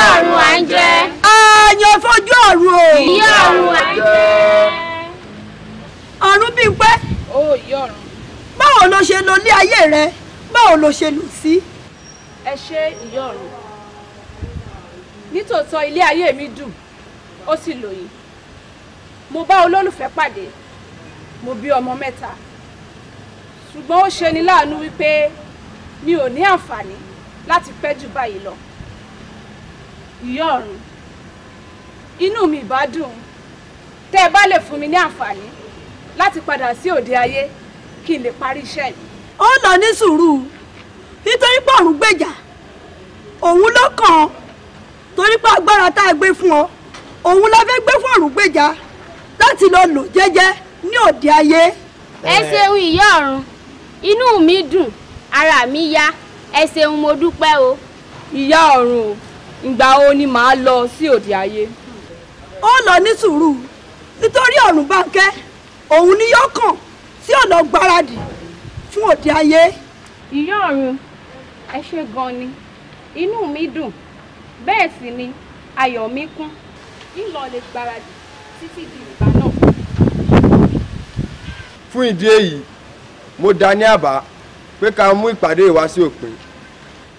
ìyá ọ̀run à ń jẹ. àyàn fojú ọ̀run o. ìyá ọ̀run à ń jẹ. ọ̀run bí pẹ́. ó ìyá ọ̀run. báwo lo ṣe lo ilé ayé rẹ báwo lo ṣe lù sí. ẹ ṣe ìyá ọ̀run nítòótọ́ ilé ayé mi dùn ó sì lòyìn mo bá olólùfẹ́ pàdé mo bí ọmọ mẹ́ta ṣùgbọ́n ó ṣe ni láàánú wípé mi ò ní àǹfààní láti pẹ́ jù báyìí lọ ìyá ọ̀run inú mi ìbá dùn tẹ́ ẹ bá lè fún mi ní àǹfààní láti padà sí òde ayé kí n lè parí iṣẹ́ mi. ó lọ ní sùúrù nítorí pé ọ̀run gbèjà òun ló kàn án torí pé agbára tá a gbé fún ọ òun la fẹ́ gbé fún ọ̀run gbèjà láti lọ lò jẹ́jẹ́ ní òde ayé. ẹ ṣeun ìyá ọ̀run inú mi dùn ara mi yá ẹ ṣeun mo dúpẹ́ o. ìyá ọ̀run o ìgbà wo ni màá lọ sí òde ayé. ó lọ ní sùúrù nítorí ọ̀rùn bánkẹ́ òun ni yóò kàn tí ọ̀nà gbáradì fún òde ayé. ìyá ọ̀run ẹ ṣe gan ni inú mi dùn bẹ́ẹ̀ sì ni ayọ̀ mi kún ńlọ lè gbáradì títí di ìgbà náà. fún ìdí èyí mo dá ní àbá pé ká mú ìpàdé wa sí òpin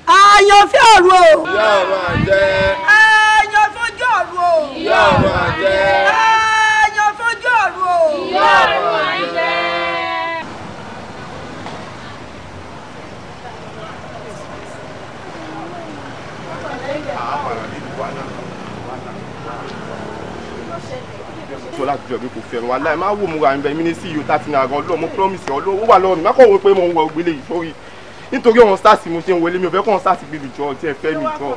àyànfẹ́ ọ̀run o. yóò máa jẹ́. àyànfọ́jú ọ̀run o. yóò máa jẹ́. àyànfọ́jú ọ̀run o. yóò máa jẹ́. tó láti jọ bí kò fẹ́ràn wa láì má wò mú e ra ẹ̀ bẹ́ẹ̀ mi ní sí yóò tá ti nà gan lọ́ọ̀ mo promise ọ lọ́wọ́ wà lọ́ọ̀ mi má kọ̀ wọ́n pé mo ń wọ ògbélé yìí sórí nítorí ọ̀hún sars mo ṣe ń wọlé mi ò fẹ́ kọ́ ọ̀hún sars gbé mi jọ ọtí ẹ fẹ́ mi jọ.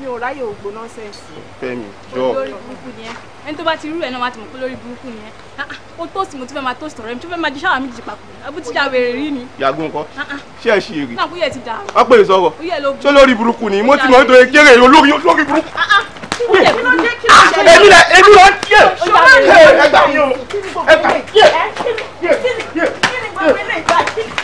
mi ò ráyè ògbó nọ́sẹ̀sì. fẹ́mi jọ olórí burúkú ni ẹ ẹni tó bá ti rú ẹ náà wá ti mọ̀ pé lórí burúkú ni ẹ o ah, ah, tóòsì mo tún fẹ́ máa tóòsì tọ̀rẹ́ mi tún fẹ́ máa jẹ ṣáà méjì papọ̀ abútíjà wèrè rí ni. yàgò nǹkan ah, ṣé ẹ ṣe èrè. náà kúyẹ̀ ti dà. wọ́n pè é sọ̀rọ̀ ṣé lórí burúkú ni mo ti mọ̀ nítorí kéré olórí olórí burúkú èmi la èmi la tiẹ ẹgbà ẹgbà tiẹ tiẹ tiẹ.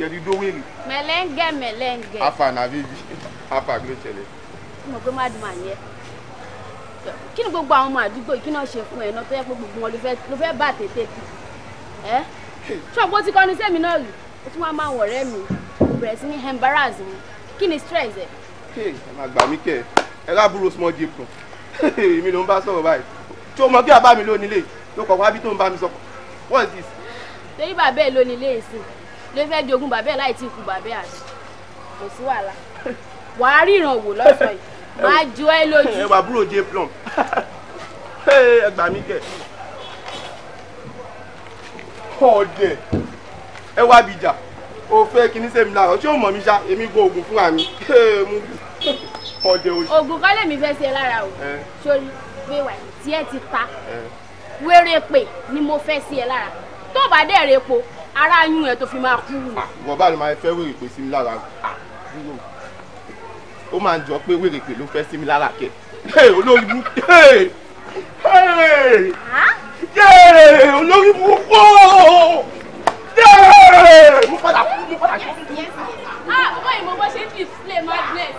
a tiẹ̀ di dówèrè. mẹlẹ́ngẹ̀ mẹlẹ́ngẹ̀. afa na bíbí afa kí ló ṣẹlẹ̀. mo gbé má dùn àyẹ kí ni gbogbo àwọn ọmọ àdúgbò kí náà ṣe fún ẹ náà tó yẹ pé gbogbo wọn ló fẹ́ bà tètè kì ẹ ṣọ̀gbọ́n ti kọ́ni sẹ́mi náà rí o tún wá máa wọ̀rẹ́ mi bẹ̀rẹ̀ sí ní embarrass mi kí ni stress ẹ. ẹ máa gbà mí kẹ ẹ lábúrò small jipun èmi ló ń bá sọ̀rọ̀ báyìí tí o mọ kí bàbá mi lónìí lè ló kọ̀ọ̀kan wá bí to ń bá mi sọ̀kọ̀ what is this. torí bàbá ẹ lónìí lè sìn ló fẹ́ di ogún bàbá ẹ̀ láì tí ì kú bàbá ẹ̀ àbí kò sí wàhálà wàá ríran wò lọ́sọ̀ yìí máa jọ ẹ́ lójú. ẹ wà búrò jẹ plum ẹ gbà mí kẹ ọdẹ ẹ wá bìjà o fẹ́ kí ní sẹ́mi lára ṣé o mọ̀ mi ṣá èmi go oògùn fúnra mi ọdẹ oṣù. oògùn kọ́ lèmi fẹ́ sí ẹ lára o sórí gbéwà tí ẹ ti ta wéré pè ni mo fẹ́ sí ẹ lára tó bá dẹ̀ rẹ̀ po ara yún ẹ tó fi máa kú. Ah, ìwọ báyìí máa fẹ́ wèrè pé sí mi lára ah, dúró ó máa ń jọ pé wèrè ló fẹ́ sí mi lára kẹ olórí mú olórí mú kó mú padà kú mú padà kú. ah bọ́ọ̀ ìmọ̀ bọ́ ṣe ń display madness.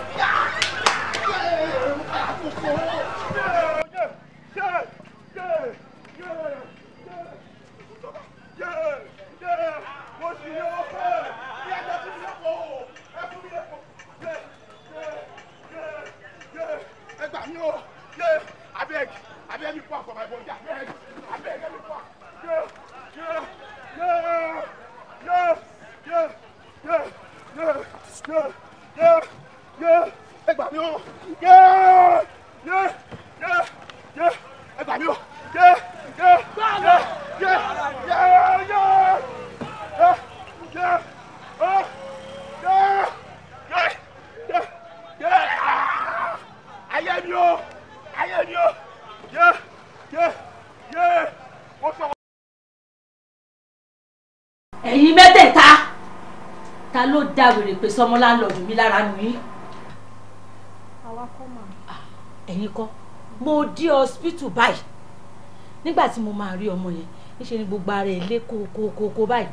dá wèrè pé sọmọ láńlọ́ọ̀dù mi lára nù yín. àwa kọ́ mà. Ah, ẹ̀yin kọ́ mo dé hospital báyìí nígbà tí mo máa rí ọmọ yẹn níṣẹ́ ni gbogbo ara ẹ̀ lé kókókókó báyìí.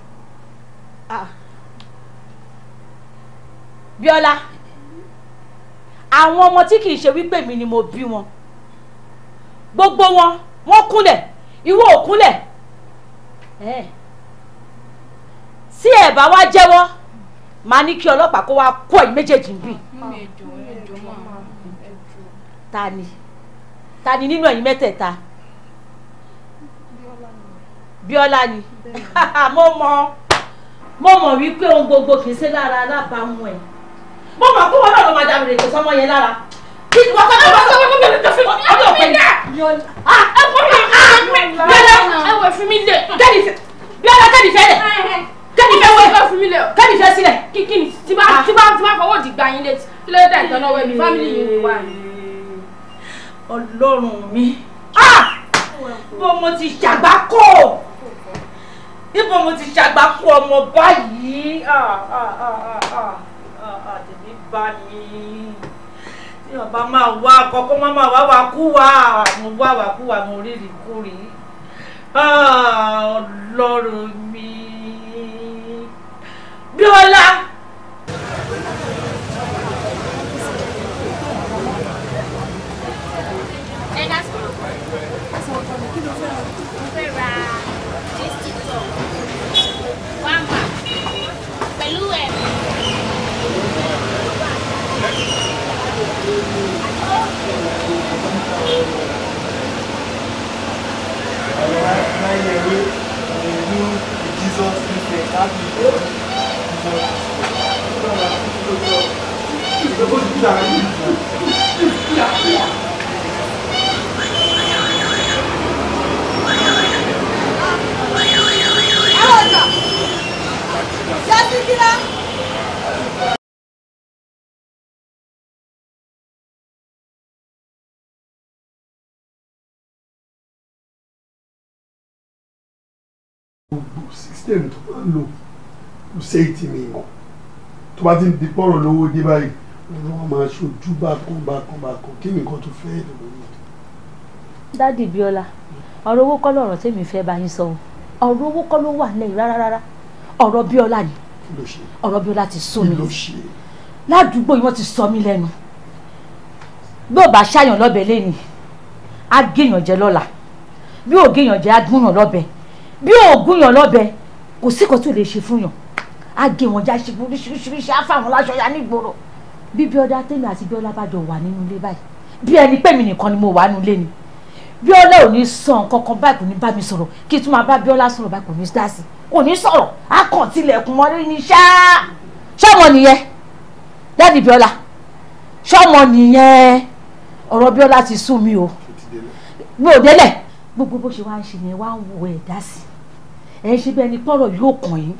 Ah, Bíọ́lá àwọn ọmọ tí kì í ṣe wípé mi ni mo bí wọn gbogbo wọn wọ́n kúnlẹ̀ ìwọ ò kúnlẹ̀ tí ẹ bá wá jẹ́wọ́ máa ní kí ọlọ́pàá kó wá kó ẹ̀yin méjèèjì ń bì. ta ni ta ni nínú ẹ̀yin mẹ́tẹ̀ẹ̀ta Bíọ́lá ni mo mọ mo mọ wípé ohun gbogbo kì í ṣe lára alábàámu ẹ̀ mo mọ kó wọn náà lọ máa dàbí rèé sọmọ yẹn lára kí ni ah, ah, ah. tẹ́lifẹ̀ lẹ̀. Eh, eh kẹ́mi fẹ́ wẹ̀ fẹ́ fún mi lẹ̀ kẹ́mi fẹ́ sílẹ̀ kí kí ni tí bá tí bá tí bá fọwọ́ di gbà yín létí kí ló dé ìtọ́nà wẹ̀ mi fámìlì yìí wà. ọlọ́run mi bó ah! ah! mo ti ṣàgbá kó ibo mo ti ṣàgbá kó ọmọ báyìí ah, tèmi bá mi tí bàbá máa wá kọ́kọ́ má máa wá wá kú wá mo wá wá kú wá mo rí rí kú rí ọlọ́run gbogbo system tó máa ń lò kò séyìí tí mi mọ̀ tó bá ti di pọ̀rọ̀ lówó dé báyìí máa ṣojú bákan bákan bákan kí nìkan tó fẹ́ ẹ̀dùn lórí ẹ̀. dádì bíọ́lá ọ̀rọ̀ owó kọ́ lọ̀rọ̀ tèmi fẹ́ bá yín sọ o ọ̀rọ̀ owó kọ́ ló wà lẹ́yìn rárá rárá ọ̀rọ̀ bíọ́lá ni ọ̀rọ̀ biola ti sún mi ládùúgbò yìí wọ́n ti sọ mí lẹ́nu bí ò bá ṣàyàn lọ́bẹ̀ lẹ́nu á gèèyàn jẹ lọ́la bí ò gèèyàn jẹ á gúnyàn lọ́bẹ̀ bí ò gúnyàn lọ́bẹ̀ kò sí kò tó lè ṣe fún yàn á gé wọn já ṣe oríṣiríṣi á fà láṣọ ya nígboro bí bíọ́dá tèmi àti bíọ́lá bá jọ wà nínú ilé báyìí bí ẹni pé mi nìkan ni mo wà nínú ilé ni bíọ́lá ò ní sàn kankan báyìí kò ní bá mi sọ̀rọ̀ kí tún máa bá bíọ́lá sọ̀rọ̀ báyìí kò ní dá sí kò ní sọ̀rọ̀ á kàn tilẹ̀kùn mọ́ ní ṣáá ṣọ́mọ nìyẹn dáàdì bíọ́lá ṣọ́mọ nìyẹn ọ̀rọ̀ bíọ́lá ti sú mi o mi ò délẹ̀ gbogbo bó ṣe wá ń ṣe yẹn wá ń wo ẹ̀ dá sí ẹ̀ ń ṣe bí ẹni pọ́rọ̀ yóò kàn yín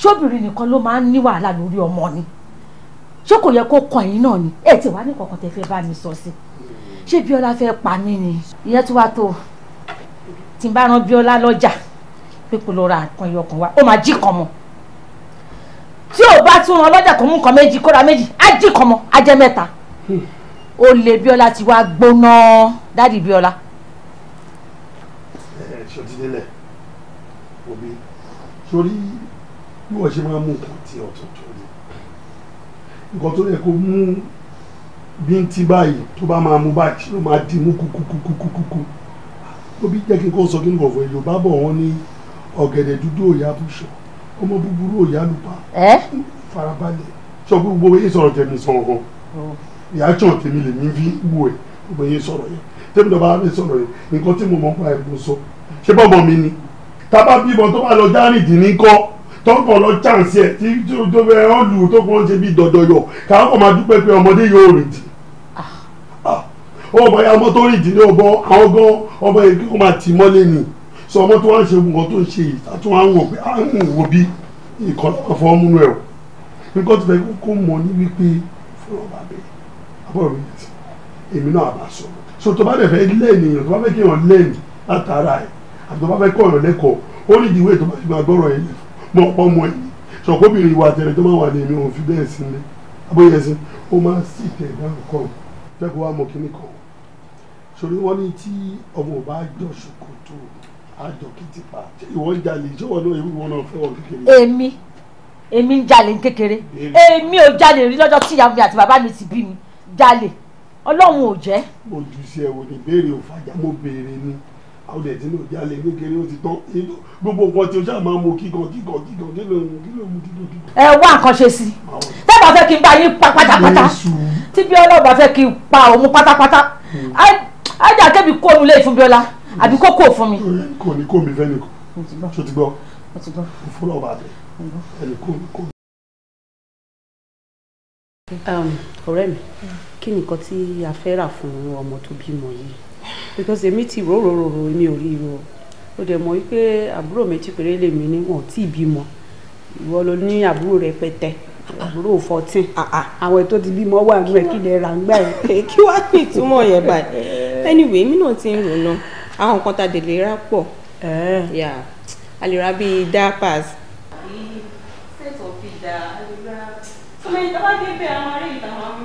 ṣóbìnrin nìkan ló máa ń ní wàhálà lórí ọmọ ni ṣé kò yẹ kó kan ẹ̀yin náà ni ẹ ti wá ní kọ̀ọ̀kan tẹ fẹ́ bá mi sọ sí ṣé Bíọ́lá fẹ́ pa mí ni ìyẹn tó wá tó tí n bá rán Bíọ́lá lọ́jà pé kò lọ ra nǹkan ẹyọ kan wá ó máa jí kan mọ́ tí ò bá tún ran lọ́jà tó mú nǹkan méjì kóra méjì á jí kan mọ́ á jẹ́ mẹ́ta ó lè Bíọ́lá ti wá gbóná dádì Bíọ́lá. ẹ ẹ sórí bí wọn ṣe máa mú nǹkan tí ọtọọtọ nǹkan tó yẹ kó mú bíntín báyìí tó bá máa mú báyìí ló máa dì mú kúkúkúkúkú tóbi jẹ́ kí n kó sọ kí n kò fọ Yorùbá bọ̀ wọ́n ní ọ̀gẹ̀dẹ̀ dúdú òyà àbúṣọ ọmọ búburú òyà lùpá farabalẹ̀ sọ pé gbogbo yín sọ̀rọ̀ tẹ̀mí sọ̀rọ̀ oh. ìyájọ́ tèmi lèmi fi wù ẹ̀ gbogbo yín sọ̀rọ̀ yẹn tèmi lọ́ba mi sọ̀rọ̀ yẹn nǹkan tí mo mọ̀ nípa ẹ̀ mo sọ ṣé bọ́ọ̀mọ̀ mi ni tábà bíbọn tó bá lọ dárìndínlẹ́kọ̀ọ́ tọkọ lọ chance ẹ tí tó fẹ́ ọ́ọ̀lù tó kọ́ ṣe bí dọ̀dọ̀yọ̀ káwọn kò máa dúpẹ́ pé ọmọdé yóò rìn dì ah. ah. ọmọ ya ọmọ tó rìn dì ní ọbọ àwọn gan ọmọ yẹn kí wọ́n máa tì mọ́lé ni sọ ọmọ tó wá ń ṣe nǹkan tó ń ṣe yìí tó wá ń wò pé à ń wò bí nǹkan náà fọ́ múnú ẹ̀ o nǹkan tó fẹ́ kó mọ̀ ní wípé fọlọ́ bá bẹ̀ àbọ̀ mi èmi náà àbá sọ̀rọ̀ so tó bá dẹ̀ fẹ́ lẹ́ẹ̀nì èèyàn tó bá fẹ́ kí èèyàn lẹ́ẹ̀nì látara ẹ̀ àti tó bá fẹ́ kọ́ èèyàn lẹ́kọ̀ọ́ ó ní ìdíwé tó bá fi máa gbọ́rọ̀ yẹn lẹ́fọ̀ mọ̀ pọ̀ mọ́ ẹ̀ sọ̀kóbìnrin ìwà àtẹ̀rẹ̀ tó máa wà ní èmi òun fi bẹ́ẹ̀ sí ilé abóyẹ sí ó máa ń sì tẹ̀ náà kọ́ fẹ́kọ̀ọ́ wa mọ̀ kíní kan sórí wọ́n ní tí ọmọ ò bá jọ ṣòkòtò àjọ kìtì pa ìwọ ń jalè ìṣòwò náà ewu wọn náà fẹ́ wọn kékeré. èmi èmi ń jalè ní kékeré èmi ò jalè rí lọ́jọ́ tí ìyá mi àti bàbá mi ti bí mi jalè ọlọ́run ò jẹ́. ojúṣe ẹ̀wọ̀n ìbéèrè ò fàjà mo béèrè ni àwọn ẹ̀dín náà jálẹ̀ kékeré ó ti tán gbogbo nǹkan tí o ṣáà máa ń mu kíkan kíkan kíkan kí ló mu kí ló mu kíkan kíkan. ẹ wá nǹkan ṣe sí i tẹ́ bá fẹ́ kí n bá yín pa pátápátá tí Bíọ́lá bá fẹ́ kí n pa òun pátápátá ajá hmm. kébì kó omi lé fún Bíọ́lá àbí kó kó fún mi. kò ní kó mi fẹ́ nìkan ṣó ti gbọ́ fúnra ọba àbẹ ẹni kó mi kó mi. Um, ọ̀rẹ́ mi kí nìkan tí a fẹ́ rà fún ọmọ tó bímọ yìí because èmi ti rò rò rò rò èmi ò rí irun o dẹ̀ mọ̀ wípé àbúrò méjì péré lèmi ní wọn tí ì bímọ ìwọ ló ní àbúrò rẹpẹtẹ àbúrò fourteen ah, ah. àwọn ètò ti bímọ wà nínú ẹ kí lè ra ń gbà yẹn. kí wàá pè túmọ̀ yẹn báyìí anyway èmi náà ti ń rò náà àwọn nǹkan tá a dè lè rà pọ̀ a lè ra bíi dappers. sẹ́ẹ̀tọ̀ fi dà a lè ra. tọ́mọ̀ ìtàwá débẹ̀ àwọn ará ìtàwọn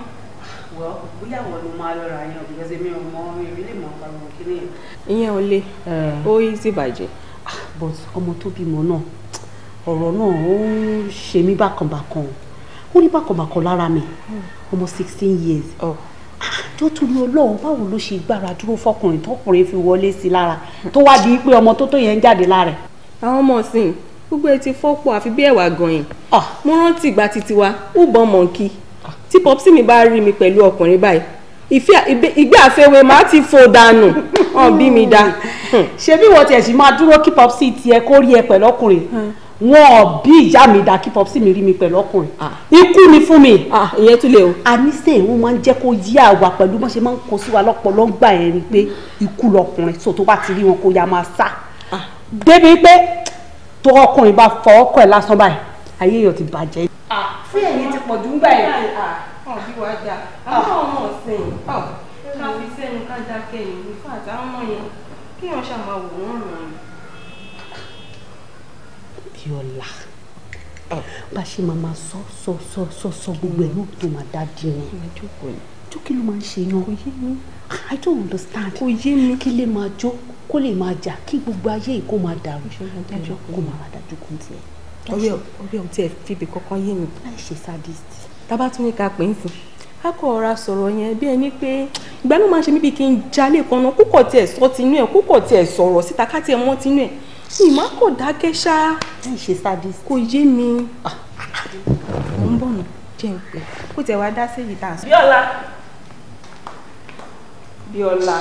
bóyá àwọn ló máa lọ́ra yẹn o because èmi ò mọ èmi lè mọ ọ̀pá gbogbo kíní yẹn. ìyẹn ò le eh. ó easy bàjẹ́ ah, but ọmọ tó bímọ náà ọ̀rọ̀ náà ó ń ṣe mí bákanbákan ó ní bákanbákan lára mi ọmọ sixteen years tó tún ní ọlọ́run báwo ló ṣe gbára dúró fọkùnrin tọkùnrin fi wọlé sí lára tó wá di pé ọmọ tó tó yẹn ń jáde lára ẹ̀. àwọn ọmọ ọ̀sìn gbogbo ẹ ti fọ́pọ̀ àfi bí ẹ̀wà gan-an ah. mo rántí ìgbà títí wa ó bọ́n mọ̀ọ́kì tí popsi mi bá rí mi pẹ̀lú ọkùnrin báyìí ìgbé àfẹwé máa ti fò dànù hàn bí mi dá. ṣé bí wọ́n tiẹ̀ sì máa dúró kí popsi tiẹ̀ kó rí ẹ pẹ̀lú ọkùnrin wọn ò bí ìyá mi dá kí popsi mi rí mi pẹ̀lú ọkùnrin ah. ikú ni fún mi. Ah, ìyẹn tún lè o. àníṣe ìwọ̀n máa ń jẹ́ kó yí àwa pẹ̀lú bó ṣe máa ń kó sí wa lọ́pọ̀lọ́ gbà yẹn ni pé ikú lọkùnrin tó tó bá ti rí wọn kó yá máa sá. Ah. débi pé tó ọkùnrin bá fọ ọkọ ẹ̀ lásán báyìí ayé yóò ti bàjẹ́. fún ẹ̀yin ti pọ̀ dùn gbà yẹn. ọ̀ bí wàá dà àwọn ọmọ ọ̀sìn ká fi sẹ́nu ká dákẹ́ yìí nípa àtàwọn ọmọ yẹn kí wọ́n ṣàmáwò wọ́n rọ̀ ọ́n. Bíọ́lá bá ṣe máa ma sọ sọ sọ sọ sọ gbogbo ẹ̀ náà tó máa dá di yẹn tó kí ló máa ń ṣe yan I don't understand kò yé mi kí lè máa jó kó lè máa jà kí gbogbo ayé yìí kó máa dàrú kó máa dájú kó tiẹ̀ ọ̀rẹ́ ọ̀rẹ́ ò tiẹ̀ fìbí kankan yé mi láì ṣe sadist tábà tún ní ká pè é fún a kò ọ̀ra sọ̀rọ̀ yẹn bí ẹni pé ìgbà náà máa ṣe mí bíi kí n jalè kan náà kúkọ̀ tiẹ̀ sọ tinú ẹ̀ kúkọ̀ tiẹ̀ sọ̀rọ̀ síta ká tiẹ̀ mọ́ tinú ẹ̀ ìmọ̀ kò dákẹ́ ṣá láì ṣe sadist kò yé mi ah. mo ń bọ̀ nù jẹ́ ń pè kó tiẹ̀ wá dá séyìí tá a sọ. Bíọ́lá Bíọ́lá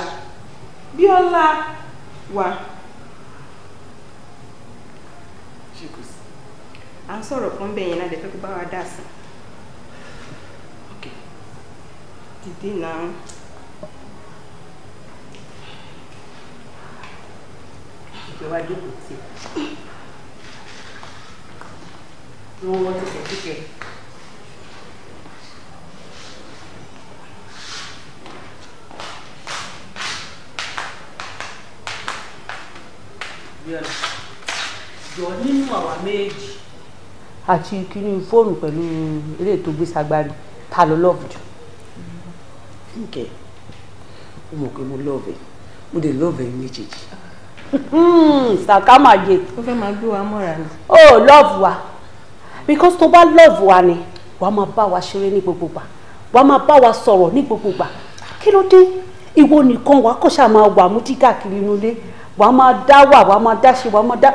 Bíọ́lá wà. à ń sọ̀rọ̀ kan bẹ́ẹ̀ yẹn náà lè fẹ́ kó bá wa dà sí. dìde náà. ìjọba jókòó tì wọ́n wọ́n ti kẹ̀kẹ́ yọ̀ọ́ nínú àwa méjì àti kíní fóònù pẹ̀lú eré ètò gbèsàgbárí ta ló love jù. ǹkẹ́ o mọ̀ pé mo love ẹ̀ mo dé love ẹ̀ méjèèjì. Hmm, sàkámàjẹ. ó fẹ́ máa gbé wa mọ́ra ni. ó love wa because tó bá love wa ni wàá máa bá wa ṣeré ní gbogbo gbà wàá máa bá wa sọ̀rọ̀ ní gbogbo gbà kí ló dé ìwọ nìkan wàá kọ́ máa wà mú dígà kiri inú wàá máa dá wà wàá máa dá ṣe wàá máa dá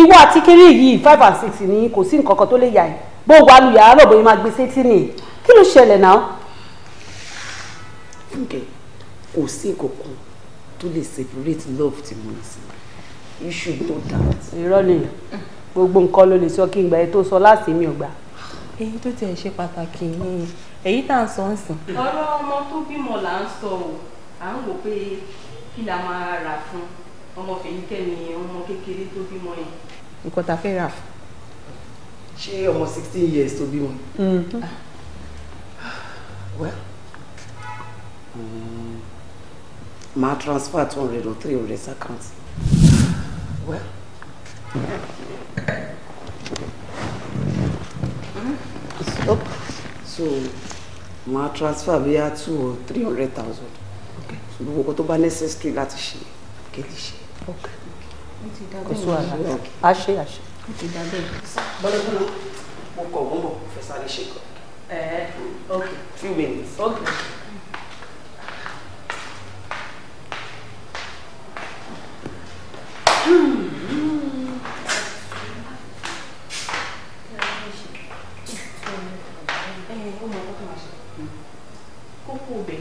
ìwọ àti kéré yìí five and six ni kò sí nǹkan kan tó lè yà ẹ́ bó wà lu yàrá náà bóyá máa gbé sétí ni kí ló ṣẹlẹ̀ náà. fúnkẹ́ kò sí ìkọ̀kan tó lè separate love ti mọ̀ sí issue tó dà. irọ́ ni gbogbo nǹkan ló lè sọ kí n gbà ẹ tó sọ láti mi ò gbà. èyí tó tiẹ̀ ṣe pàtàkì ni èyí tá à ń sọ ń sìn. ọ̀rọ̀ ọmọ tó bímọ là ń sọ ò à ń wò pé kí la máa rà fún un ọmọ fèyíkẹ́ ni ọmọ kékeré tó bímọ yẹn. nǹkan ta fẹ́ rà fún. ṣé ọmọ sixteen years tó bímọ. Mm. Ah, well um, mm, máa transfer two hundred or three hundred account. well. Stop. So, máa transfer bí a two or three hundred thousand. Okay. So, gbogbo nǹkan tó bá necessary láti ṣe, kéde ṣe kò sí wàhálà a ṣe a ṣe. bọ́lọ́dúnrún mo kọ̀ wọ́n bọ̀ fẹ́ sáré ṣe kọ́. ẹ̀ẹ́ ok few minutes. ok. kókó ọbẹ̀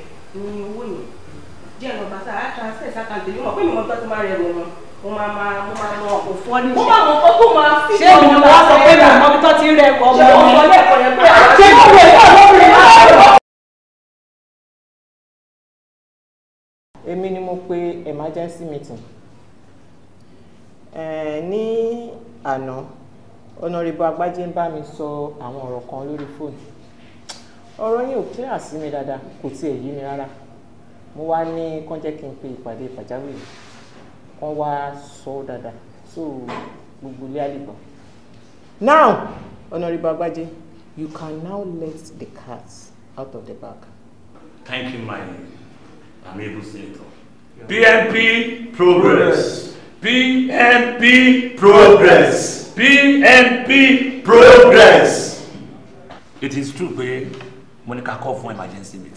ni owó yẹn máa transfer sákàtì yìí mọ̀ pé ìmọ̀ tó ti máa rẹ̀ wọ̀ mọ́ mo máa ma sọ pé mi mọ tó ti rẹ̀ wọ̀ mi. ṣé ìwọ wọlé ẹ̀kọ́ yẹn pé. ṣé ìwọ wọlé ẹ̀kọ́ èmi ni mo pe emergency meeting ní àná ọ̀nàrẹ́bù agbájé ń bá mi sọ àwọn ọ̀rọ̀ kan lórí fóònù ọ̀rọ̀ yìí ò kíláàsì mi dáadáa kò tiẹ̀ yí mi rárá mo wá ní kán jẹ́ kí n pe ìpàdé pàjáwìrì kán wá sọ dáadáa so gbogbo ilé àlìgbọ́n. now honourable Agbaje you can now let the cat out of the bag. thank you my amiable senator PMP progress PMP progress PMP progress. it is true pé mo ní call for emergency meeting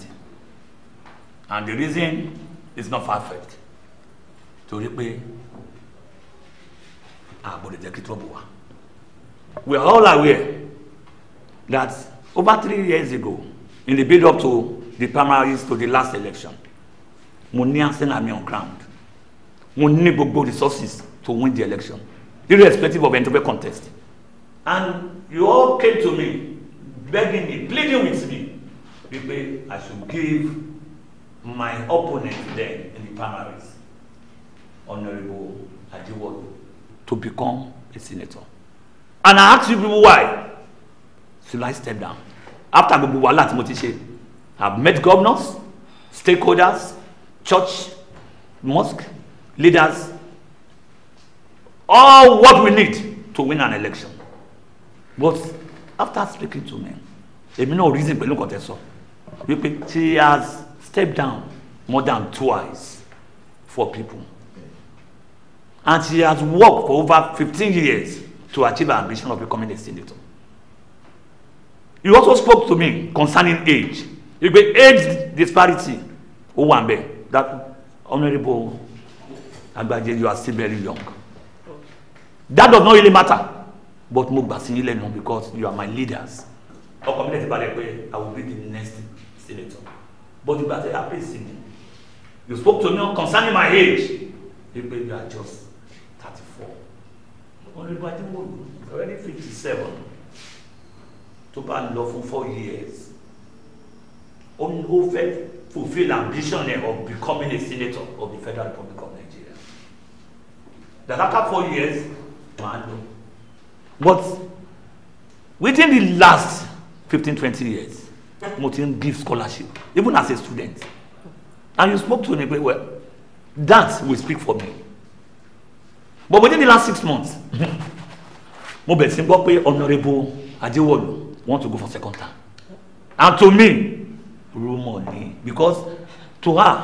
and the reason is not perfect torí pé ààbò lè jẹ́ kí trouble wà we are all aware that over three years ago in the build up to the primaries to the last election mo ní arsenal mi on ground mo ní gbogbo resources to win the election irrespective of entropy contest and you all came to me begging me pleading with me wípé I should give my opponent then in the primaries, Honorable Ajiwodu, to become a senator. And I asked you people why. So I step down? After gbogbo wàhálà tí mo ti ṣe, I've met governors, stakeholders, church, mosque, leaders, all what we need to win an election. But after speaking to men, èmi náà reason pẹ̀lú nǹkan tẹ́ sọ wípé she has stepped down more than twice for people. And she has worked for over 15 years to achieve her ambition of becoming a senator. You also spoke to me concerning age. You be age disparity. Owambe, that honorable Agbaje, you are still very young. That does not really matter. But mo gbà sí yín because you are my leaders. Ọkọ mi I will be the next senator but you gba say ah please me you spoke to me concerning my age he pe you are just thirty-four honourable adimolu is already fifty-seven tó bá lọ for four years only who fẹ́ fulfil ambition of becoming a senator of the federal republic of nigeria that after four years máa lọ but within the last fifteen twenty years mo give scholarship even as a student and you spoke to me very well that will speak for me but within the last six months mo bẹ̀rẹ̀ sí gbọ́ pé honourable adéwọ̀lù want to go for second term and to me rumour ni because to her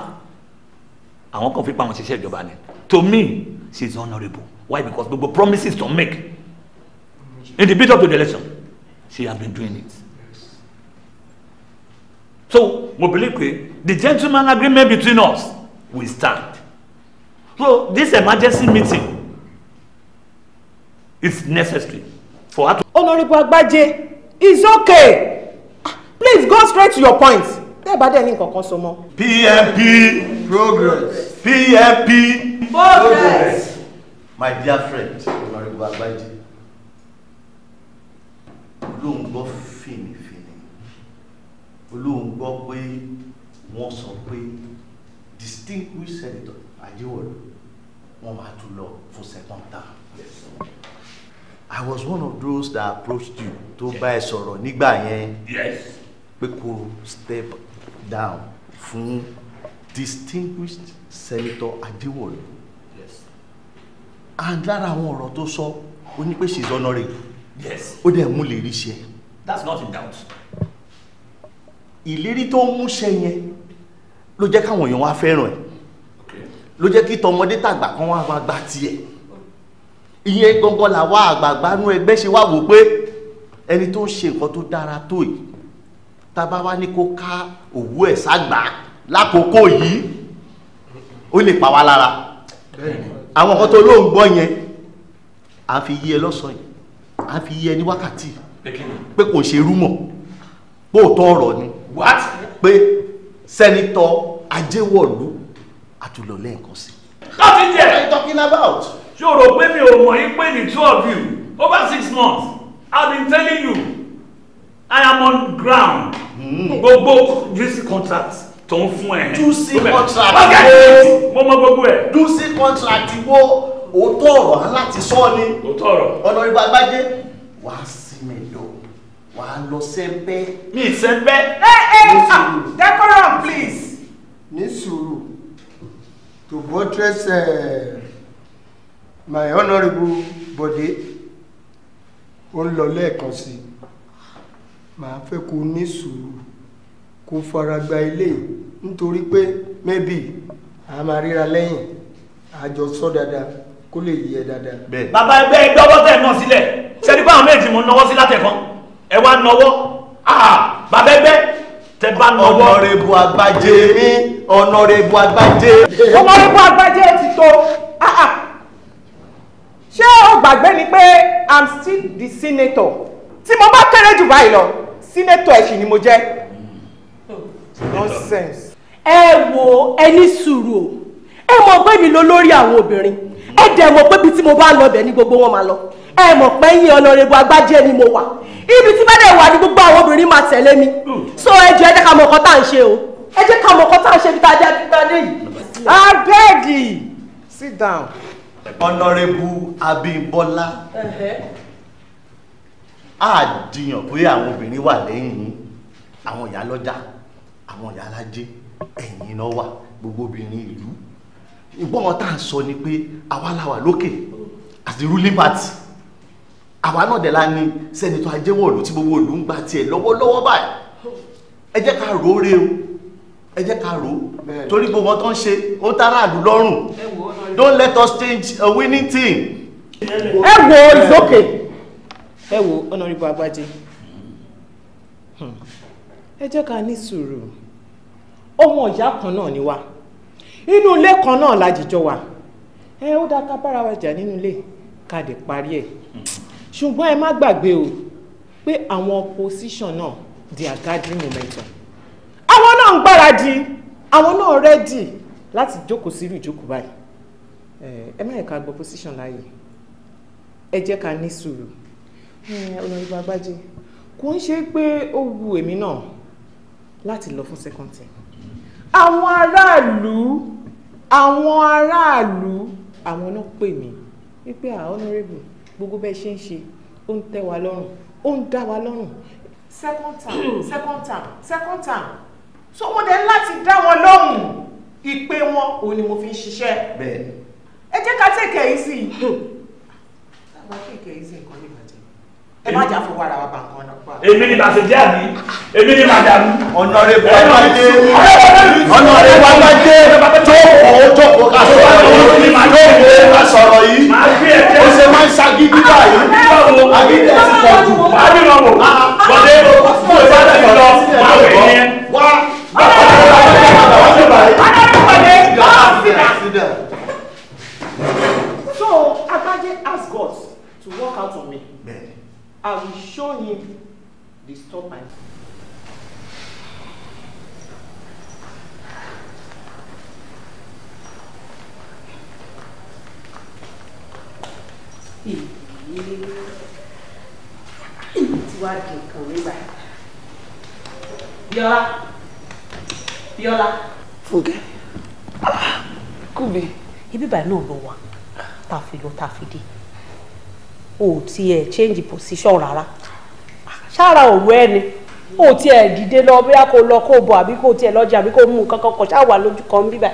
àwọn kan fi pa àwọn ṣiṣẹ́ ìjọba ni to me she is honourable why because gbogbo promises to make in the build up to the election she has been doing it So, we believe the gentleman agreement between us will stand. So, this emergency meeting is necessary for us to. Honorable Agbaje, it's okay. Please go straight to your point. Tẹ́ ẹ bá dẹ̀ ní nǹkan so mọ́. PMP progress. PMP progress. My dear friend, Honorable Agbaje, ló ń gbọ́ fún olóhùn gbọ́ pé wọ́n sọ pé distinguished senator Ajíwọ̀lú wọ́n máa tún lọ fún second term. I was one of those that approached you tó bá ẹ sọ̀rọ̀ nígbà yẹn pé kó step down fún distinguished senator Ajíwọ̀lú and lára àwọn ọ̀rọ̀ tó sọ ó ní pé she is honourable ó dẹ̀ mú lè rí ṣe. that's not in doubt ìlérí tó ń múṣẹ yẹn ló jẹ́ káwọn èèyàn wá fẹ́ràn ẹ̀ ló jẹ́ kí tọmọdé tàgbà kan wá máa gba tiẹ̀ ìyẹn gangan làwa àgbààgbà nú ẹgbẹ́ ṣe wá wò pé ẹni tó ń ṣe nǹkan tó dára tó yìí tábà wá ní kó ká òwú ẹ̀ ságbà lákòókò yìí ó lè pa wá lára àwọn nǹkan tó ló gbọ́ yẹn à fi yí ẹ lọ́sàn-án yìí à fi yí ẹ ní wákàtí pé kò ń ṣe rúmọ̀ pòótọ́ ọ̀rọ̀ ni what pé senator ajéwọ̀lú àtúlọ̀ lẹ́ẹ̀kan sí. láti jẹ́ what are you talking about. ṣé o rò pé mi ò mọ̀ yín pé the two of you over six months I've been telling you I am on ground. Hmm. gbogbo mm. juicy contract tó ń fún ẹ. juicy contract wo mo mọ gbogbo ẹ. juicy contract wo òótọ́ ọ̀rọ̀ láti sọ ni. òótọ́ ọ̀rọ̀. ọ̀nà ìgbàgbájé wàá sí wà á lọ sẹ́ńpẹ́. mi sẹ́ńpẹ́. ẹ ẹ ah, decorum please. ní sùúrù to buttress uh, my honourable body ó ń lọ lẹ́ẹ̀kan sí i màá fẹ́ kó ní sùúrù kó faragba ilé nítorí pé maybe a máa ríra lẹ́yìn àjọ sọ dáadáa kó lè yẹ dáadáa. bàbá ẹgbẹ́ ẹgbẹ́ ọwọ́ tẹ̀ náà sílẹ̀ ṣẹ́ni báwọn méjì mọ̀ náwó sí látẹ̀kọ́ ẹ wá nọwọ́ ah, bàbá ẹgbẹ́ tẹ bá nọwọ́. ọ̀nàrẹ́bù àgbàjẹ mi ọ̀nàrẹ́bù àgbàjẹ. ọ̀nàrẹ́bù àgbàjẹ ti tó ah, ah. ṣé o gbàgbé ni pé i'm still the senator tí mo bá kéré jù báyìí lọ senator ẹ̀sìn ni mo jẹ́ nonsense. ẹ wo ẹni sùúrù o ẹ mọ̀ pé mi ló lórí àwọn obìnrin ẹ dẹ̀ pé ibi tí mo bá lọ bẹ̀ ni gbogbo wọn máa lọ ẹ mọ̀ pé yín ọlọ́rẹ́bù agbájẹ́ ni mo wà ibi tí bá dẹ̀ wà ní gbogbo àwọn obìnrin máa tẹ̀lé mi so ẹ jẹ́ ẹ jẹ́ ká mọ̀ ọkọ tá à ń ṣe o ẹ jẹ́ ká mọ̀ ọkọ tá à ń ṣe ibi tá a jẹ́ àti gbadé yìí. abẹ́ẹ̀dì sit down. ọlọ́rẹ́bù Abímbọ́lá àdìyàn pé àwọn obìnrin wà lẹ́yìn yín àwọn ìyá lọ́jà àwọn ìyá alájẹ ẹ̀yìn náà wà gbogbo obìnrin ìlú ìgbọ́n tá sọ ni pé àwa làwà lókè as the ruling party àwa náà dẹ̀ la ni sẹ́nitọ́ ajẹ́wọ̀lú tí gbogbo ìlú ń gba tiẹ̀ lọ́wọ́lọ́wọ́ báyìí ẹ jẹ́ ká rò ó rè o ẹ jẹ́ ká rò ó torí gbogbo wọn ń ṣe ó tààrà àlù lọ́rùn don't let us change a winning team. ẹ wo ìsókè ẹ wo honourable Abaji hmm. ẹ jẹ́ ká ní sùúrù ọmọ ìyá kan náà ni wá inú ilé kan náà lájìjọ wà ẹ ó dá ká bára wa jà nínú ilé ká lè parí ẹ̀ ṣùgbọ́n ẹ má gbàgbé o pé àwọn opposition náà they are gathering momentum àwọn náà ń gbáradì àwọn náà rẹ́dì láti jókòó sírú ìjókòó báyìí ẹ má yẹ ká gbọ́ opposition láàyè ẹ jẹ́ ká ní sùúrù ọ̀nà ìgbàgbájé kò ń ṣe pé ó wu èmi náà láti lọ fún second term àwọn aráàlú àwọn aráàlú àwọn náà pè mí wípé à ah, honourable gbogbo bẹ́ẹ̀ ṣe ń ṣe ó ń tẹ́ wa lọ́rùn ó ń dá wa lọ́rùn second time hmm. second time second time so mo dẹ̀ láti dá wọn lọ́rùn ìpè wọn òun ni mo fi ń ṣiṣẹ́ bẹ́ẹ̀ ẹ jẹ́ ká tẹ̀kẹ̀ yìí sí i. tábà tẹ̀kẹ̀ yìí sí nǹkan nípa ẹ má jà fún wàrà èmi ni bàṣẹjẹ àbí èmi ni màdàmú. ọ̀nàrẹ́ bàbájẹ́ ọ̀nàrẹ́ bàbájẹ́ jókòó jókòó ká sọ̀rọ̀ jókòó ká sọ̀rọ̀ yìí ó ṣe máa ń ṣagídí báyìí agídí ẹ̀ ti pọ̀ jù. wàá bí wọn bọ̀dé fún ìfẹ́ àti lọ máa wẹ̀ yẹn. wá bàbá bàbá wá sí bàyí. ọ̀nàrẹ́ bàbájẹ́ wá sí bàyí. So Abaje asked God to walk out on me. I will show him the stubbornness. Èmi ti wá di nǹkan nígbà. Bíọ́lá. Bíọ́lá. Fúnkẹ́. Kúbi. Ibi ìbàdàn náà ló wà. Tá a fi lọ, tá dé o ò tiẹ̀ change position rárá ṣáàrà òru ẹni o ò tiẹ̀ dìde lọ bóyá kó lọ kó bọ̀ àbí kó tiẹ̀ lọ́jà àbí kó mú nǹkan kan kọ̀ ṣáà wà lójú kan bíbà.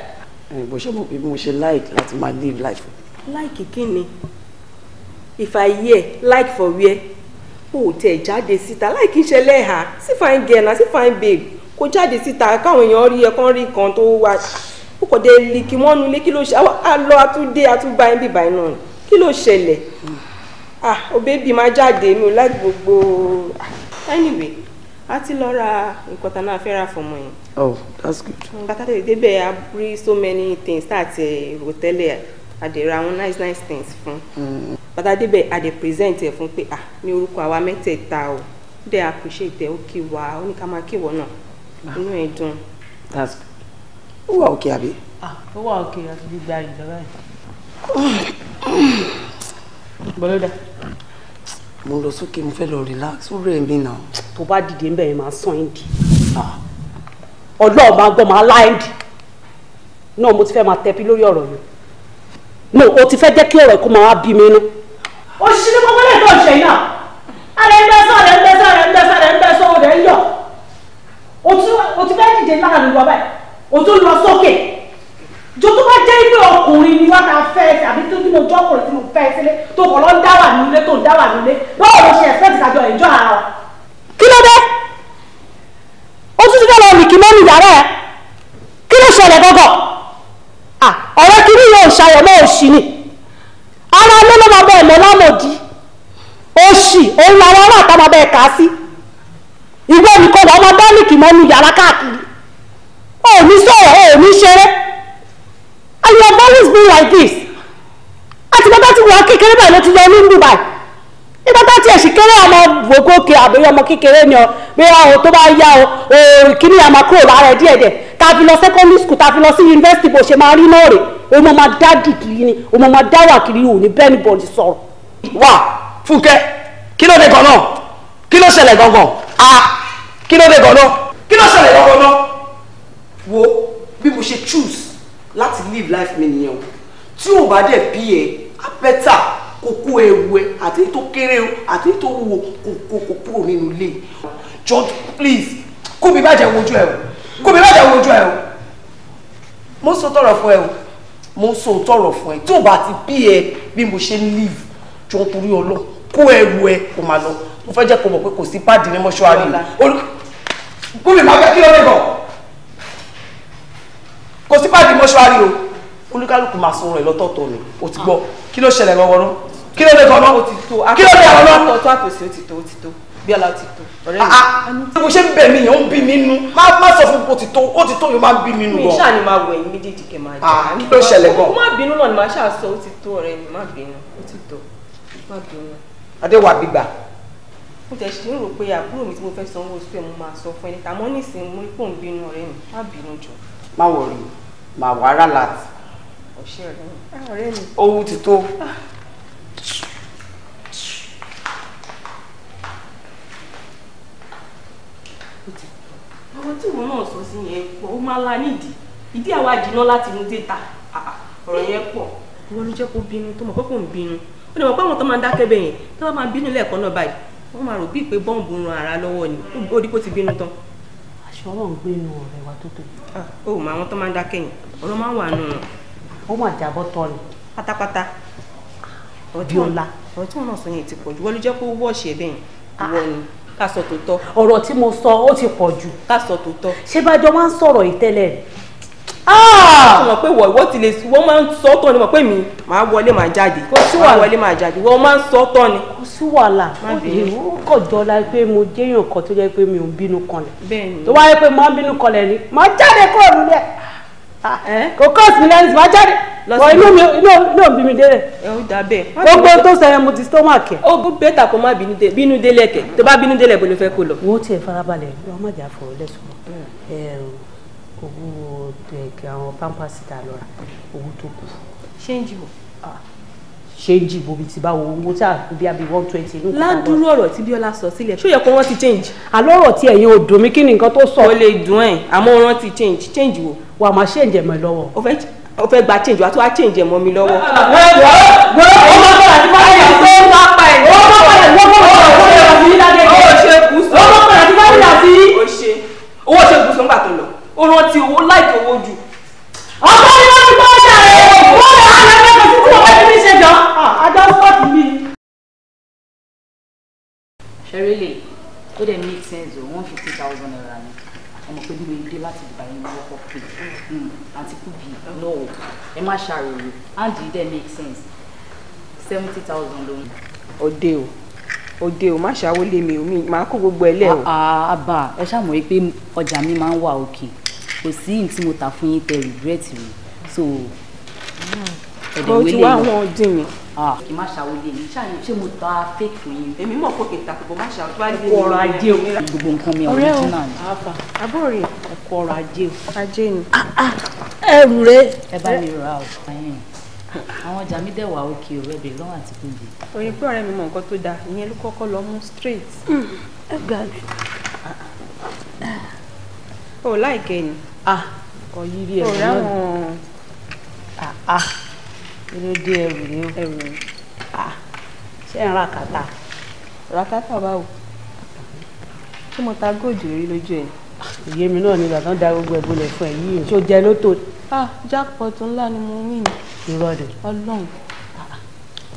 bó ṣe mo bí mo ṣe like láti máa live life. like kí ni if i hear like for where o ò tẹ̀ jáde síta like kí n ṣe lẹ́hà sí fine girl na sí fine babe kó jáde síta káwọn èèyàn rí ẹ kán rí kan tó wá ó kò dé lè kí wọ́n nu ilé kí ló ṣe á lọ àtúndé àtúbáyé bíbáyé náà kí ló ṣẹlẹ̀ ah o bébì máa jáde mi ò láì gbogbo ah. anyway a ti lọ ra nǹkan tá a náà fẹ́ ra fọmọ yẹn. oh that's good. bàtà tètè débẹ̀ a rí so many things tá a ti rò tẹ́lẹ̀ a àwọn nice nice things fún. Mm. bàtà débẹ̀ a dẹ̀ present ẹ̀ fún pé ah ní orúkọ àwa mẹ́tẹ̀ẹ̀ta o dẹ̀ appreciate ẹ̀ ó kí wa ó ní ká máa kí wọ náà inú ẹ̀ dùn. that's good. ó wà òkè àbí. Ah, ó wà òkè àti gbígba ìjọba yìí. bọ́lódà. mo lọ sókè mo fẹ́ lọ relax ó rẹ̀ mí nà. tó bá dìde ń bẹ̀ yẹn máa sàn ẹ́ǹdì ọlọ́ọ̀ máa gbọ́ máa lá ẹ́ǹdì náà mo ti fẹ́ máa tẹ̀pí lórí ọ̀rọ̀ yìí no o ti fẹ́ jẹ́ kí ọ̀rọ̀ kó máa bí mi nú. o ṣì ní gbogbo lẹ́ẹ̀dọ̀ ṣe iná ara ẹ̀ ń bẹ́ sọ̀rọ̀ ẹ̀ ń bẹ́ sọ̀rọ̀ ẹ̀ ń bẹ́ sọ̀rọ̀ ẹ̀ ń bẹ́ sọ̀rọ̀ ẹ̀ ń yọ̀ o ti fẹ́ dìde láàrin wa báyìí o tún lọ sókè jọ tó bá jẹ́ pé ọkùnrin ni wọ́n ta fẹ́ àbí tó tí mo jọ́ ọkùnrin tí mo fẹ́ sílé tó kọ̀ lọ́ dá wà nílé tó dá wà nílé báwo ló ṣe ẹ̀fẹ́ ìsàjọ ẹ̀jọ́ ara wa. kí ló dé ó tún ti fẹ́ lọ rìkì mọ́nú yàrá ẹ̀ kí ló ṣẹlẹ̀ gọ́gọ́ ọ̀rẹ́ kí ni yóò ṣayọ̀ mọ́ òṣì ni ara ló ló máa bẹ ẹ̀mọ́ lámòdì òṣì òun làwọn ará àtàwọn abẹ́ ẹ̀ka sí ìgbẹ́ nìkan wà ọmọ dánìkì mọ́nú yàrá káàkiri ò ní sọ̀rọ̀ ò ní ṣeré and you have always been like this àti bàbá tí wàá kékeré báyìí ló ti lọ ní Dubai nígbà tá tiẹ̀ sì kéré ọmọ wògó ke àbí ọmọ kékeré ni ọ bí ọ tó bá yá o òòrùn kìíní àmà kúrò lára ẹ díẹ̀díẹ̀ tá a fi lọ secondary school tá a fi lọ sí university bó ṣe máa rí náà rè o mọ̀ máa dá dì kiri ni o mọ̀ máa dá wà kiri ò ní bẹ́ẹ̀ ni bọ̀dì sọ̀rọ̀. wà Fúnkẹ́ kí ló dé gan-an kí ló ṣẹlẹ̀ gangan a kí ló dé gan kí ló ṣẹlẹ̀ gangan wo bí mo ṣe choose láti live life mi nìyẹn o tí ò bá dẹ̀ bí ẹ abẹ́tà kò kó ẹwu ẹ àti tó kéré o àti tó wúwo kò kó kò kúrò nínú ilé George please kó mi bàjẹ́ wojú ẹ o kó mi bàjẹ́ wojú ẹ o mo sọ tọrọ fún ẹ o mo sọ tọrọ fún ẹ tí ò bá ti bí ẹ bí mo ṣe ń live jọ torí ọlọ́ọ̀ kó ẹwu ẹ kó máa lọ mo fẹ́ jẹ́ kó mọ̀ pé kò sí páàdì ní mọ́ṣúárì o gómìnà máa fẹ́ kí lọ́rẹ́ bọ̀ kò sí pàdé mọ́ṣúárì o olúkálùkù máa sọ̀rọ̀ ẹ̀ ni o ti gbọ́ kí ló ṣẹlẹ̀ gbọ́gbọ́n náà kí ló dé gbọ́gbọ́n kí ló dé gbọ́gbọ́n. ọ̀tọ̀ àpèsè ó ti tó ó ti tó bí ọlá ó ti tó ọ̀rẹ́ mi. Ah, ah. bó ṣe ń bẹ̀ mí yẹn ó ń bí mi nú má sọ fún mi ó ti tó ó ti tó yóò máa ń bí mi nú gan. mi ṣáà ni máa wọ ẹ̀yìn méjèèjì kẹ́ máa jẹ́. Ah, kí ló ṣẹlẹ̀ gan. má bínú náà ni màá ṣáà sọ ó ti tó ọ̀rẹ́ mi má bínú ó ti tó má bínú. adéwà gbígbà mo tẹ̀ ṣe ń rò pé àbúrò mi tí mo fẹ́ sanwó oṣù ẹ̀ mo máa sọ fún ẹni tàmọ́ nísìnyí mo rí pò ń bínú ọ̀rẹ́ mi má bínú jọ. má wọrí o màá wá rà láti. owó ti tó. ọmọ tí òun náà sọ sí yẹn pọ̀ ó máa la nídìí ìdí àwa jìnnà láti mú dé ta ọ̀rọ̀ yẹn pọ̀. wọ́n ló jẹ́ kó bínú tó mọ̀ pé kò ń bínú ó lè mọ̀ pé àwọn tó máa ń dákẹ́ bẹ́ẹ̀ tó bá máa bínú lẹ́ẹ̀kan náà báyìí wọ́n máa rò bíi pé bọ́ǹbù ń ran ara lọ́wọ́ ni ó di ti bínú tán sọ̀rọ̀ ń gbé inú ọ̀rẹ́ wa tó tóbi. Ah, ó mà àwọn tó máa ń dá kẹ́yìn ọ̀rọ̀ máa ń wà nù. ó mà jábọ́ tọ́ ni. pátápátá bíọ́lá. ọ̀rọ̀ tí wọ́n náà sọ yẹn ti pọ̀ jù wọ́n ló jẹ́ kó wọ́ọ̀ṣì ẹ̀ bẹ́yìn ah. wọ́n ni ká sọ tòótọ́. ọ̀rọ̀ tí mo sọ ó ti pọ̀ jù. ká sọ tòótọ́. ṣé bájọ́ máa ń sọ̀rọ̀ ìtẹ́lẹ̀ rẹ̀ ó ah! mọ̀ pé wọ̀ ìwọ́ ti lè wọ́n máa ń sọ tán ni mọ̀ pé mi máa wọlé máa jáde kò sí wàhálà máa wọlé máa jáde wọ́n máa ń sọ tán ni. kò sí wàhálà ó kọ̀ jọra pé mo jẹ́yàn kan tó jẹ́ pé mi ò ń bínú kanlẹ̀ tó wáyé pé máa ń bínú kanlẹ̀ ni máa jáde kúrò nílẹ̀ ah, ah. kò kọ́ọ̀sì nílẹ̀ ní máa jáde wọ́n inú mi inú òbí mi délẹ̀ gbogbo tó sẹ́yìn mo ti stomach ẹ̀. ó bú bẹ́tà kó má bínú délẹ̀ kẹ̀ tó bá bínú délẹ̀ bó ló fẹ́ kó lọ. wọ́n tiẹ̀ farabalẹ̀ wọ́n má jà fọ̀ lẹ́sùn mm. owó kí àwọn pampers ta lọ ra owó tó kù. ṣé ń jìbò. ṣé ń jìbò bíi ti báwo owó tá a bí abi one twenty. ládùúrú ọ̀rọ̀ tí Bíọ́lá sọ sílẹ̀ ṣó yẹ kó wọ́n ti change. àlọ́ ọ̀rọ̀ tí ẹ̀yin ò dùn mí kí ni nǹkan tó sọ. o lè dùn ẹ̀ àmọ́ wọ́n ti change change wo. wà á máa ṣe ǹjẹ̀ mọ́ lọ́wọ́. o fẹ́ o fẹ́ gba change wa tó wá change ẹ̀ mọ́ mi lọ́wọ́. owó ṣe kù sọ́ngbà tó lọ o rántí owó láìpẹ́ owó jù ọ̀pọ̀ ni wọ́n make sense o one fifty thousand naira ni ọmọ pé níbo ìdí láti dìbà yín ní wọ́pọ̀ pé àǹtí kùbì náà ẹ má ṣàròyìn àǹdí dẹ̀ make sense seventy thousand ló ń. ọdẹ o òde ò má ṣàwọlé mi ò mi máa kó gbogbo ẹ lẹ o. àbá ah, ah, ẹ ṣàmọ̀ pé ọjà mi máa ń wà òkè kò sí ní tí mo tà fún yín tẹ regret mi so hmm. ẹ̀dẹ̀ wẹ́lẹ̀ náà. mo ti wá àwọn ọdún mi. Ah, kì í má ṣàwọlé mi ṣáà ṣé mo ta fake fún yín. èmi mọ̀ pé kìí takò bó má ṣàwọlé mi. ẹ̀kọ́ ọrọ̀ ajé o. gbogbo nǹkan mi ọ̀rẹ́ o àfà àbúrò rẹ̀ ẹ̀kọ́ ọrọ̀ ajé o. ajé ni. Ah, ah, ẹrù rẹ. ẹ bá mi ra o àwọn ọjà mi dẹ̀wà òkè ọ̀rẹ́ bẹ̀rẹ̀ lọ́wọ́ àti kúndé. oyin pé ọ̀rẹ́ mi mọ nǹkan tó dáa ìyẹn ló kọ́kọ́ lọ mú straight. Hmm, ẹ gbà mí o oh, láìkẹ́ ni. ah kò yí rí ẹrù oh, náà ni ah ah kí ló dé ẹrù ni o ẹrù ni ah ṣé ń ra kàtà ra kàtà báwo ṣé mo ta góòjì rí lójú ẹ. ìyé mi náà ni bàbá ń da gbogbo ẹ̀ bolẹ̀ fún ẹ yìí ṣó jẹ lóto. ah jackpot ńlá ni mo wí ni. ìrọ̀lẹ́ ọlọ́run ah, ah.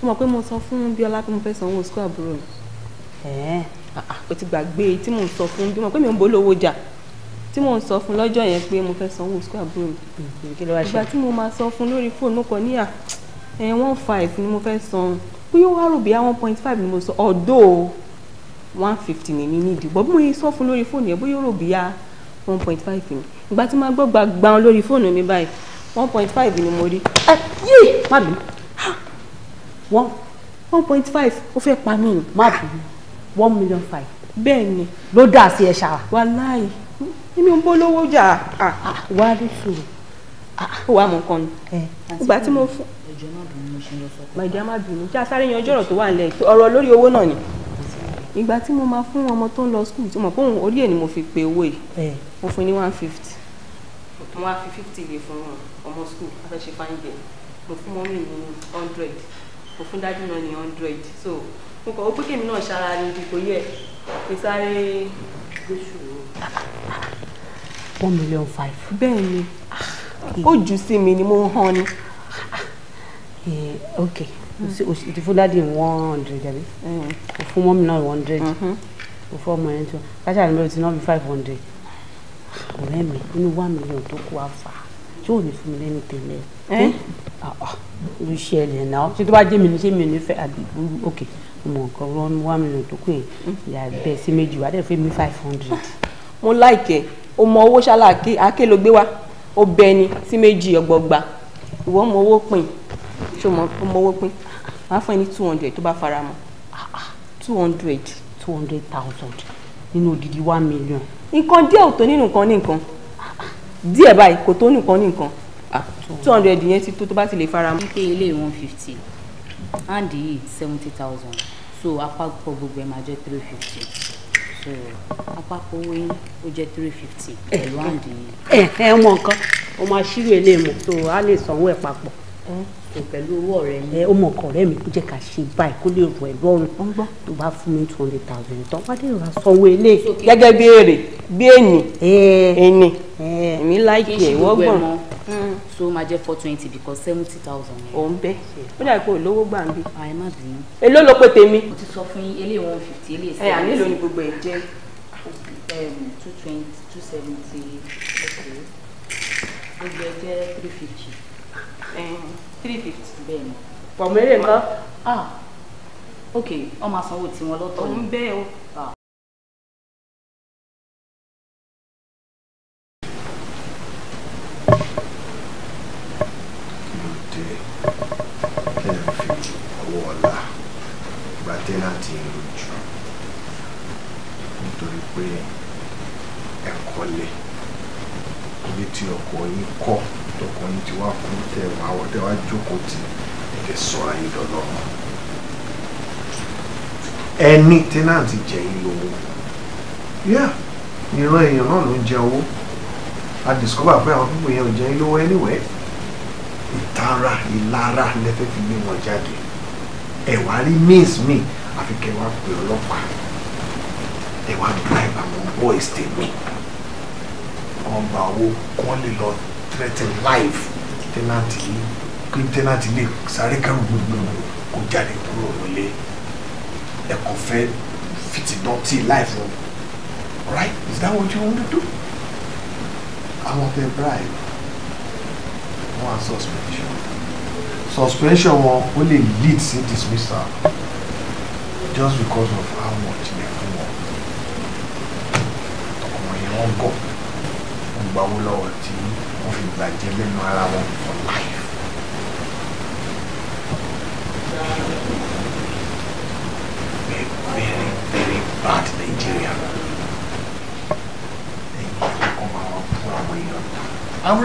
mo mọ̀ pé mo sọ fún bíọ́lá pé mo fẹ́ sanwó sukú àbúrò mi. ẹ̀ẹ́ o ah, ti gbàgbé tí mo sọ fún bí mo pé mi ò ń bolówó jà tí mò ń sọ fún lọ́jọ́ yẹn pé mo fẹ́ sanwó square àbúrò mi ìgbà tí mo máa sọ fún lórí fóònù mo kàn ní ah, one five ni mo fẹ́ san bóyá wàá rò bí one point five ni mo sọ ọ̀dọ́ one fifty ni mi nídìí bọ́ bí mo sọ fún lórí fóònù yẹn bóyá rò bí one point five ni ìgbà tí máa gbọ́ gbàgbà lórí fóònù mi báyìí one point five ni mo rí ẹ ah, yéé má bínú ah, one one point five ó fẹ́ pa mí ni má bínú one million five bẹ́ẹ̀ ni ló dà sí ẹ̀ ṣáà wàláì èmi ò ń bó lówó jà á ah, ah. wá rí sùúrù ah, wá mọ nǹkan ni ìgbà tí mo fún màìdíá má bínú kí a sáré yanjú ọ̀rọ̀ tó wà nílẹ̀ ọ̀rọ̀ lórí owó náà ni ìgbà tí mo máa fún ọmọ tó ń lọ skul tí mo fún orí ẹ̀ ni mo fi pe owó yìí mo fún ní one fifty mo wá fi fifty lè fún ọmọ skul a fẹ́ ṣe fáyín bẹ́ẹ̀ mo fún mọ́mì ní hundred mo fún dádì náà ní hundred so mo kàn ó pé kèmi náà ṣara ní ìdìbò yẹ pé one million five. bẹ́ẹ̀ ni ah, ó jù sí mi ni mo ń hàn ni. Eh, ok òsì fún dáàdi one hundred àbí mm. fún mọ́mí náà one hundred mm-hmm. fún ọmọ yẹn tó kájà ní bẹ́ẹ̀ tí náà bí five hundred ọ̀rẹ́ mi inú one million tó kú àfà tí ò ní fún mi lẹ́nu tẹ̀lé ló ṣe ẹlẹ̀ náà ṣé tó bá jẹ́ mi ní ṣé mi ní fẹ́ àbí ok mo nǹkan one million tó kù yẹn ìyá bẹ́ẹ̀ sí méjì wá dẹ̀ fún mi five hundred. mo láìkẹ́ o mọ owó ṣálá àáké ló gbé wá o bẹ ni sí méjì ọgbọgba ìwọ mọ owó pín ṣó mọ mọ owó pín máa fún ẹ ní two hundred tó bá fara mọ́ two hundred two hundred thousand nínú odidi one million. nǹkan díẹ̀ ò tó nínú nǹkan ní nǹkan díẹ̀ báyìí kò tó nǹkan ní nǹkan ah, two hundred yẹn ti tó tó bá ti lè fara mọ́. ilé one fifty and seventy thousand so àpapọ̀ gbogbo ẹ̀ máa jẹ́ three fifty so àpapọ̀ owó yín ó jẹ́ three fifty eh, pẹ̀lú àǹdí. ẹ ẹ mọ nǹkan o máa ṣírò eléyìí mọ so a lè sanwó ẹ papọ̀ pẹ̀lú owó ọ̀rẹ́ mi. ẹ ọmọ ọkọ rẹ mi kò jẹ́ ká ṣe báyìí kó lè rọ ẹ̀rọ ọ̀run tó ń gbọ́ tó bá fún mi two hundred thousand tán wá dé ìrora sanwó ilé. gẹ́gẹ́ bí èrè bí ènì ènì èmi láìkí ẹ̀ wọ́gbọ̀n. so máa jẹ́ four twenty because seventy thousand. ò ń bẹ́ ó dà pé olówó gbà ń bí. àyè má bínú. èló ló pé tèmi. mo ti sọ fún yín eléyìí one fifty eléyìí seventy. ẹ àní èlò gbogbo ẹ jẹ two twenty two seventy gbogbo ẹ jẹ three fifty three fifty. bẹ́ẹ̀ni pọ̀mọ́ eré nǹkan. ah ok wọ́n máa sanwó tiwọn lọ́tọ̀ ni. òun bẹ́ẹ̀ o. Ah. tẹ́láǹtì ń lójú nítorí pé ẹ̀kọ́lẹ̀ ibi tí ọkọ̀ yín kọ́ tọkàn yín ti wá fún tẹ wá ọdẹ wá jókòó tì ẹdẹ sọra yín dọdọ ẹni tẹnanti jẹ yín lówó yá ìran èèyàn náà ló ń jẹ owó a discover pé àwọn púpọ̀ yẹn ò jẹ yín lówó anyway ìtara ìlara lẹfẹ fi gbé wọn jáde ẹwà rí means me àfi kẹwàá pè ọlọ́pàá ẹwà drive àwọn boys tèmi ọgbà owó kọ́lé lọ threaten life tẹ́nàtì yìí kí tẹ́nàtì lè sáré kẹrù gbogbo kó jáde kúrò nílé ẹ̀kọ́ fẹ́ fìtìdọ́tì life o right is that what you want to do? àwọn fẹ́ bribe wọ́n á suspension suspension wọn ó lè lead sí dismissal just because of how much they fún wọn ọkùnrin wọn gọ wọn gbawó lọ́wọ́ tí yìí wọ́n fi gbàjẹ́ lẹ́nu ara for life. Very, very, very bad Nigeria. Ẹ̀yin ìfọ̀kọ́ máa wá fún àwọn èèyàn. Àwọn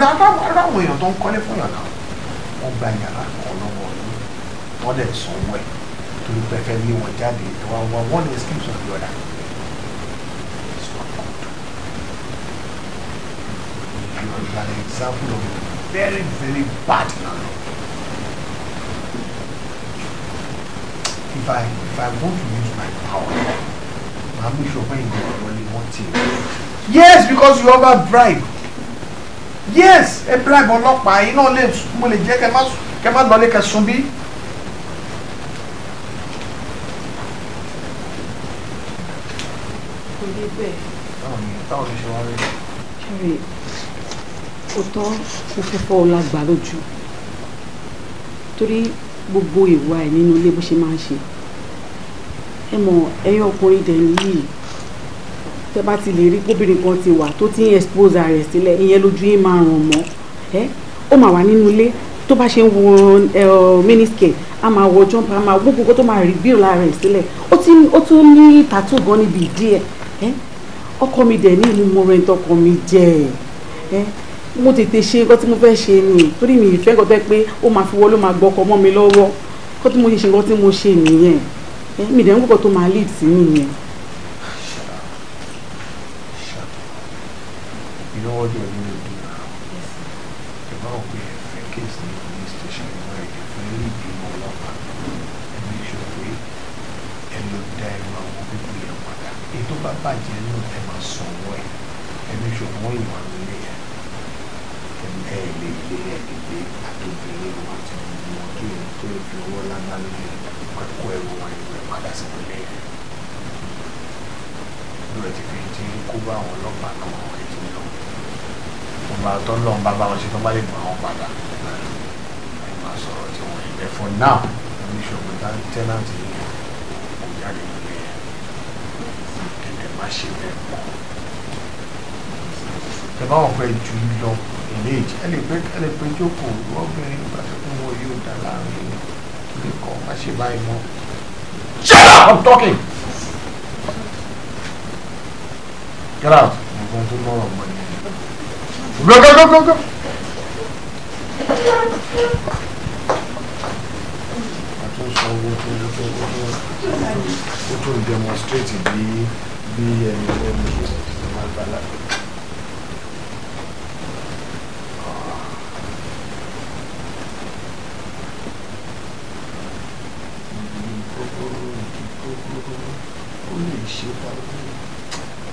aráwọ̀ èèyàn tó ń Don't fún yàrá wọ́n gba yàrá kan lọ́wọ́ yìí wọ́n lè sanwó ẹ̀ torí pẹ́fẹ́ lé wọn jáde ìwà wọn one excuse or the other. an example of a very, very bad landlord. If I, if I want to use my power, I'll make sure when you go only one thing. Yes, because you have a bribe. Yes, a bribe ọlọ́pàá iná lè mo lè jẹ́ kẹ́ má lọlé kẹsùn bí. Kò rí bẹ́ẹ̀. Báwo ni báwo ni ṣe wá rí? Kí òótọ́ òfófó lágbà lójú torí gbogbo ìwà ẹ̀ nínú ilé bó ṣe máa ń ṣe ẹ mọ̀ ẹyọ ọkùnrin dẹ̀yìn yìí tẹ bá ti lè rí kóbìnrin kan ti wà tó ti ń expose ara ẹ̀ sílẹ̀ ìyẹn lójú yín máa ràn mọ́ ẹ ó máa wà nínú ilé tó bá ṣe ń wo mínísíkẹ̀ a máa wọ jọ́ǹpù a máa gbogbo tó máa rí bíò lára ẹ̀ sílẹ̀ ó tún ní tàtú gan níbi ìdí ẹ̀ ọkọ mi dẹ̀ ní ìlú mọ̀rẹ́ntọ́kọ mi jẹ́ ẹ̀ mo tètè ṣe nǹkan tí mo fẹ́ ṣe ni torí mi ìfẹ́ nǹkan tẹ́ pé ó máa fi wọ́ ló máa gbọ́kọ̀ mọ́ mi lọ́wọ́ nǹkan tí mo ṣe ṣe nǹkan tí mo ṣe nìyẹn mi ìdẹ́nu kọ̀ọ̀kan tó máa lead sí nìyẹn. ìlọ́wọ́dì ọ̀dún Get out. I'm going to tomorrow morning. Go, go, go, go, go. àtúnṣe owó tó owó tó owó tó ó tún demonstrate bí bí ẹni ẹni ṣe máa gbà láti. ó lè ṣe báyìí.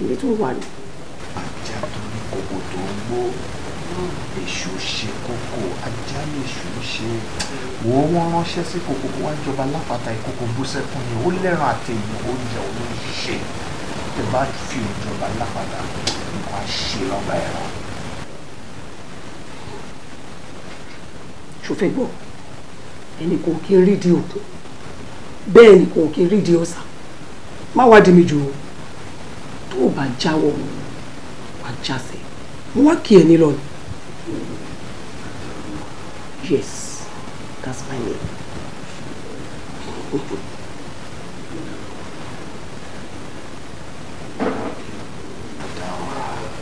ibi tó wà ní. ajá tó ní kòkò tó ń gbó èṣù ṣe kókó ajá ní èṣù ṣe wo wọn ránṣẹ́ sí kòkò kó wá jọba lápáta ìkókò bú sẹ́kùn ni ó lẹ́ràn àtẹ̀yìn oúnjẹ olóṣìṣẹ́ tẹ bá fi ìjọba lápáta nǹkan ṣe lọ́gbà ẹ̀rọ. ṣòfẹ́ gbọ́ ẹnì kò kí ń rídìí òkú bẹ́ẹ̀ ni kò kí ń rídìí ọ̀sà má wá di mi jù ú tó o bá jáwọ́ wà á jáse mo wá kí ẹ nílọ ni yes that's my name.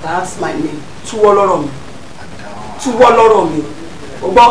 that's my name túwọ́ lọ́rọ̀ mi túwọ́ lọ́rọ̀ mi o gbọ́.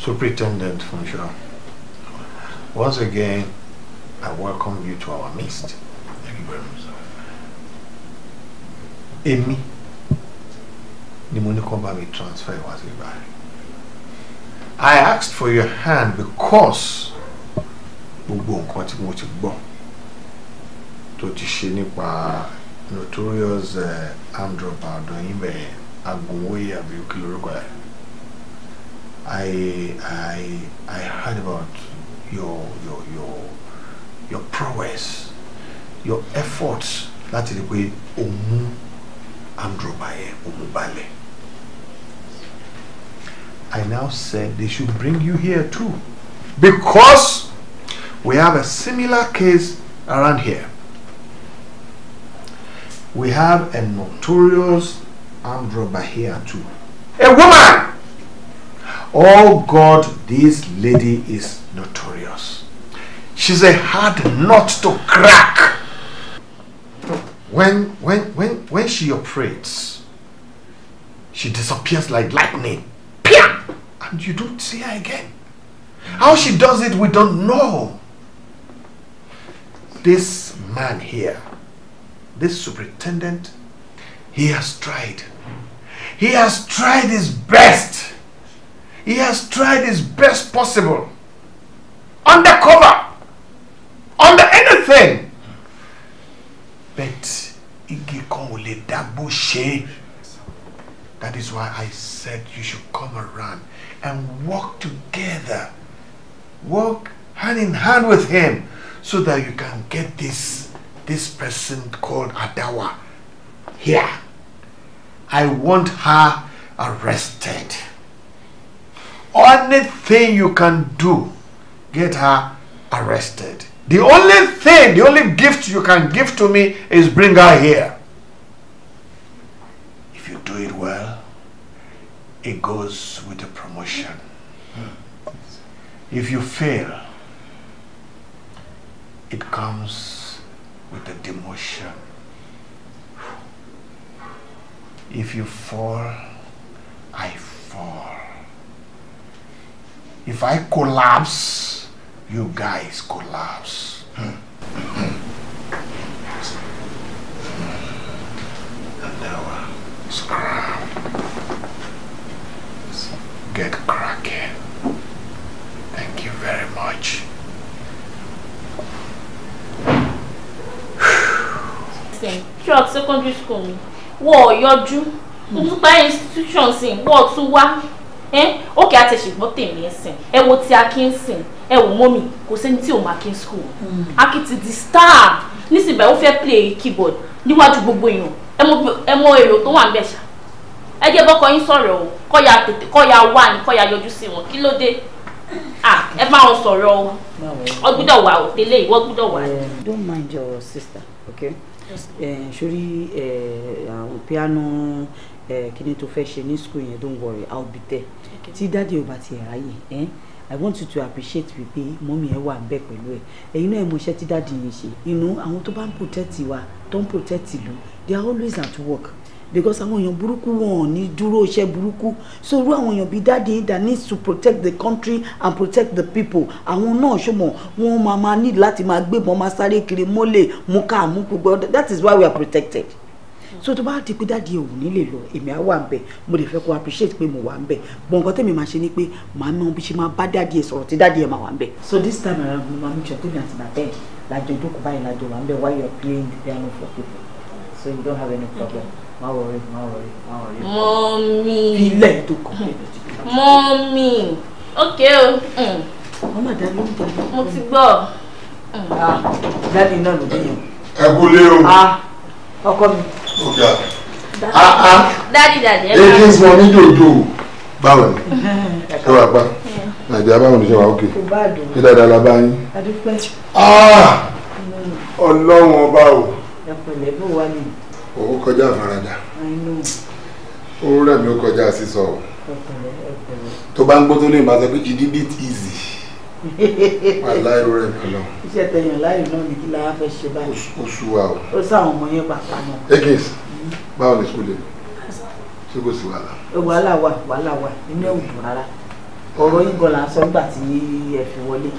Superintendent Funshaw, once again, I welcome you to our midst. Thank you very much, sir. Èmi ni mo ní kó bá transfer was sí I asked for your hand because gbogbo nǹkan tí mo ti gbọ́ tó ti notorious uh, eh, armed robber ọ̀dọ̀ yín bẹ̀rẹ̀ agunwóye I I I heard about your your your your prowess, your efforts That is the way umu, mú Amdroba balẹ̀. I now said they should bring you here too because we have a similar case around here. We have a notorious Amdroba here too. A woman Oh God, this lady is notorious. She's a hard nut to crack. When, when, when, when she operates, she disappears like lightning. Pia! And you don't see her again. How she does it, we don't know. This man here, this superintendent, he has tried. He has tried his best he has tried his best possible. Under cover. Under anything. But that is why I said you should come around and walk together. Walk hand in hand with him so that you can get this this person called Adawa here. I want her arrested. Anything you can do, get her arrested. The only thing, the only gift you can give to me is bring her here. If you do it well, it goes with the promotion. Hmm. If you fail, it comes with the demotion. If you fall, I fall. If I collapse, you guys collapse. Hmm. Hmm. And now, uh, scram. Get cracking. Thank you very much. Throughout secondary school, wọ́ọ̀ yọjú, ó tún institution sí, wọ́ọ̀ tún wá ókè eh? àti ṣùgbọ́n tèmi ń sìn ẹ wo ti akin sìn ẹ wò mọ́mì kò sẹ́ni tí òun akin school hmm. akin ti di star nísìnyí ó fẹ́ play keyboard níwájú gbogbo èèyàn ẹ mọ èrò tó wà ń bẹ̀ ṣá ẹ jẹ́ bọ́kọ yín sọ̀rọ̀ o kọ́ ya tètè kọ́ ya wà ní kọ́ ya yọjú sí wọn kí ló dé ẹ bá wọn sọ̀rọ̀ o ọ gbúdọ̀ wà o tẹ́lẹ̀ ìwọ gbúdọ̀ wà. Eh, don't mind your sister okay? yes. uh, sori uh, piano. Eh, kíni tó fẹ́ ṣe ní school yẹn don't worry I'll be there tí dáàdi ò bá ti ráyè eh, i want you to appreciate wípé mọ́mí ẹ wà bẹ́ẹ̀ pẹ̀lú ẹ ẹ̀yin náà ẹ mọ iṣẹ́ tí dáàdi yẹn ṣe inú àwọn tó bá ń protect wa tó ń protect ìlú they are always at work because àwọn èèyàn burúkú wọn ò ní dúró iṣẹ́ burúkú so irú àwọn èèyàn bíi dáàdi that needs to protect the country and protect the people àwọn náà ṣọmọ wọn máa máa need láti máa gbébọn máa sáré kiri mọ́lẹ̀ mú ká mú gbogbo that is why we are protected so tó bá ti pé dáàdi òun nílé lọ èmi á wà ń bẹ mo lè fẹ́ kó appreciate pé mo wà ń bẹ bọ nǹkan tẹ́mi máa ṣe ni pé màá mọ bí ṣe máa bá dáàdi ẹ̀ sọ̀rọ̀ tí dáàdi ẹ̀ máa wà ń bẹ. so this time around mo máa ń jọ tèmi àti bàbá ẹ̀ lájọ ìjókòó báyìí lájọ wà ń bẹ while you are playing the piano for people so you don't have any problem. má wọrí má wọrí má wọrí. mọ́mí ilé ètò kan. mọ́mí ok o. wọ́n má dáná oúnjẹ. mo ti gbọ́. Hmm. Ah, dáàdi náà ló dé yẹn. ẹ kú lé o. Ah ọkọ mi. ọgá aa ladies mo ní dòdò báwo ni ṣé wàá pa nàìjíríà báwo ni ṣe wà ókè ṣé dáadáa la bá yín. Ah! Mm. ọlọ́run ọba o òun kọjá àfaradà ó rẹ̀ mí ó kọjá sísọ tó bá ń gbọ́ tó lè máa sọ pé you did it easy aláìró rẹ̀ pẹ̀lú. iṣẹ́ tẹ̀yàn láì náà ni kí la fẹ́ ṣe báyìí. oṣù wa o. ó sáwọn ọmọ yẹn pàpà náà. ekins báwo ni sukùlù yẹn ṣé kò sí wàhálà. wàhálà wà wàhálà wà inú ẹ̀ ò dùn rárá ọ̀rọ̀ yìí gan la sọ nígbà tí ẹ fi wọlé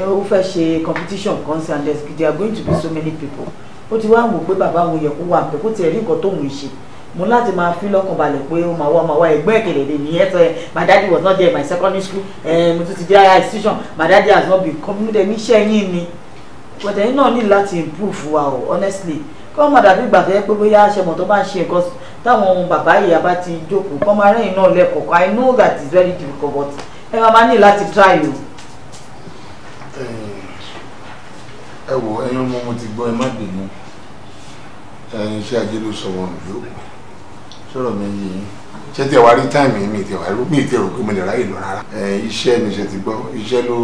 ó fẹ́ ṣe competition kan sí and there are going to be so many people ó ti wá wò pé bàbá òun yẹ kó wà pé kó tiẹ̀ rí nǹkan tóun ṣe mo láti máa fi lọ́kàn balẹ̀ pé ó máa wá máa wá ẹgbẹ́ ìkẹlẹ̀ lè nìyẹn tọ́ ẹ my daddy was not there my secondary school ẹ mo tún ti dé higher institution my daddy has not been come nídẹ̀ níṣẹ́ yín ni but ẹ̀yin náà ní láti improve wa o honestly kọ́ máa dàbí ìgbà tó yẹ pé bóyá aṣẹ́mọ̀ tó bá ń ṣe nǹkan táwọn ohun bàbá ìyá bá ti jókòó kọ́ máa rẹ́yìn náà lẹ́kọ̀ọ́ I know that is very difficult but ẹ máa máa ní láti try o. ẹ wo ẹ̀yin ọmọ mo ti gbọ́ ẹ má dènà ẹ̀yin iṣẹ́ ajé ló sọ wọn lóko sọ̀rọ̀ méjì yìí ṣé tí ẹ wá rí táìmì mi tí wá rí mi tí rò pé mo lè ráyè lọ rárá. iṣẹ́ ni ṣe ti gbọ́ iṣẹ́ ló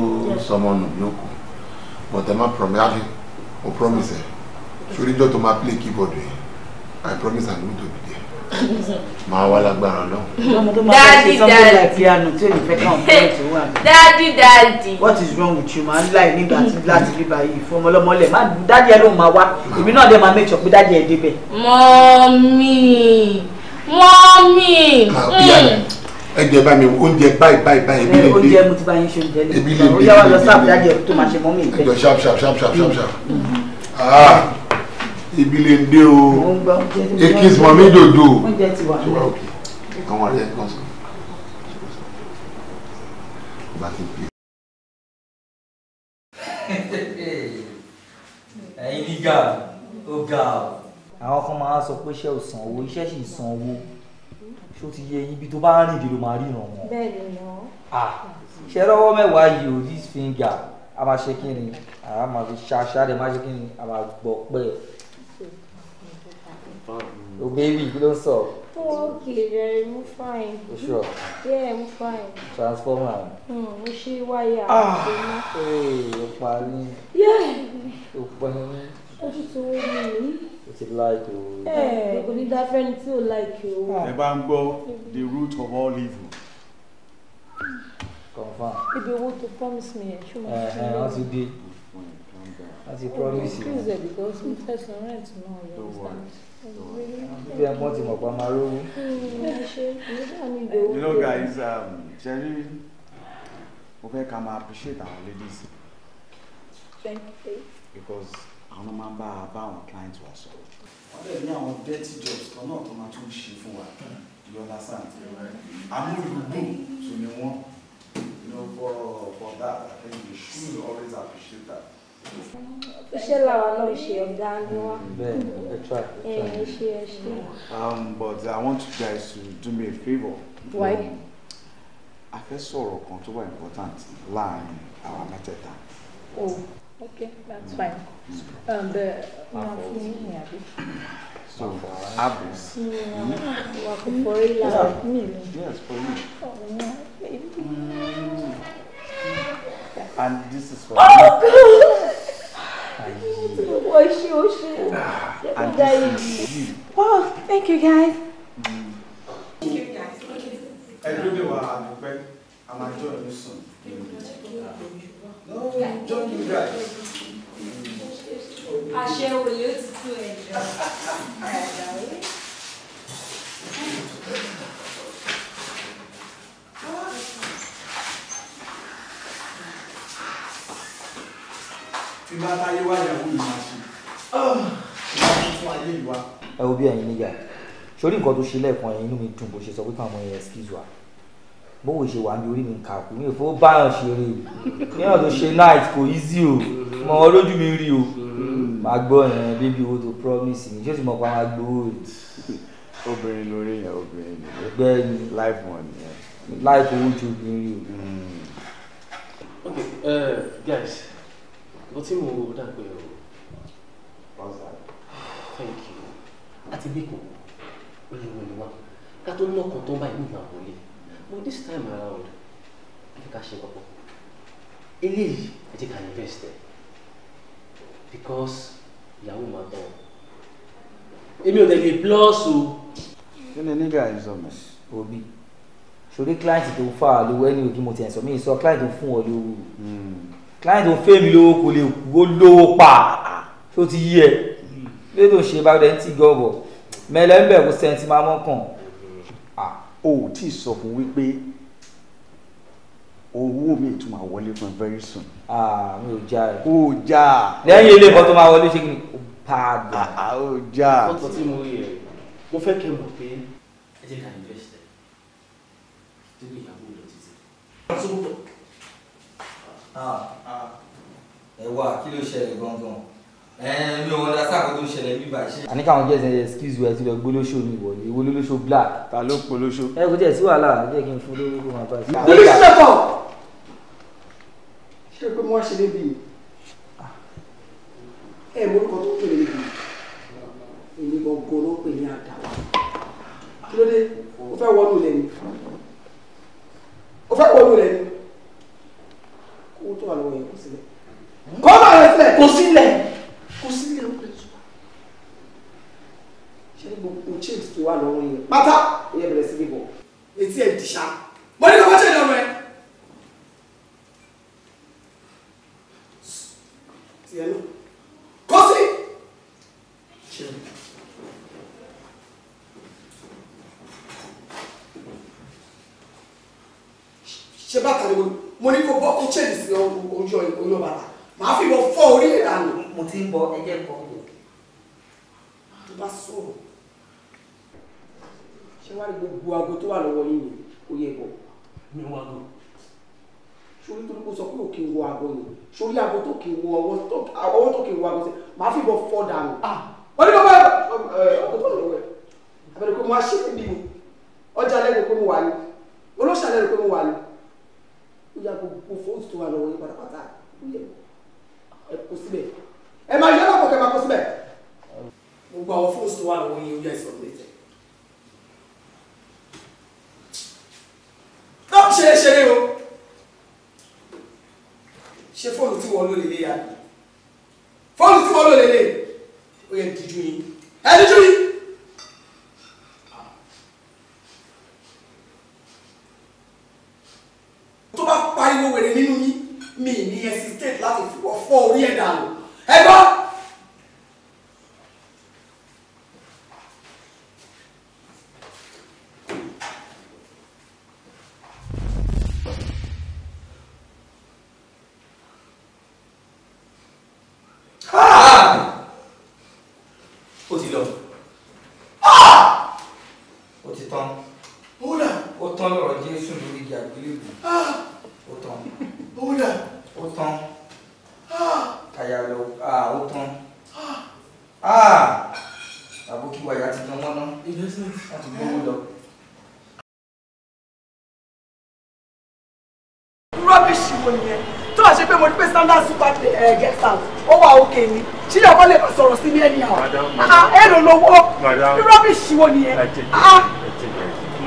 sọmọ nù yòókù but ẹ má promise àfi mo promise ẹ sórí tó máa play keyboard yẹn i promise i'm going to be there máa wá lágbára ọlọ́run. dáàdì dáàdì dáàdì dáàdì. what is wrong with you máa ń láì nígbà tí láti rí báyìí fún ọmọlọ́mọlẹ̀ má dáàdì ẹ ló máa wá èmi náà dẹ̀ máa make sure pé dáàdì ẹ débẹ̀. mọ́mí mọ́mí. Hmm. ẹgbẹ́ bá mi oúnjẹ báyìí báyìí báyìí ebi lè dé oúnjẹ mo ti bá yín ṣe oúnjẹ lè ebi lè dé ó yá wa lọ sáà dájọ tó máa ṣe mọ́mí ìfẹ́. ẹjọ ṣáp ṣáp ṣáp ṣáp ṣáp ṣáp mm-hmm. ah ebi lè dé o ekis mọ́mí dòdò oúnjẹ ti wà ní òkè àwọn ọ̀rẹ́ ẹ̀ kan sọ. ẹ̀yin ní ga ó ga o àwọn kan máa sọ pé iṣẹ́ ò owó iṣẹ́ sì san owó ṣó ti yẹ ibi tó bá rìn ló máa ríran wọn. bẹ́ẹ̀ni ṣe rọwọ́ mẹ́wàá yìí ò this finger a máa ṣe kí ni a máa fi ṣaṣa rẹ̀ máa ṣe kí ni a máa gbọ́ pẹ́. o baby kí ló ń sọ. Oh, okay, Jerry, I'm fine. You sure? Yeah, I'm fine. Transformer. Hmm, we see why you are. Ah, hey, you're funny. Yeah. You're funny. What is wrong ti láìkì o. ẹ eh, kò ní dá fẹ́ni tí ò láìkì o. Ah. ẹ bá ń gbọ́ the root of all evil. confam. ibi owó tó promise me ẹ ṣùgbọ́n. ẹ ẹ wọ́n ti dé wọ́n ti promise you. please ẹ eh, because mo fẹsẹ̀ rent náà yọ bí ẹ mọ́ ti mọ̀ pa máa rówó. Hmm. you know guys Jerry, um, mo fẹ́ ká máa appreciate our ladies. thank you. because àwọn máa ń bá a bá àwọn clients wa sọ̀rọ̀ ọ̀rẹ́ ní àwọn dirty jobs kan náà tó máa tún ṣe fún wa you understand amúlùdùn tó ni wọ́n you know for for that I think we should always appreciate that. iṣẹ́ làwa náà ṣe ọ̀gá ni wọ́n. Mm, bẹ́ẹ̀ ẹ try ẹ try. ẹ ṣe ẹ ṣe. um but I want you guys to do me a favour. why. Um, a fẹ́ sọ̀rọ̀ kan tó wà important láàrin àwa mẹ́tẹ̀ẹ̀ta. oh. Okay, that's fine. Um, the So apples. Yeah. Hmm. Yes, for oh, me. Hmm. And this is for oh, you. Ah, and this is you. Wow, oh, thank you guys. Thank you guys. I Everybody, I'm enjoying you soon. No, don't do that. Àṣẹ wo yóò ti tú ẹ̀jọ̀? Tí bá táyé wá ìyàwó yìí máa ṣe. Fún ayé ìwà. Ẹ wo bí ẹ̀yin níjà. Sórí nǹkan tó ṣe lẹ́ẹ̀kan ẹ̀yin inú mi dùn bó ṣe sọ pé káwọn ọmọ yẹn excuse wa bóun ṣe wà ní orí mi kà kú mi ò fowó báyọ̀ ṣe rí o ní ọ̀dọ̀ ṣe night kò easy o mọ wọn lójú mi rí o máa gbọ́ yẹn bíbí owó tó promise mi ṣé o ti mọ̀ pa máa gbowó rẹ̀. obìnrin lórí yẹn obìnrin ni ẹgbẹ́ ni life one yẹn. life owó ju obìnrin rí o. ok eh, guys mo ti mú owó dàgbé o. thank you àti bí kò ó lè wẹ̀ wá ká tó nọkàn tó bá ìlú ìgbà wọlé but this time around ẹ fi ká ṣe kọ́kọ́ eléyìí ẹ ti ká invest ẹ because ìyàwó máa tọ̀ èmi ò dẹ̀ lè plus o. kí ni nígbà ìsọmọ omi sori client tó fà á lówó ẹni òkè mo ti ẹ̀ sọ mi sọ client tó fún ọ lówó hmm. client tó fẹ́ mi lówó kò go low, lówó pa tó ti yí ẹ lédò hmm. ṣe bá dẹ̀ ń tì gọ́ọ̀bọ̀ mẹlẹ́ńbẹ̀ kò sẹ́ńtì máa mọ́ kàn o ò tí ì sọ fún wípé owó mi tún máa wọlé fún very soon. Ah, mi ò já rẹ. o já. lẹ́yìn ilé ìfọ́ tó máa wọlé ṣé kí ni ah, ah, o bá a dùn. o já. ọkọ̀ tí mo rí ẹ̀ mo fẹ́ kẹ́ mọ̀ pé ẹ jẹ́ ká invest ẹ̀ torí ìyàwó rẹ̀ ti sè. ẹ wá kí ló ṣẹlẹ̀ gangan mi ò ọ̀dà sáà kó tó ṣẹlẹ̀ bí bàṣẹ. àní káwọn jẹ́ ẹsẹ̀ excuse wẹ̀ ti lọ gbólóṣó mi wọ̀lé ìwọ lólóṣó black. ta ló polóṣó. ẹ kò jẹ́ sí wàhálà jẹ́ kí n fún lórí kó máa bá sí. olú sílẹ̀ pọ̀ ṣé pé wọ́n ṣe débi ẹ morúkọ tó pè é bi èmi gbọ̀ngàn ló pè ní àdàwà kí ló dé o fẹ́ wọnú rẹ ni o fẹ́ wọnú rẹ ni kó tó wà lọ́wọ́ kó sílẹ̀ kó bá rẹ sílẹ̀ kó sílẹ̀ kò sí ilé ọkùnrin tó wà ṣé gbogbo change tó wà lọ́rùn yẹn pátá ìyẹn bẹ̀rẹ̀ sí ní bọ̀ etí ẹ̀ dìṣà mo ní kò wọ́n ṣe ìdánwò ẹ̀. tiẹ̀ náà kọ́ sí. ṣe bàtà ni mo ní kó bọ́ kó change sí ọjọ́ ìgbóná bàtà màá fi wọ fọ́ orí ìlànà. mo ti ń bọ ẹjẹ kọ mi. tó bá sọ̀rọ̀ ṣé wàá rí gbogbo aago tó wà lọ́wọ́ yìí ni ó yẹ bọ̀ mi wá gan. sórí tó ní kó sọ pé òkè wọ aago ni sórí aago tó kè wọ ọwọ́ tó kè wọ aago sí màá fi wọ fọ́ dànù. wọ́n ah! ní bàbá ẹ̀ abẹ́rẹ́ pé mo wá ṣe bí mi ọjà lẹ́nu pé mo wà ní olóṣàlẹ́ pé mo wà ní ó yà gbogbo fóònù tó wà lọ́wọ́ yìí pátápátá ó yẹ bọ̀ ẹ kó síbẹ̀ ẹ máa yọ lọ́pọ̀ kẹ́ máa kó síbẹ̀ gbogbo àwọn fóònù tó wà lọ́wọ́ yín ojú àìsàn lè tẹ̀. tó ń ṣeré ṣeré o ṣe fóònù tí wọ́n lò lélẹ̀ yá fóònù tí wọ́n lò lélẹ̀ ó yẹ díjú yín ẹ díjú yín. tó bá pariwo wèrè ní mi ní hesitate láti fọ́ orí ẹ̀ dànù ẹ gbọ́.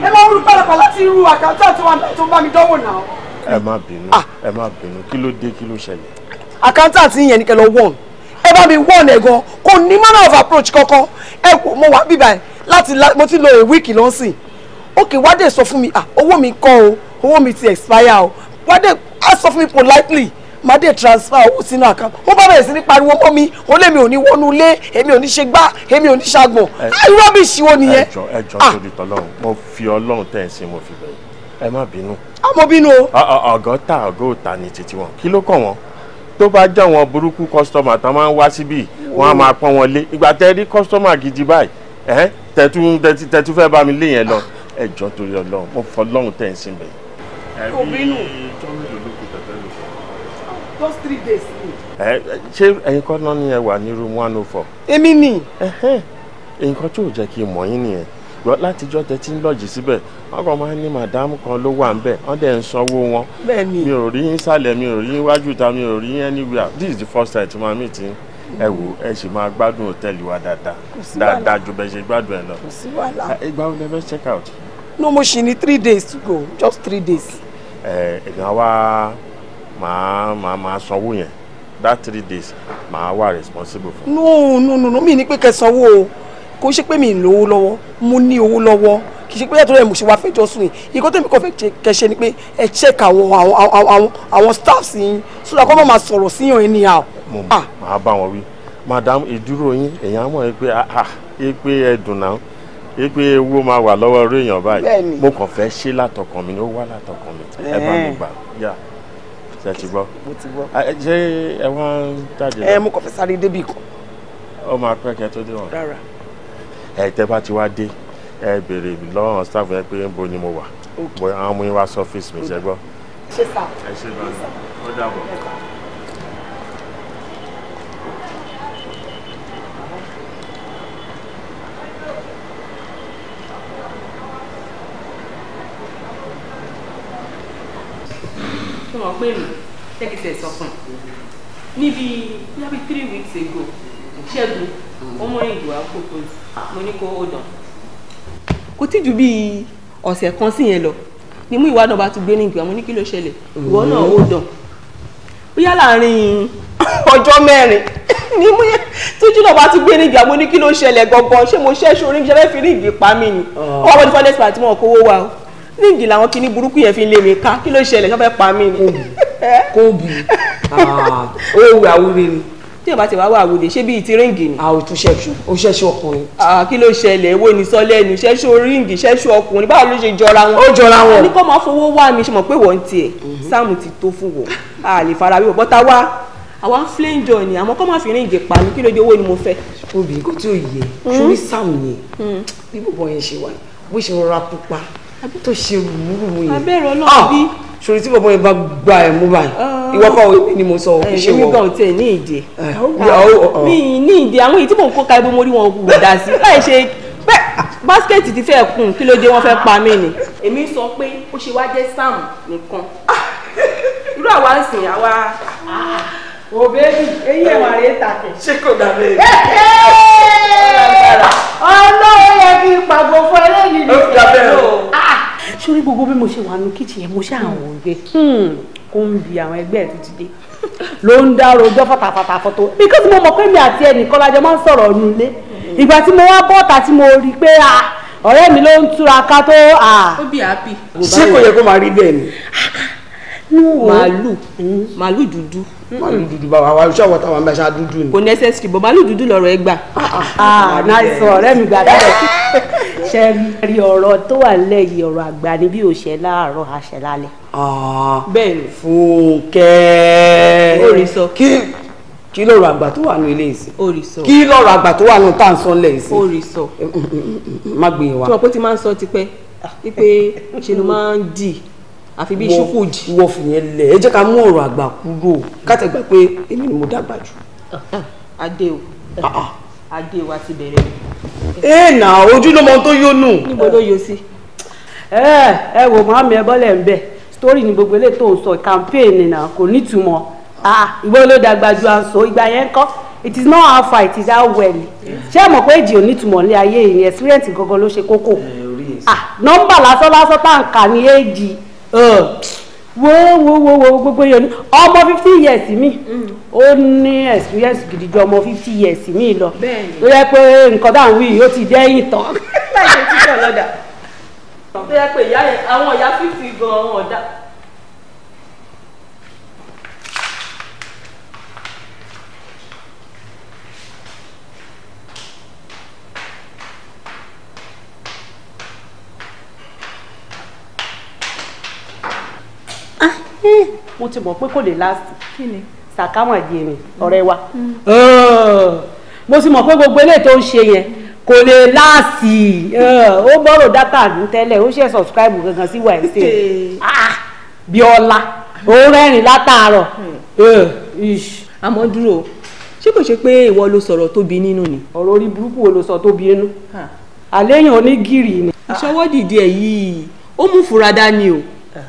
ẹ máa ń rú pàlàpàlà tí irú àkáńtà tó wà tó bá mi dánwò náà. ẹ má bínú ah. ẹ má bínú kí ló dé kí ló ṣẹlẹ̀. àkáńtà tí yẹn nìkan lọ wọ̀n ẹ bá mi wọ̀n ẹ̀ gan kò ní manner of approach kankan ẹ kò mọ wá bíbá ẹ láti mo ti lo a week lọ́sìn òkè wádé sọ fún mi ah, owó mi kọ́ o owó mi ti expire o wádé á sọ fún mi politely má dé transfer owó sínú àkáǹtì ó bá bẹ̀rẹ̀ sí ní pariwo mọ́ mi ó lèmi ò ní wọnú ilé èmi ò ní ṣe gbá èmi ò ní ṣàgbọ̀n irọ́ mi ṣìwọ́ nìyẹn. ẹjọ ẹjọ torí ah. tọlọ́run mo fi Ọlọ́run tẹ ẹ sí mo fi bẹ̀rẹ̀ ẹ má bínú. a mo bínú o. ọgọ́ta ọgọ́ta ni títí wọn kí ló kàn wọ́n tó bá jẹ́ wọn burúkú kọ́sítọ́mà tán máa ń wá síbí wọn á máa pọ́n wọn lé ìgbà tẹ rí kọ́sítọ́mà gidi báyìí ẹ tẹ̀tú tẹ̀tú fẹ́ mo fọ Ọlọ́run tẹ̀ ń sìn bẹ́ẹ̀. just three days ẹ ẹyin náà ni ẹ wà ní room one oh four. èmi ni. nǹkan tí ò jẹ́ kí n mọ̀ yín nìyẹn gbọ́ ti ń lọ́ọ̀jì síbẹ̀ wọ́n máa ń ní màdámù kan ló wà ńbẹ̀ wọ́n dẹ̀ ń sanwó wọn. mi ò rí mi ò rí ta mi ò rí anywhere this is the first time tí màá mi ti ẹ wò ẹ sì máa gbádùn wa dáadáa dáadáa ju ṣe gbádùn ẹ lọ. kò out. no mo three days to go just three days. ẹ ẹ wa màá màá màá sanwó yẹn that three days màá wà responsible for. no no no no mi ní pé kẹsanwó o kò ṣe pé mi ń lówó lọ́wọ́ mo ní owó lọ́wọ́ kì í ṣe pé yàtọ̀ rẹ̀ mo ṣe wá fẹjọ́ sùn yìí ìkọ́ tẹ̀mí kọ́ fẹ́ kẹṣẹ́ ni pé ẹ check àwọn àwọn àwọn àwọn staff yín so that kọ́ máa sọ̀rọ̀ sí yàn ẹni à. mo máa ah. bá wọn wí madam ìdúró yín èèyàn á mọ̀ ẹ pé ah, ah, ẹ pé ẹ dùn náà pé ewu máa wà lọ́wọ́ orí èèyàn báyìí mo kàn fẹ́ ṣe látọkàn mi ni ó wá látọkàn mi ẹ bá mi gbà yá ṣe ti gbọ́. mo ti gbọ́. ṣé ẹ wọ́n ń tàdé lọ. ẹ mú kọfí sáré débì kan. ó máa pẹ́ kẹ́ tó dé wọn. rárá. ẹ tẹ́ bá ti wá dé ẹ béèrè lọ́rùn staff yẹn pé níbo ni mo wà. àwọn ọmọ yín wá sọ́fíìsì mi ṣe gbọ́. ṣé sáà. ẹ ṣe bá ó dàbọ̀. ṣé wọn pé mi tẹ́kìtì ẹ̀ sọ fún un níbi níbi three weeks ago ṣẹ́gun ọmọ ìlú àkókò mo ní kó o dàn. kò tí ju bíi ọ̀sẹ̀ kan sí yẹn lọ ni mú ìwádọ̀ bá tún gbé ní ìgbà mo ní kí ló ṣẹlẹ̀ ìwọ náà ó dàn bóyá láàrin ọjọ́ mẹ́rin ni mú yẹ tójú náà bá tún gbé ní ìgbà mo ní kí ló ṣẹlẹ̀ gangan ṣé mo ṣẹ́ ṣorí ṣẹ́fẹ́ fi rí ìgbé pa mí ni ah. ọwọ́ bọ́dí fọ́lẹ́sì àti mọ̀ kówó wa o nídìí làwọn kinní burúkú yẹn fi lé mi ká kí ló ṣẹlẹ̀ ṣọ́ fẹ́ pa mí kóòbù ah, ó wù àwúre ni. tí o bá ti wá wà àwòdè ṣé bíi ti ríǹgì ni. àwọn ah, ètò ṣẹ́ṣu O ṣẹ́ṣu ọkùnrin. Ah, kí ló ṣẹlẹ̀ èwo ni sọ lẹ́nu ṣẹ́ṣu ríǹgì ṣẹ́ṣu ọkùnrin báwo ló ṣe jọra wọn. ó jọra wọn. a ní kó máa fowó wá mi ṣe mọ̀ pé wọ́n ń tiẹ̀ mhm. sáàmù ti tó fún wọn a lè fara wíwọ̀ bọ́tá wá àwa flame joy ni àmọ́ kọ́ máa fi rìn pa mi kí ló dé owó ni mo fẹ́. obìnrin kò tí ò yẹ hmm? ṣorí sáàmù yẹn hmm. bí bọ̀bọ̀ yẹn ṣe wà bó ṣe rọra pupa àbí tó ṣe wùwúwù yẹn abẹ́rẹ́ ọlọ́run ah! bí. ṣòro tí bọ̀bọ̀ yẹn bá gba ẹ̀ mú báyìí ah! ìwọ kọ́ èmi ni mo sọ òkú eh, ṣe wọ. èmi gan tẹ ní ìdè eh, oh, oh, oh. mi ní ìdè àwọn èyí tí mò ń kó ka ibi mo rí wọn kù dá sí láì ṣe pé ah, báskẹ̀tì ti fẹ́ kùn kí ló dé wọ́n fẹ́ pa mí ni. èmi sọ pé ó ṣe wá jẹ́ sam nìkan irú àwa ń sìn àwa. o bẹ́ẹ̀ni eyín ẹ̀ wàá rí tàkẹ́. ṣé kò dà bẹ́ẹ̀ ni. ọlọ́run yẹ kí n pàgọ́ fún ẹlẹ́yìn ní ìlú sórí gbogbo bí mo ṣe wà nù kíchìn yẹn mo ṣe àwọn hmm. òwe kó ń bi àwọn ẹgbẹ́ ẹ̀ tó dé ló ń dárò ọjọ́ fàtàfàtà fọ́tò because mo mọ̀ pé mi àti ẹnìkan lájọ máa ń sọ̀rọ̀ ọ̀nù ilé ìgbà tí mo wá bọ́ọ̀tà tí mo rí i pé ọ̀rẹ́ mi ló ń túra ká tó. ó bí àápì. ṣé kò yẹ kó máa rí bẹ́ẹ̀ ni. Ah, màálù hmm. màálù dúdú. Hmm. màálù dúdú bá wa ṣé àwọn táwọn bá ṣá dúdú ni. kò necessary bọ̀ màálù dúdú lọ́rọ̀ ẹ gbà. náìsọ ọ̀rẹ́ mi gbà bẹ́ẹ̀ ṣe rí ọ̀rọ̀ tó wà lẹ́yìn ọ̀rọ̀ àgbà ni bí ò ṣe láàárọ̀ àṣẹ lálẹ́. Ah, bẹ́ẹ̀ ni. fúnkẹ́. ó rí sọ. kí kí lọ́rọ̀ àgbà tó wà ní ilé ìsìn kí lọ́rọ̀ àgbà tó wà ní tá à ń sọ lẹ̀ ìsìn ó rí sọ mm, mm, mm, má gbé wa. tí wọn kò ti máa ń sọ ṣe ló máa ń dì àfi bí iṣu kù jì. wọ́n fi yẹn lẹ̀ ẹ jẹ́ ká mú ọ̀rọ̀ àgbà kúrò kátà gbà pé èmi ni mo dàgbà jù. adé o ah, ah. adé wa ti bẹ̀rẹ̀. ee nà ojú ló mọ tó yónú. níbo ló yọ sí. ẹ ẹ wò màmí ẹ bọ́lẹ̀ ń bẹ̀ sítórì ni gbogbo eléyìí tó ń sọ kàmpéènì náà kò nítumọ̀ ah, ìwọ ló dàgbà ju àǹsọ ìgbà yẹn kọ́ it is not how far it is how well ṣé ẹ mọ̀ pé èjì ò nítumọ̀ ní ayé ìyẹn experience gangan ló ṣe kókó nọ́mbà lásán lásán tá à ń kà ní èjì wo wo wo wo gbogbo yẹn ọmọ fifty years mi mm. ó ní experience gidi ju ọmọ fifty years mi lọ tó yẹ pé nǹkan dáhùn wí ó ti dẹ́yìn tán. láì ṣe títọ̀ lọ́dà tó yẹ pé àwọn ìyá fífi gan-an ọ̀dà. Eh, mo ti mọ̀ pé kò lè láàsì sàkámọ̀ di èmi ọ̀rẹ́ wa mm. eh, mo ti mọ̀ pé gbogbo eléyìí tó ń ṣe yẹn kò lè láàsì eh, ó bọ́rọ̀ dátà ní tẹ́lẹ̀ ó ṣe sọ̀scribe gangan sí wàìsẹ̀ ah, bíọ́lá ó rẹ́rìn látàárọ̀ àmọ́ dúró ṣé kò ṣe pé ìwọ ló sọ̀rọ̀ tóbi nínú ni. ọ̀rọ̀ orí burúkú wo ló sọ tóbi nínú ah. àléyàn onígìrì ni. ìṣọwọ́ ẹ̀ yìí ó mú fura dání o ah.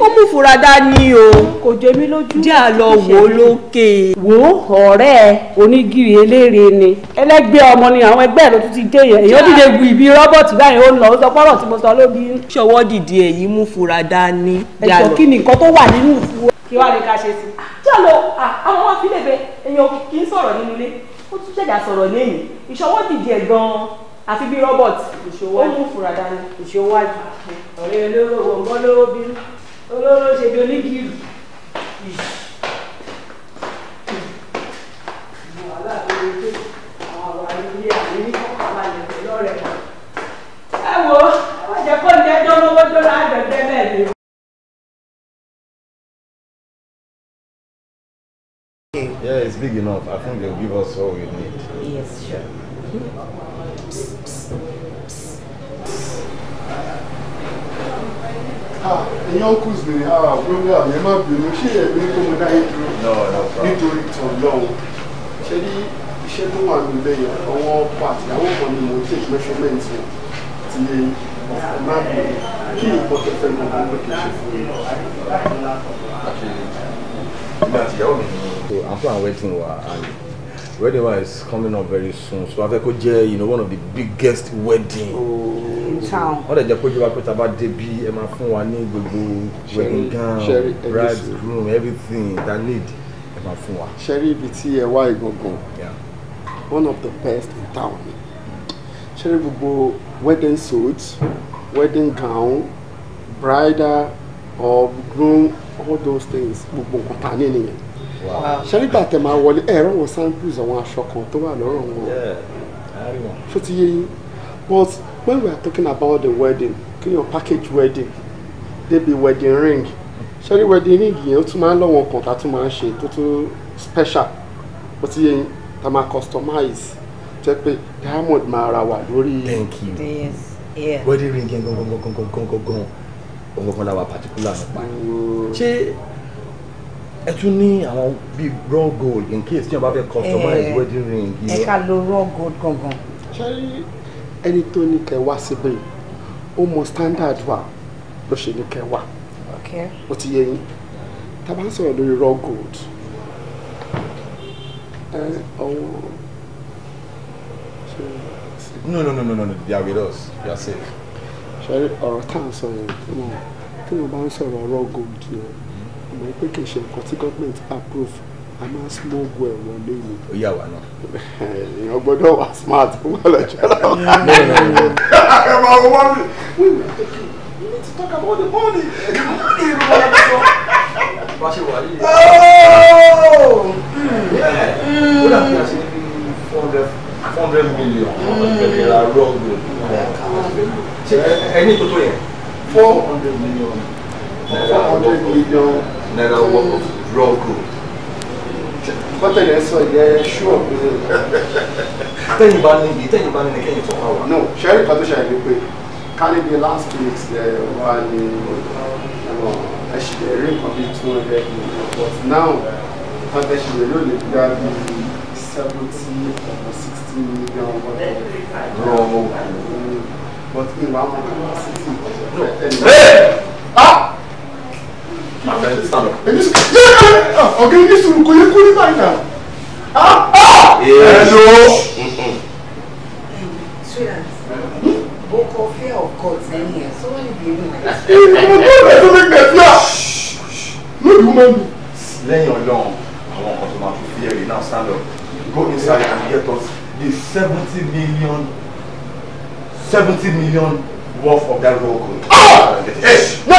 ó mú fura dání o kò jẹ mí lójú jẹ́ àlọ́ wò ó lókè. wo ọ̀rẹ́ ẹ onígìrì eléèrè ni ẹlẹ́gbẹ́ ọmọ ni àwọn ẹgbẹ́ ló tún ti dé yẹn èyí ó dìde gbù ìbí rọ́bọ̀tì báyìí ó ń lọ ó sọ pọ́rọ̀ tí mo sọ lóbi. ṣọwọ́ dìde èyí mú fura dání. ẹ̀jọ̀ kí ni nǹkan tó wà nínú ìfúwọ́. kí wàá ní ká ṣe sí. Ah, jọ́lọ ah, àwọn ọmọ fi lèbe èèyàn kì í sọ̀rọ̀ nínú ilé ó tún ṣẹ̀dá sọ̀rọ̀ lẹ́yìn ìṣọwọ́ dìde ẹ̀ gan-an àfi bí rọ́bọ̀tì ó mú fura dání. ìṣòwò àjò ah, ọ̀rẹ́ olóró ògbọ́n lówó bínú olóró ṣe bí oníkìlù. wàhálà tó Yeah, it's big enough. I think they'll give us all we need. Yes, sure. èèyàn kù sí ní ara àbúrò àmì má bínú ṣé ẹ̀mí kó mo dá yín dúró nítorí tàn lọ́hùn ṣé ní iṣẹ́ tó wà nílẹ̀ yẹn ọwọ́ pàtì àwọn kan ni mo take measurement ti ọ̀fọ̀ má bínú kí nǹkan tó fẹ́ mọ̀ nínú kì í ṣe fún mi. ìgbà àtìyàwó mi ni. so i'm from wedding wa and wedding wa is coming up very soon so a fẹ́ kó you know one of the biggest wedding. Oh, in town. wọ́n dẹ̀ jẹ́ kó jẹ́ wa pé tá a ẹ máa fún wa ní gbogbo wedding gown bride groom everything that need ẹ máa fún wa. ṣẹ́rí ibi tí ẹ wá ìgangan one of the best in town ṣẹ́rí gbogbo wedding suit wedding gown bridal or groom all those things gbogbo nǹkan ta ní nìyẹn ṣé nígbà tẹ máa wọlé ẹ̀rọ wọn samples àwọn aṣọ kan tó wà lọ́rọ̀ wọn ṣó ti yé yín but when we are talking about the wedding kí yan package wedding be wedding ring ṣé ní wedding ring yẹn ó tún máa ń lọ́wọ́ kan tá a tún máa ń ṣe tó tún special ó ti yé yín tá a máa customize jẹ́ pé diamond máa ra wà lórí. thank you yes yeah. wedding ring yẹn gangan gangan gangan gangan gangan la wà particular nípa ṣé ẹ tún ní àwọn bíi raw gold in case tí wọn bá fẹ́ customize eh, wedding ring. ẹ ká lo raw gold gangan. ṣé ẹni tó ní kẹ wá síbẹ̀ ó mọ standard wa ló ṣe ní kẹ wá ó ti yé yín tá a bá ń sọ̀rọ̀ lórí raw gold ẹ ọwọ́ ṣe. no no no no no they are with us they are safe. ṣe ọ̀rọ̀ tá à ń sọ yẹn tí mo bá ń sọ̀rọ̀ raw gold yẹn mọ̀ pé kì í ṣe nǹkan tí government approve a máa smoke well wọlé ni. ó yà wá náà. èèyàn gbọ́dọ̀ wà smart fún ọlọ́jọ́ náà. ẹ máa wọ wọ́n mi. we need to talk about the money. the money ló wà lọ́wọ́. bá a ṣe wà yìí. Oh! ó dà bí a ṣe four hundred four hundred million. ọ̀pọ̀lọpọ̀ ra rọ́ọ̀gù. ẹni tó tó yẹ four hundred million. four hundred million naira worth of raw gold. bọ́tẹ̀ yẹn sọ yẹ ṣúọ̀ pé. tẹ́yìn bá ní ibi tẹ́yìn bá ní kẹ́yìn fọ́ wá. no ṣẹ́rí kan tó ṣàyẹ̀ ni pé kárí bíi last week's ẹ̀ wá ní ẹ̀ṣẹ̀ rí two hundred but now tọ́tẹ̀ ṣe lè lónìí bí a seventy or sixty million raw gold mm, but ìwà àwọn kan wá sí ti. Ah! My friend, stand up. And this, yeah, okay, this room, could you cool it now? Ah, ah! Yes. Hello. Sweetheart, book of fear of God's in here, so when you be in like that. Don't make me fear. No, you man. Lẹ́yìn Ọlọ́run, àwọn ọkọ̀ tó máa fi fi ẹ̀rí náà stand up. Go inside and get us the seventy million seventy million worth of that roll call. Ah! Yes! No!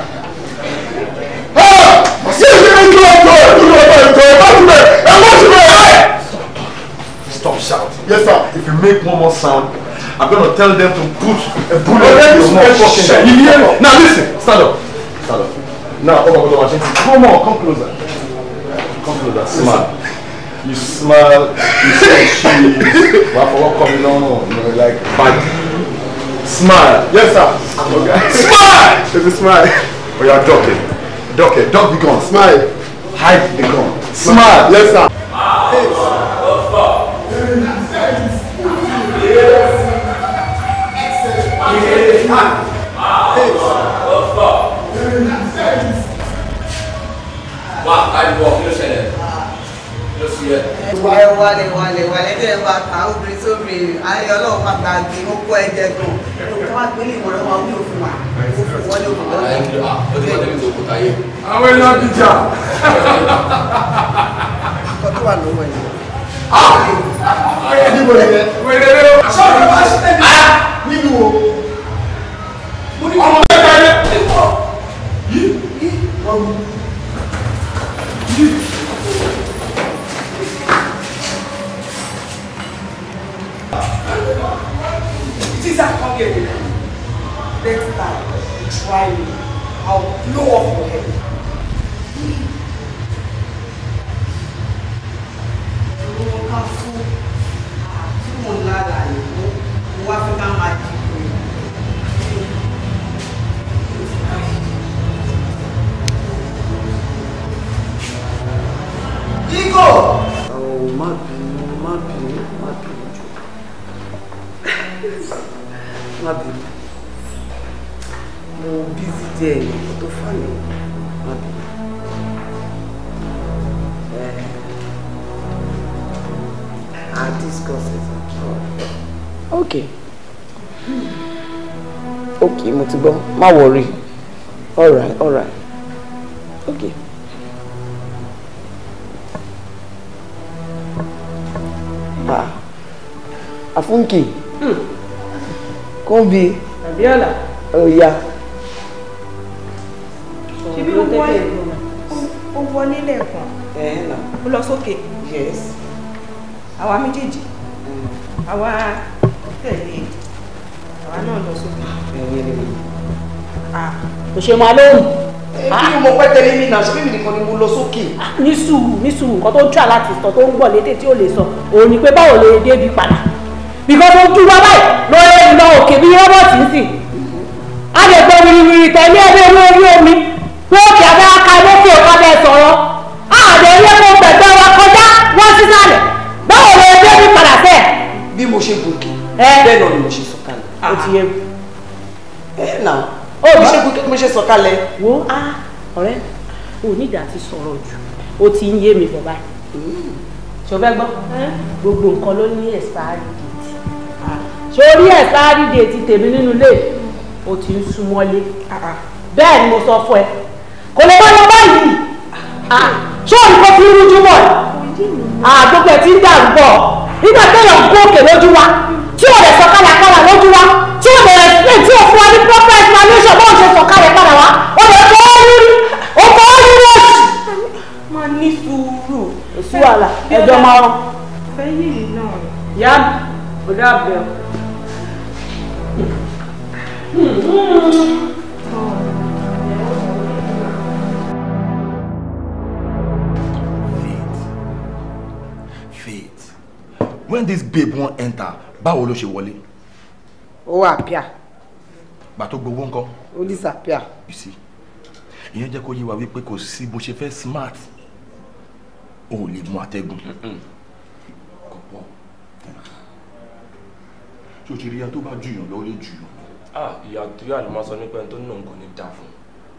Stop shouting. Yes, sir. If you make one more sound, I'm gonna tell them to put a bullet oh, in your mouth. You hear me? Now listen. Stand up. Stand up. Now, over the machine. Come on, come closer. Come closer. Smile. You smile. You say cheese. But for what coming on? No, no, like bite. Smile. Yes, sir. Okay. Smile. If you smile, or are joking. Okay, it. be gone. Smile. Hide the gun. Smile. Yes, sir. Wálé wálé wálé wálé tẹ́ ẹ bá ta obìnrin sóbìnrin ayé ọlọ́run pàtàkì ó kó ẹ̀jẹ̀ dùn. Ẹ̀rọ tó wá gbélé ìmọ̀ràn wa wúlò fún wa àwọn èèyàn ti jà. àkọ́tún wà lọ́wọ́ yìí. ọ̀rẹ́ níbo yẹn. wẹ̀rẹ̀ rẹ o. sọ́ọ̀rọ̀ wá sí tẹ̀lé. nínú o. mo ní ọmọ bẹ́ẹ̀ bá yẹ. yìí yìí ọ̀run. yìí. It is a congregation. Next time try me, I'll blow off your head. Ìwọ̀n ká mo bízí díẹ̀ ní ọkọ̀ eh, Okay. Okay, mo ti gbọ́, worry. All right, all right. Okay. Ah. Afunki. Hmm. Kombi. Abiola. Oya. Oh, yeah ṣebí ó wọlé ó wọlé lẹ́ẹ̀kan ó lọ sókè àwa méjèèjì àwa tẹ̀lé àwa náà lọ sókè. kò ṣe máa lóhùn. kí mo pẹ́ tẹ́lẹ̀ mi náà ṣébí mi nìkan ni mo lọ sókè. ní sùúrù ní sùúrù nǹkan tó ń tíra láti sọ tó ń gbọ̀ lédè tí ò lè sọ òun ni pé báwo lè débi padà bìkọ́ tó ń dúró báyìí lọ́ọ́ lè lọ òkè bí rọ́bọ̀tì ń sìn. a lè gbọ́ wíwíwí tẹ̀lé ẹgbẹ́ orí orí omi wọ́n kì í abẹ́ aka lókè ọ̀ká bẹ́ẹ̀ sọ̀rọ̀ àdé ilé kó gbẹ̀gbẹ́ wa kọjá wọ́n sísàlẹ̀ báwo lè dé ní padà sẹ́. bí mo ṣe gòkè bẹ́ẹ̀ náà ni mo ṣe sọ̀kalẹ̀ ó ti yẹ ẹ nà ó bí ṣe gòkè mo ṣe sọ̀kalẹ̀. wo a ọ̀rẹ́ o ní ìdá ti sọ̀rọ̀ jù ó ti ń yé mi bọ̀ báyìí hmm. ṣọfẹ́ gbọ́ gbogbo nǹkan ló ní expiry date sórí expiry date tèmi nínú ilé o ti ń súnmọ́lé ah, ah. bẹ́ẹ̀ ni mo sọ fún ẹ kò lè wáyọ báyìí ṣó ìkó ti ń rújú bọ̀ àdókò ẹ̀ ti ń dàrú bọ̀ nígbà téèyàn gòkè lójú wa tí ò lè sọ kálàkálà lójú wa tí ò lè explain tí ò fún wa ní proper babe wan enter báwo ló ṣe wọlé. ó appear. gbà tó gbowó ńkọ́. ó disappear. you see ìyẹn jẹ́ kó yé wa wípé kò sí bó ṣe fẹ́ smart o ò lè mú atẹ́gùn. kò pọ̀ tó ti rí ya tó bá jùyàn lọ lè jùyàn. ah ìyá tóyà ló máa sọ nípa ẹni tó nà nǹkan ní dà fún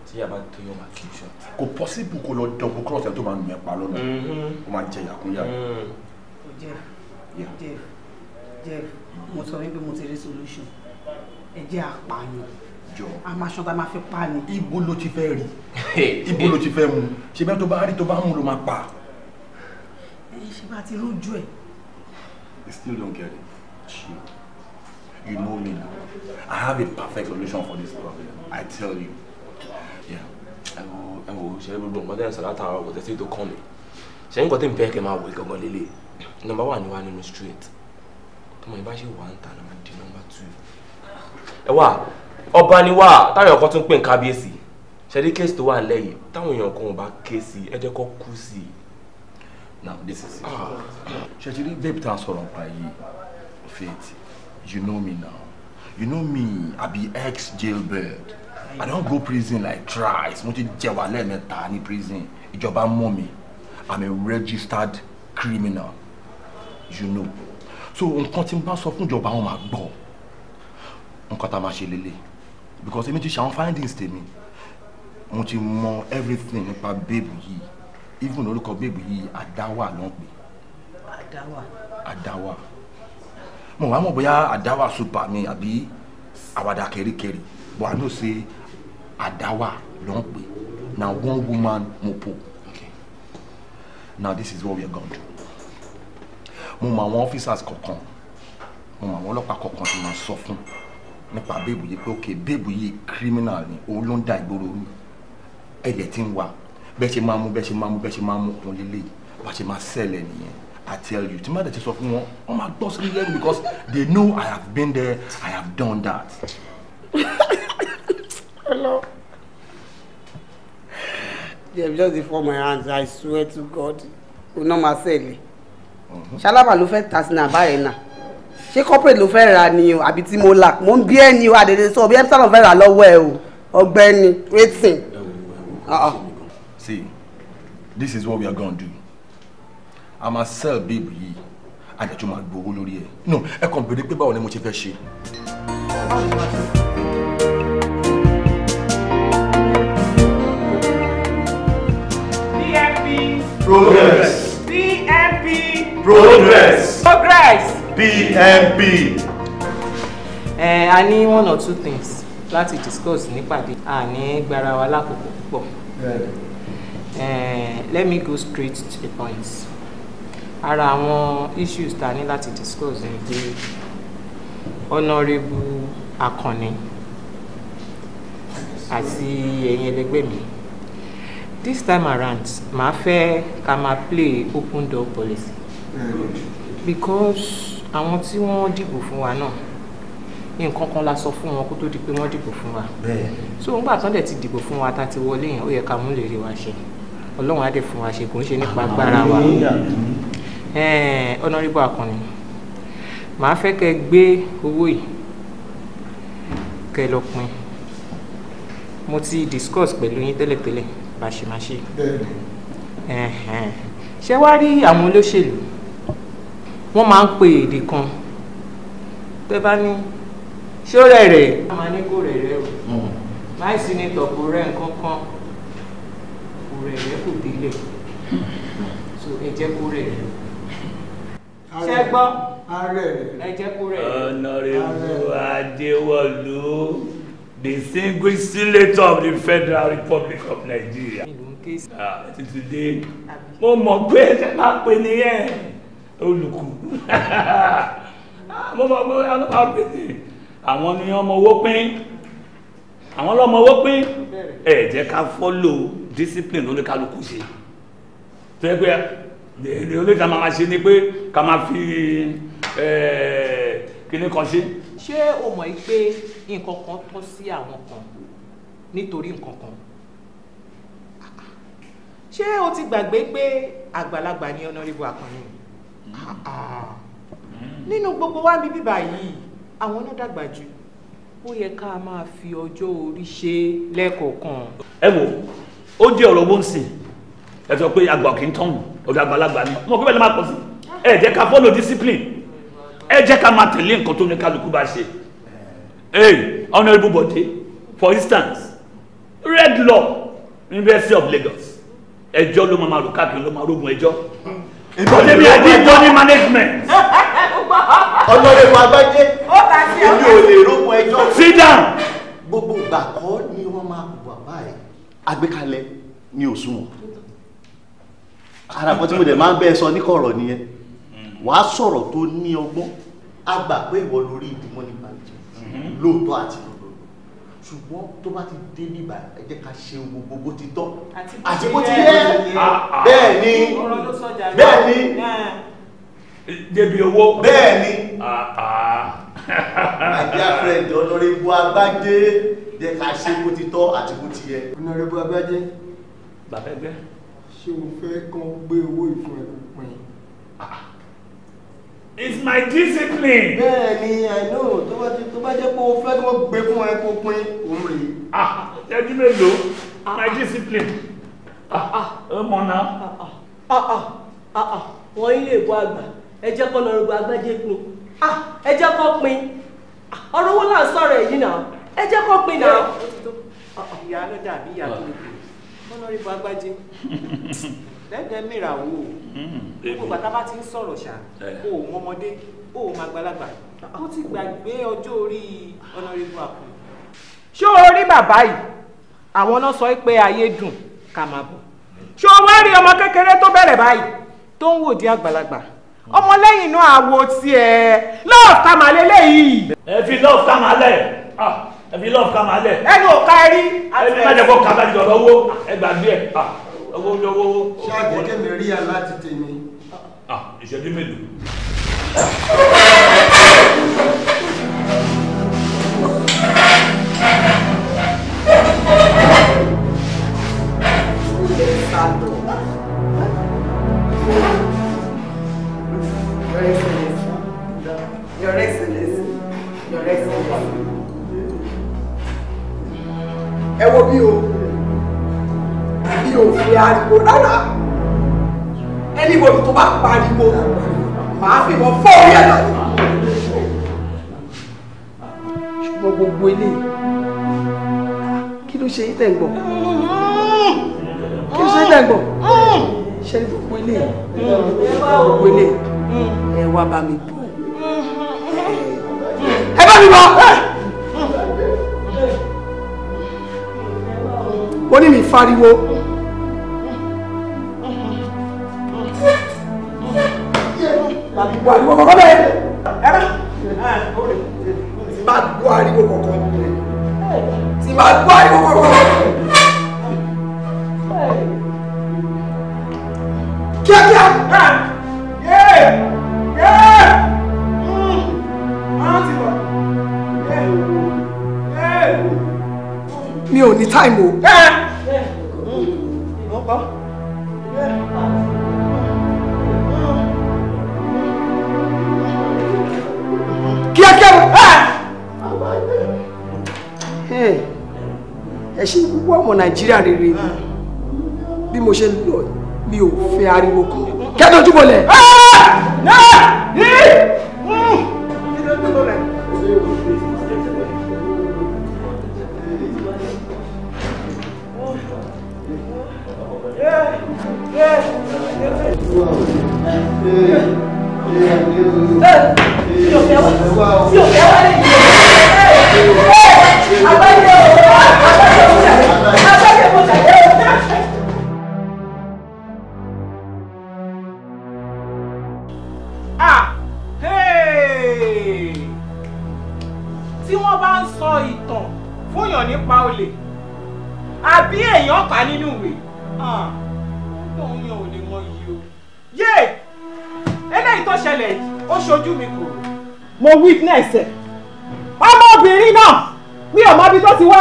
tí yàrá tó to máa kì í ṣe. kò possible kó lọ dọ̀bù cross ẹ̀ to máa nù ẹ̀ pa lọ́nà mm-hmm. ó máa jẹ ìyàkúnyà. Mm. ó jẹ́ Jeff Jeff mo sọ wípé mo solution ẹ jẹ́ àpààyàn jọ amaṣan tá a máa fi pa ni. ibo ló ti fẹ́ rí ibo ló ti fẹ́ mu ṣe bẹ́ẹ̀ tó bá rí tó bá mú ló máa pa. ẹ ṣe bá ti rójú ẹ. you still don't get it you know me now i have a perfect solution for this problem i tell you ẹ wo ṣe é gbogbo nǹkan tẹ́ ẹ sọ látara ọ̀gọ̀tẹ́ sí tó kàn mí ṣe é nǹkan tẹ́ ń fẹ́ kẹ́ máa wọ ìkọ̀ọ̀kan lélẹ̀ nọmba wà ní wa nínú street tọmọ yìí bá ṣe wà ń ta number di nọmba two ẹ eh, wà ọba ni wà táwọn ọkọ tún pè ń kábíyèsí ṣẹlí kéésì tó wà lẹ́yìn táwọn èèyàn kan ò bá ké ẹ jẹ́ kó kú sí i. now this is it ah. ṣètìlí babe tá a sọ̀rọ̀ pa yìí faith you know me now you know me i be ex jailbird i don go prison like thrice mo ti jẹ wà lẹ́ẹ̀mẹ́ta ní prison ìjọba mọ̀ mi i'm a registered criminal you know so nǹkan tí n bá sọ fún ìjọba wọn máa gbọ́ nǹkan tá a máa ṣe lélẹ̀ because èmi ti ṣe àwọn findings tèmi mo ti mọ everything nípa bébù yìí even orúkọ bébù yìí Adawa. ló ń pè. àdáwà. àdáwà mo wá mọ̀ bóyá àdáwà super mi àbí àwàdà kẹ̀ríkẹ̀rí but I know say adawa ló ń pè na one woman mopo okay. now this is what we are gonna do mo mọ àwọn officers kọ̀ọ̀kan mo mọ àwọn ọlọ́pàá kọ̀ọ̀kan tí wọ́n sọ fún nípa bẹ́ẹ̀bù yìí pé ok bẹ́ẹ̀bù yìí criminal ni òun ló ń da ìgboro rú ẹ̀jẹ̀ tí ń wa bẹ́ẹ̀ ṣe máa mú bẹ́ẹ̀ ṣe máa mú bẹ́ẹ̀ ṣe máa mú òun lélẹ̀ bá ṣe máa sẹ́lẹ̀ nìyẹn I tell you tí má dẹ̀ ti sọ fún wọn wọ́n máa gbọ́ sí lẹ́nu because they know I have been there I have done that. Hello. Yeah, just before my hands, I swear to God, we no ma sell it. Mhm. ṣálábà ló fẹ́ ta sí náà báyìí náà ṣé corporate ló fẹ́ ra ni o àbí tí mo là mo ń bí ẹni o àdèdè sọ bí epsilon fẹ́ ra lọ́wọ́ ẹ o ọgbẹ́ni wetin. Uh-uh. see this is what we are gonna do i ma sell babe yìí àdàjọ máa gbowó lórí ẹ no ẹ kàn béèrè pé báwo ni mo ṣe fẹ́ ṣe. DMP progress DMP progress. progress. pmp. ẹ a ní one or two things láti discuss nípàdé a ní gbára wa lákòókò púpọ̀. let me go straight to the point. ara àwọn issues ta ní láti discuss ni pé honourable akànnì àti ẹ̀yin ẹlẹgbẹ́ mi this time around màá fẹ́ ká máa play open door policy because àwọn tí wọ́n dìbò fún wa náà nǹkan kan la sọ fún wọn kó tó di pé wọ́n dìbò fún wa so nígbà tán dẹ̀ ti dìbò fún wa tá ti wọlé yẹn ó yẹ ká mú lè rí wa ṣe ọlọ́run á dẹ̀ fún wa ṣe kò ń ṣe nípa agbára wa ọ̀nàrìbọ akọni màá fẹ́ kẹ́ gbé owó yìí kẹ́ lọ pin mo ti discuss pẹ̀lú yín tẹ́lẹ̀tẹ́lẹ̀ bá ṣe máa ṣe ṣé wá rí àwọn olóṣèlú wọ́n máa ń pe èdè kan tẹ́ bá ní ṣé ó rẹ̀ rẹ̀. a máa ní kó rẹ̀ rẹ̀ o láì hmm. sí ní tọ̀pọ̀ rẹ̀ nǹkan kan kò rẹ̀ rẹ̀ kò délẹ̀ so ẹ jẹ́ kó rẹ̀ rẹ̀ ṣẹ́ gbọ́ ẹ jẹ́ kó rẹ̀ rẹ̀. Honorable Adéwọlú distinguished senator of the Federal Republic of Nigeria. Ah, today mo mọ̀ pé ẹ máa pè nìyẹn olùkù mo mọ̀ pé ọlọ́pàá pèsè àwọn ni ọmọ owó pín àwọn ọlọ́mọ owó pín ẹ jẹ́ ká fọ́lò discipline oníkálukú ṣe tó yẹ pé ní oníta máa ṣe ni pé ká máa fi kíní kan ṣe. ṣé o mọ̀ yìí pé nǹkan kan tọ́ sí àwọn kan nítorí nǹkan kan ṣé o ti gbàgbé pé àgbàlagbà ni ọ̀nàrẹ́bù àkànní Hmm. nínú gbogbo wa bíbí báyìí àwọn náà dàgbà jù ó yẹ ká máa fi ọjọ́ orí ṣe lẹ́kọ̀ọ̀kan. ẹ wo ó jẹ́ ọ̀rọ̀ owó ń sìn ẹ sọ pé àgbà kì í tọ̀hún ọ̀dọ̀ àgbàlagbà ni mo pẹ́ bẹ́ẹ̀ ló máa pọ̀ sí ẹ jẹ́ ká follow discipline ẹ jẹ́ ká máa tẹ̀lé nǹkan tó ní kálukú bá ṣe hey honourable body for instance red law university of lagos ẹjọ́ ló máa máa lò káàkiri ló máa rógun ẹjọ́ Èmi àti ìjọ ní management. Ọlọ́run ẹ̀fọ́ agbájé. Ó bá ti ọ̀gá. Èmi ò lè rógun ẹjọ́. Sit down. Gbogbo ìgbà kọ́ ni wọ́n máa wà báyìí. Àgbékalẹ̀ ni òṣùwọ̀n. Ara kan tí mo dẹ̀ máa ń bẹ́ẹ̀ sọ níkọ̀rọ̀ nìyẹn. Wàá sọ̀rọ̀ tó ní ọgbọ́n. A gbà pé ìwọ lórí ìdí mọ́nì bàjẹ́. Mhm. Lóòótọ́ àti lọ ṣùgbọ́n tó bá ti dé níbà ẹ jẹ́ ká ṣe gbogbo bó ti tọ́ àti bó ti yẹ bẹ́ẹ̀ ni bẹ́ẹ̀ ni bẹ́ẹ̀ ni àjẹ́ àfẹ́rẹ́dì ọ̀nàrẹ́bù agbájé jẹ́ ká ṣe bó ti tọ́ àti bó ti yẹ. ọ̀nàrẹ́bù agbájé bàbá ẹgbẹ́ ṣé o fẹ́ kán gbé owó ìfún ẹ̀ It's my discipline. Bẹ́ẹ̀ni, I know, tó bá tó bá jẹ́ pé o fẹ́ kí wọ́n gbé fún ẹ kó ah òun ah Ah, ah mélòó? My discipline. Ah ah, ah náà. Ah ah, ah ah, ah ah ah àgbà, ẹ jẹ́ kó ah ah agbájé ah Ah, ẹ jẹ́ kó pin. Ah, ọ̀rọ̀ ah ah ah sọ̀rọ̀ ah náà? Ẹ jẹ́ kó pin náà. Ìyá ló dàbí ìyá tó ah pè. ah lọ rí ìbò agbájé. dẹ́dẹ́ mìíràn wò gbogbo bàtà bá ti ń sọ̀rọ̀ ṣá eh. o ò mọmọdé o ò máa gbalagbà ó ti gbàgbé ọjọ́ orí ọ̀nàrẹ́bù àpò. ṣé o rí bàbá yìí àwọn náà sọ pé ayé dùn ká máa bọ̀ ṣé o wá rí ọmọ kékeré tó bẹ̀rẹ̀ báyìí tó ń wò di àgbàlagbà ọmọlẹ́yìn náà àwo tiẹ̀ lọ́ọ̀fù ká máa lé léyìí. ẹ fi lọ́ọ̀fù ká máa lẹ̀ ah, ẹ fi lọ́ọ̀fù ká máa lẹ̀. ẹnu ò ká ẹ rí. ẹ má jẹ́ kó kábàdì ọ̀rọ̀ owó ẹ gbàgbé ẹ̀. Ah owó ní owó. ṣáàjì kémi rí à láti tèmi. Ah, ìṣẹ́jú mélòó. Your Excellency. Your Ẹ wo bí o ò fi ariwo rárá anybody tó bá pariwo màá fi wọn fọ́ orí ẹ̀ lọ́wọ́. ṣùgbọ́n gbogbo ilé kí ló ṣe yín tẹ̀gbọ̀n kí ló ṣe yín tẹ̀gbọ̀n ṣe ní gbogbo ilé gbogbo ilé ẹ wá bá mi bọ̀ ẹ bá mi bọ̀ ó mi fariwo. tàbí buhari wọ́n kọ́kọ́ bẹ́ẹ̀ tí máa buhari wọ́n kọ́kọ́ tí máa buhari wọ́n kọ́kọ́ kíákíá. mi ò ní táìmù o. ọmọ nàìjíríà rere ni bí mo ṣe lọ mi ò fẹ́ ariwo kan kẹ́tọ́ jùmọ̀ lẹ̀. Yeah. 有别问，有别问。ẹsẹ̀ ọmọbìnrin náà mi ò mọbi tó ti wá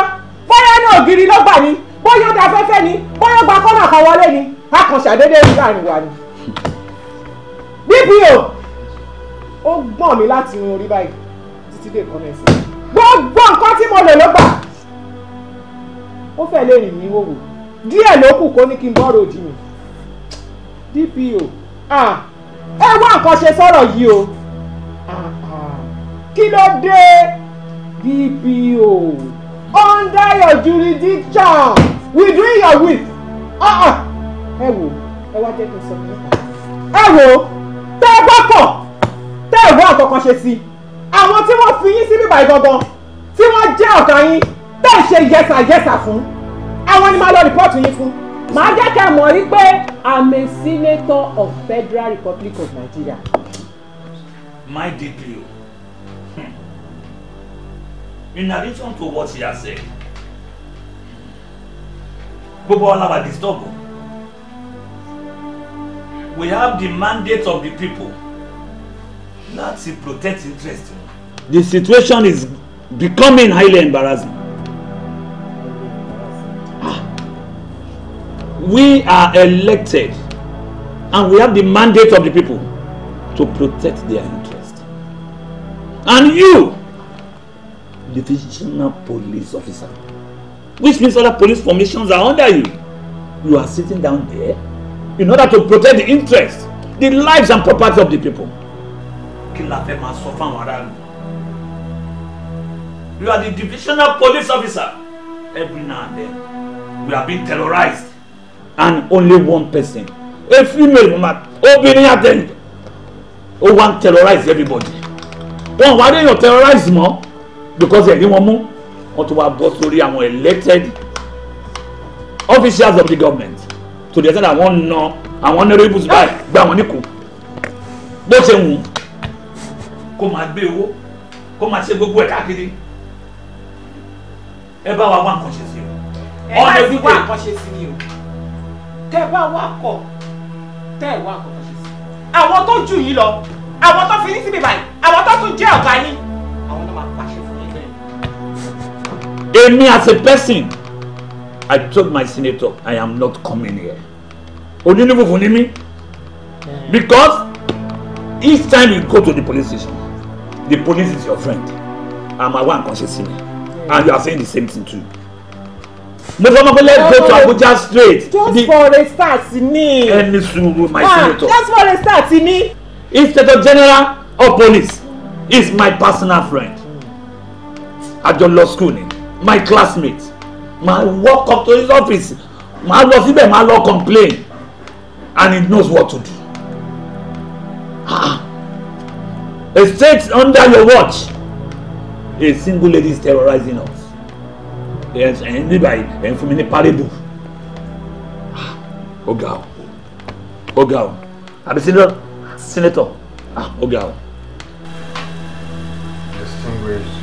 bóyá ní ògiri ló gbà ní bóyá ó da afẹ́fẹ́ ni bóyá gba kọ́nà kan wọlé ni a kàn ṣàdédé rí láàrin wa ni. bpo ó gbọ́n mi láti irun orí báyìí títí dé ìkọ́nà ẹsẹ̀ gbogbo nǹkan tí mo lè ló gbà ó fẹ́ lè rìn mí wòwò díẹ̀ ló kù kó ní kí n bọ́ ròjì mi dpo ẹ wá nǹkan ṣe sọ̀rọ̀ yìí o kí ló dé DPO under your jurisdiction we doing your will ah, ah. ẹ wò ẹ wá jẹ́ kí n sọ fún yín. ẹ wò tẹ́ ẹ bá kọ̀ tẹ́ ẹ wá àtọkàn ṣe sí àwọn tí wọ́n fi yín sí bíbá ìgangan tí wọ́n jẹ́ ọ̀gá yín tẹ́ ẹ ṣe yẹsà yẹsà fún àwọn ni màá lọ rìpọ́ọ̀tù yín fún màá jẹ́ kẹ́ ẹ mọ̀ rí pé I'm a senator of Federal Republic of Nigeria. My DPO in addition to what she has said gbogbo wa la disturb disturb we have the mandate of the people not to protect interest the situation is becoming highly embarrassing. Ah. we are elected and we have the mandate of the people to protect their interest and you divisional police officer which means other police formations are under you you are sitting down there in order to protect the interest, the lives and property of the people. kí la fẹ́ máa sọ fáwọn aráàlú you are the divisional police officer every now and then we are being terrorized and only one person a female woman obìnrin àtẹnudọ ó wá ń terrorize everybody wọn wá dé yàn terrorize mọ́ because ẹ̀rí wọn mú wọ́n tún wá bọ́ sórí àwọn elected officials of the government to the extent àwọn na àwọn honourables báyìí gbá wọn níkù bó ṣe wù kó máa gbé owó kó máa ṣe gbogbo ẹ̀ káàkiri ẹ bá wa wá nǹkan ṣe sí o. ẹ bá ti wá nǹkan ṣe sí ni o tẹ bá wá kọ tẹ ẹ wá nǹkan ṣe sí. àwọn tó jù yín lọ àwọn tó fi yín síbi báyìí àwọn tó tún jẹ́ ọ̀gá yín àwọn ló máa pàṣẹ me as a person I told my senator I am not coming here onílùfùfù ni mí hmm. because each time you go to the police station the police is your friend and my one conscious sinner and you are saying the same thing too mo fọ ọmọ pé let's go to Abuja straight. just the, for a start ni. ẹni sùúrù my ah, senator. just for a start ni. inspector general of police is my personal friend. a jọ lọ school ni my classmate máa walk up to his office máa lọ síbẹ̀ máa lọ complain and he knows what to do ah a state under your watch a single lady is terrorizing us ẹ̀yìn níbà ẹ̀yìn fún mi ní parable ó ga o ó ga o àbí senator senator ó ah, ga o. distinguished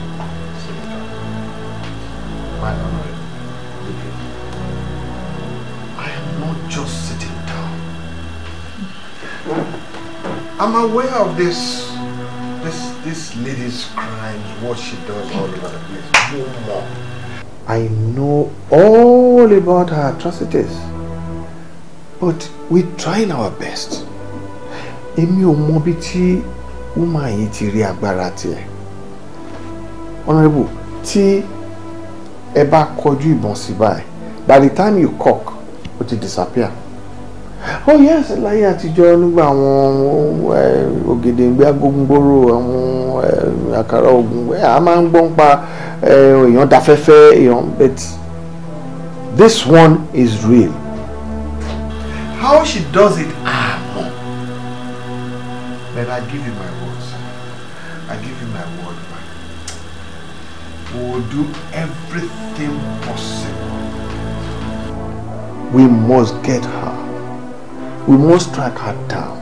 I'm aware of this this this lady's crimes, what she does all over the place. No more. I know all about her atrocities. But we're trying our best. Èmi ò mọ bí tí woman yìí ti rí agbára tiẹ̀. Honorable, tí ẹ bá by the time you cock, ó ti disappear oh yes láyé àtijọ́ nígbà àwọn ògèdèǹgbé agógúngbòrò àwọn àkàrà ògùn a máa ń gbọ́n pa èèyàn dafẹ́fẹ́ èèyàn but this one is real. how she does it ah no but i give you my word. i give you my word man we will do everything possible we must get her we must strike her down.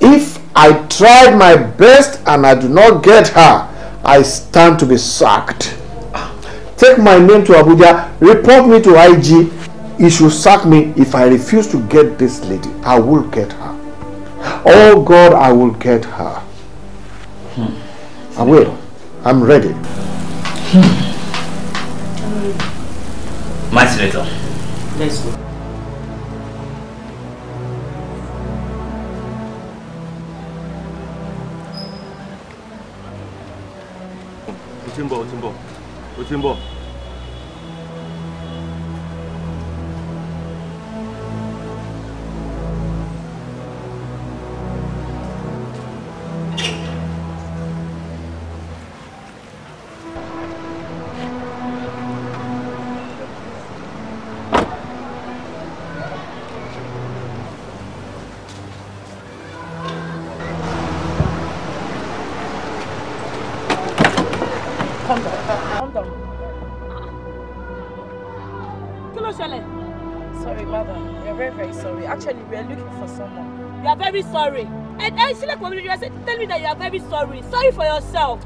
If I tried my best and I do not get her, I stand to be sacked. Take my name to Abuja, report me to IG. He should sack me if I refuse to get this lady. I will get her. Oh God, I will get her. Hmm. I will. I'm ready. Hmm. My senator. Let's go. ń bọ̀ ó ti ń bọ̀ ó ti ń bọ̀. sorry. And I see like when you said, tell me that you are very sorry. Sorry for yourself.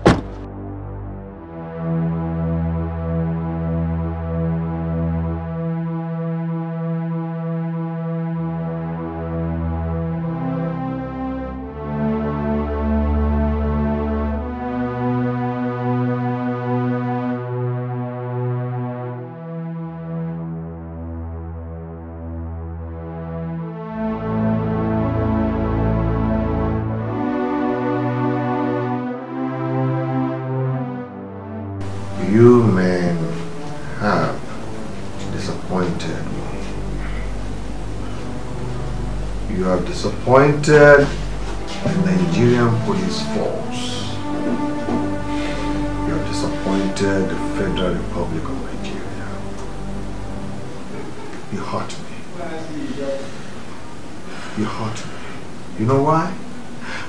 appointed Nigerian police force. You have disappointed the Federal Republic of Nigeria. You hurt me. You hurt me. You know why?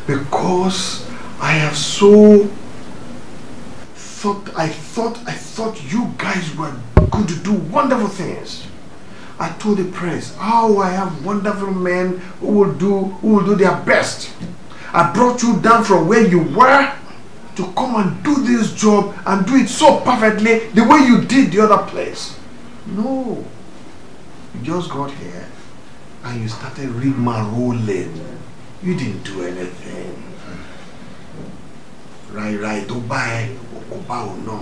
Because I have so thought, I thought, I thought you guys were going to do wonderful things. I told the press how I have wonderful men who will do who will do their best. I brought you down from where you were to come and do this job and do it so perfectly the way you did the other place. No. You just got here and you started rigmaroling. You didn't do anything. Right, right. Dubai, not No.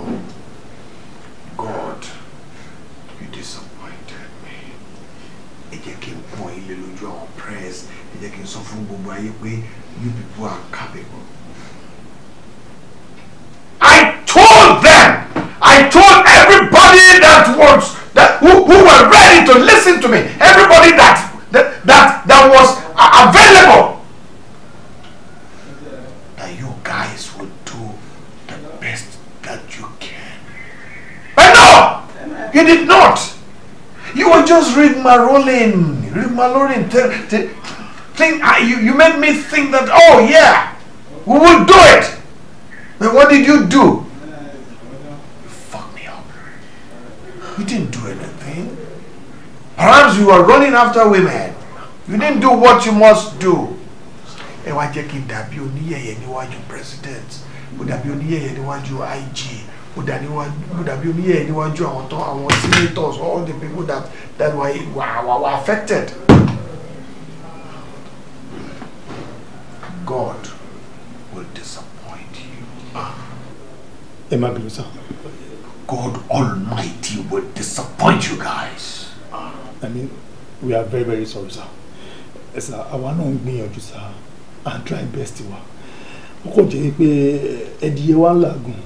God, you did something. ẹ kí n pọ́n ilé lójú àwọn press ẹ kí n sọ fún gbogbo ayé pé you people are capable. I told them I told everybody that was that who, who were ready to listen to me everybody that that that, that was available just read Maroling. Read Maroling. Think, uh, you, you made me think that, oh yeah, we will do it. But what did you do? You fucked me up. You didn't do anything. Perhaps you were running after women. You didn't do what you must do. ẹ wá jẹ́ kí n dàbí oníyẹ̀yẹ̀ níwájú president IG ó dàbí oníyẹ̀ níwájú àwọn tán àwọn senators all the people that that were, were, were affected. God will disappoint you. Ah. Ẹ má bínú sá. God Almighty will disappoint you guys. I mean, we are very very sorry sir. Ẹ sà, àwa náà ń gbìyànjú sá and try best wa. Ó kàn jẹ́ pé ẹdìyẹ wa ń làágùn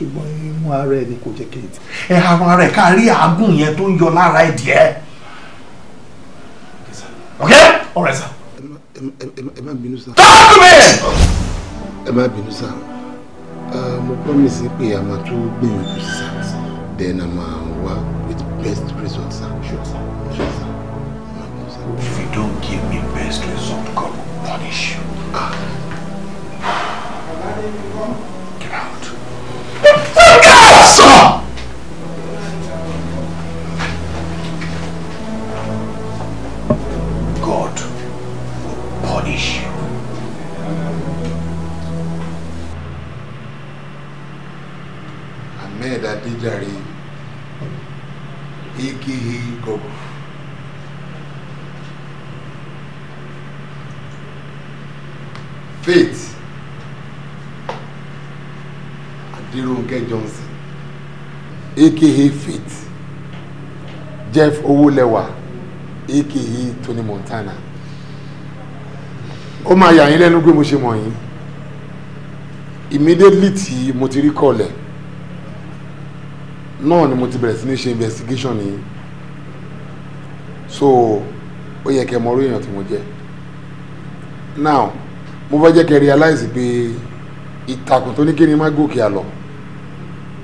ṣùgbọ́n imú ara ẹ ni kò jẹ́ kéètì ẹ ara ẹ ká rí àágùn yẹn tó ń yọ lára ẹ díẹ̀. ok ọ̀rẹ́ sá. ẹ má bínú sá. tọ́lá mi. ẹ má bínú sá mo promise pé a máa tún gbìyànjú sá then a máa wá with best result sá. If you don't give me best result, God will punish you. Ah. aka faith jeff owólẹwà aka tony montana ó máa yà yín lẹ́nu pé mo ṣe mọ̀ yín immediately tí mo ti rí kọlẹ̀ náà ni mo ti bẹ̀rẹ̀ sí ní ṣe investigation yìí so ó yẹ kẹ́ mọ orí èèyàn tí mo jẹ́ now mo fẹ́ jẹ́ kẹ́ realize pé ìtàkùn tó ní kí ni má gòkè àlọ́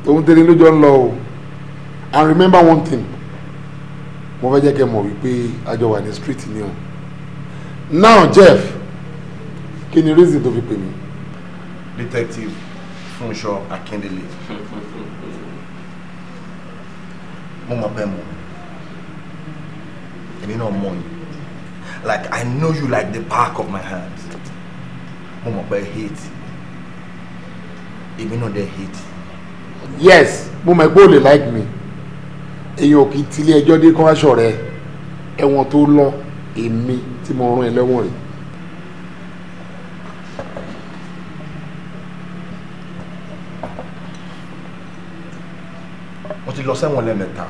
tòun tẹ́lẹ̀ lójọ́ ń lọ o and remember one thing mo fẹ́ jẹ́ kẹ́ mọ̀ wípé àjọ wà ní street ni o now Jeff kí ni reason tó fi pè mí. detective Fúnṣọ Akíndélé mo mọ̀ bẹ́ẹ̀ mọ̀ èmi náà mọ̀ yìí like I know you like the back of my hand mo mọ̀ pé hate èmi náà dẹ̀ hate. yes mo mọ̀ pé o lè like me èyàn kì í tilé ẹjọ́ dé kán aṣọ rẹ ẹ̀wọ̀n tó lọ èmi tí mo rán ẹ lẹ́wọ̀n rẹ̀. mo ti lọ sẹ́wọ̀n lẹ́mẹ̀ta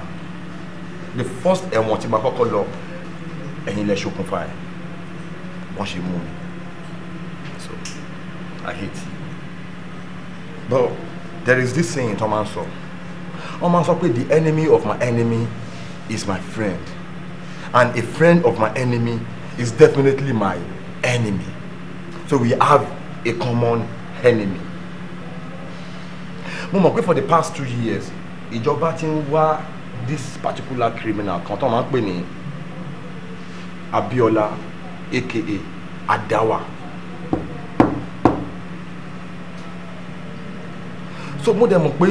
the first ẹ̀wọ̀n tí ma kọ́kọ́ lọ ẹ̀yin lẹ ṣokùnfà ẹ̀ wọ́n ṣe mú mi so I hate you but there is this saying tó máa ń sọ. So, wọ́n máa sọ pé the enemy of my enemy is my friend and a friend of my enemy is definitely my enemy so we have a common enemy mo mọ̀ pé for the past two years ìjọba ti ń wá this particular criminal kan tó máa ń pè ní Abiola aka Adawa. so mo dẹ̀ mọ̀ pé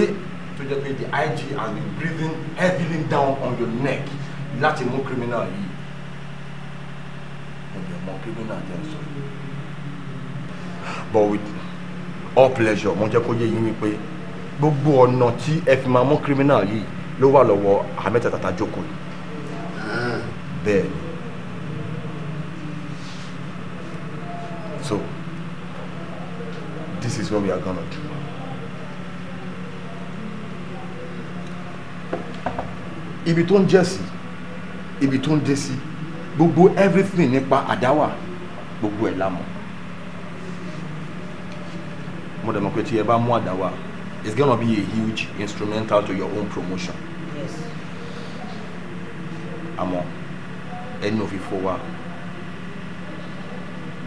jẹ́ the IG has been breathing heavily down on your neck láti mú criminal yìí ọ̀dẹ̀ mọ criminal jẹ́ sọ but with all pleasure mo jẹ́ kó yé yín wípé gbogbo ọ̀nà tí ẹ fi máa mú criminal yìí ló wà lọ́wọ́ Ahmed Tata Joko yìí bẹ́ẹ̀ so this is what we are gonna do. ibi tó ń jẹ́ sí ibi tó ń dé sí gbogbo everything nípa àdáwà gbogbo ẹ̀ la mọ̀ mo dẹ̀ mọ̀ pé tí ẹ bá mú àdáwà it's gonna be a huge instrumental to your own promotion àmọ́ ẹni òfìfo wa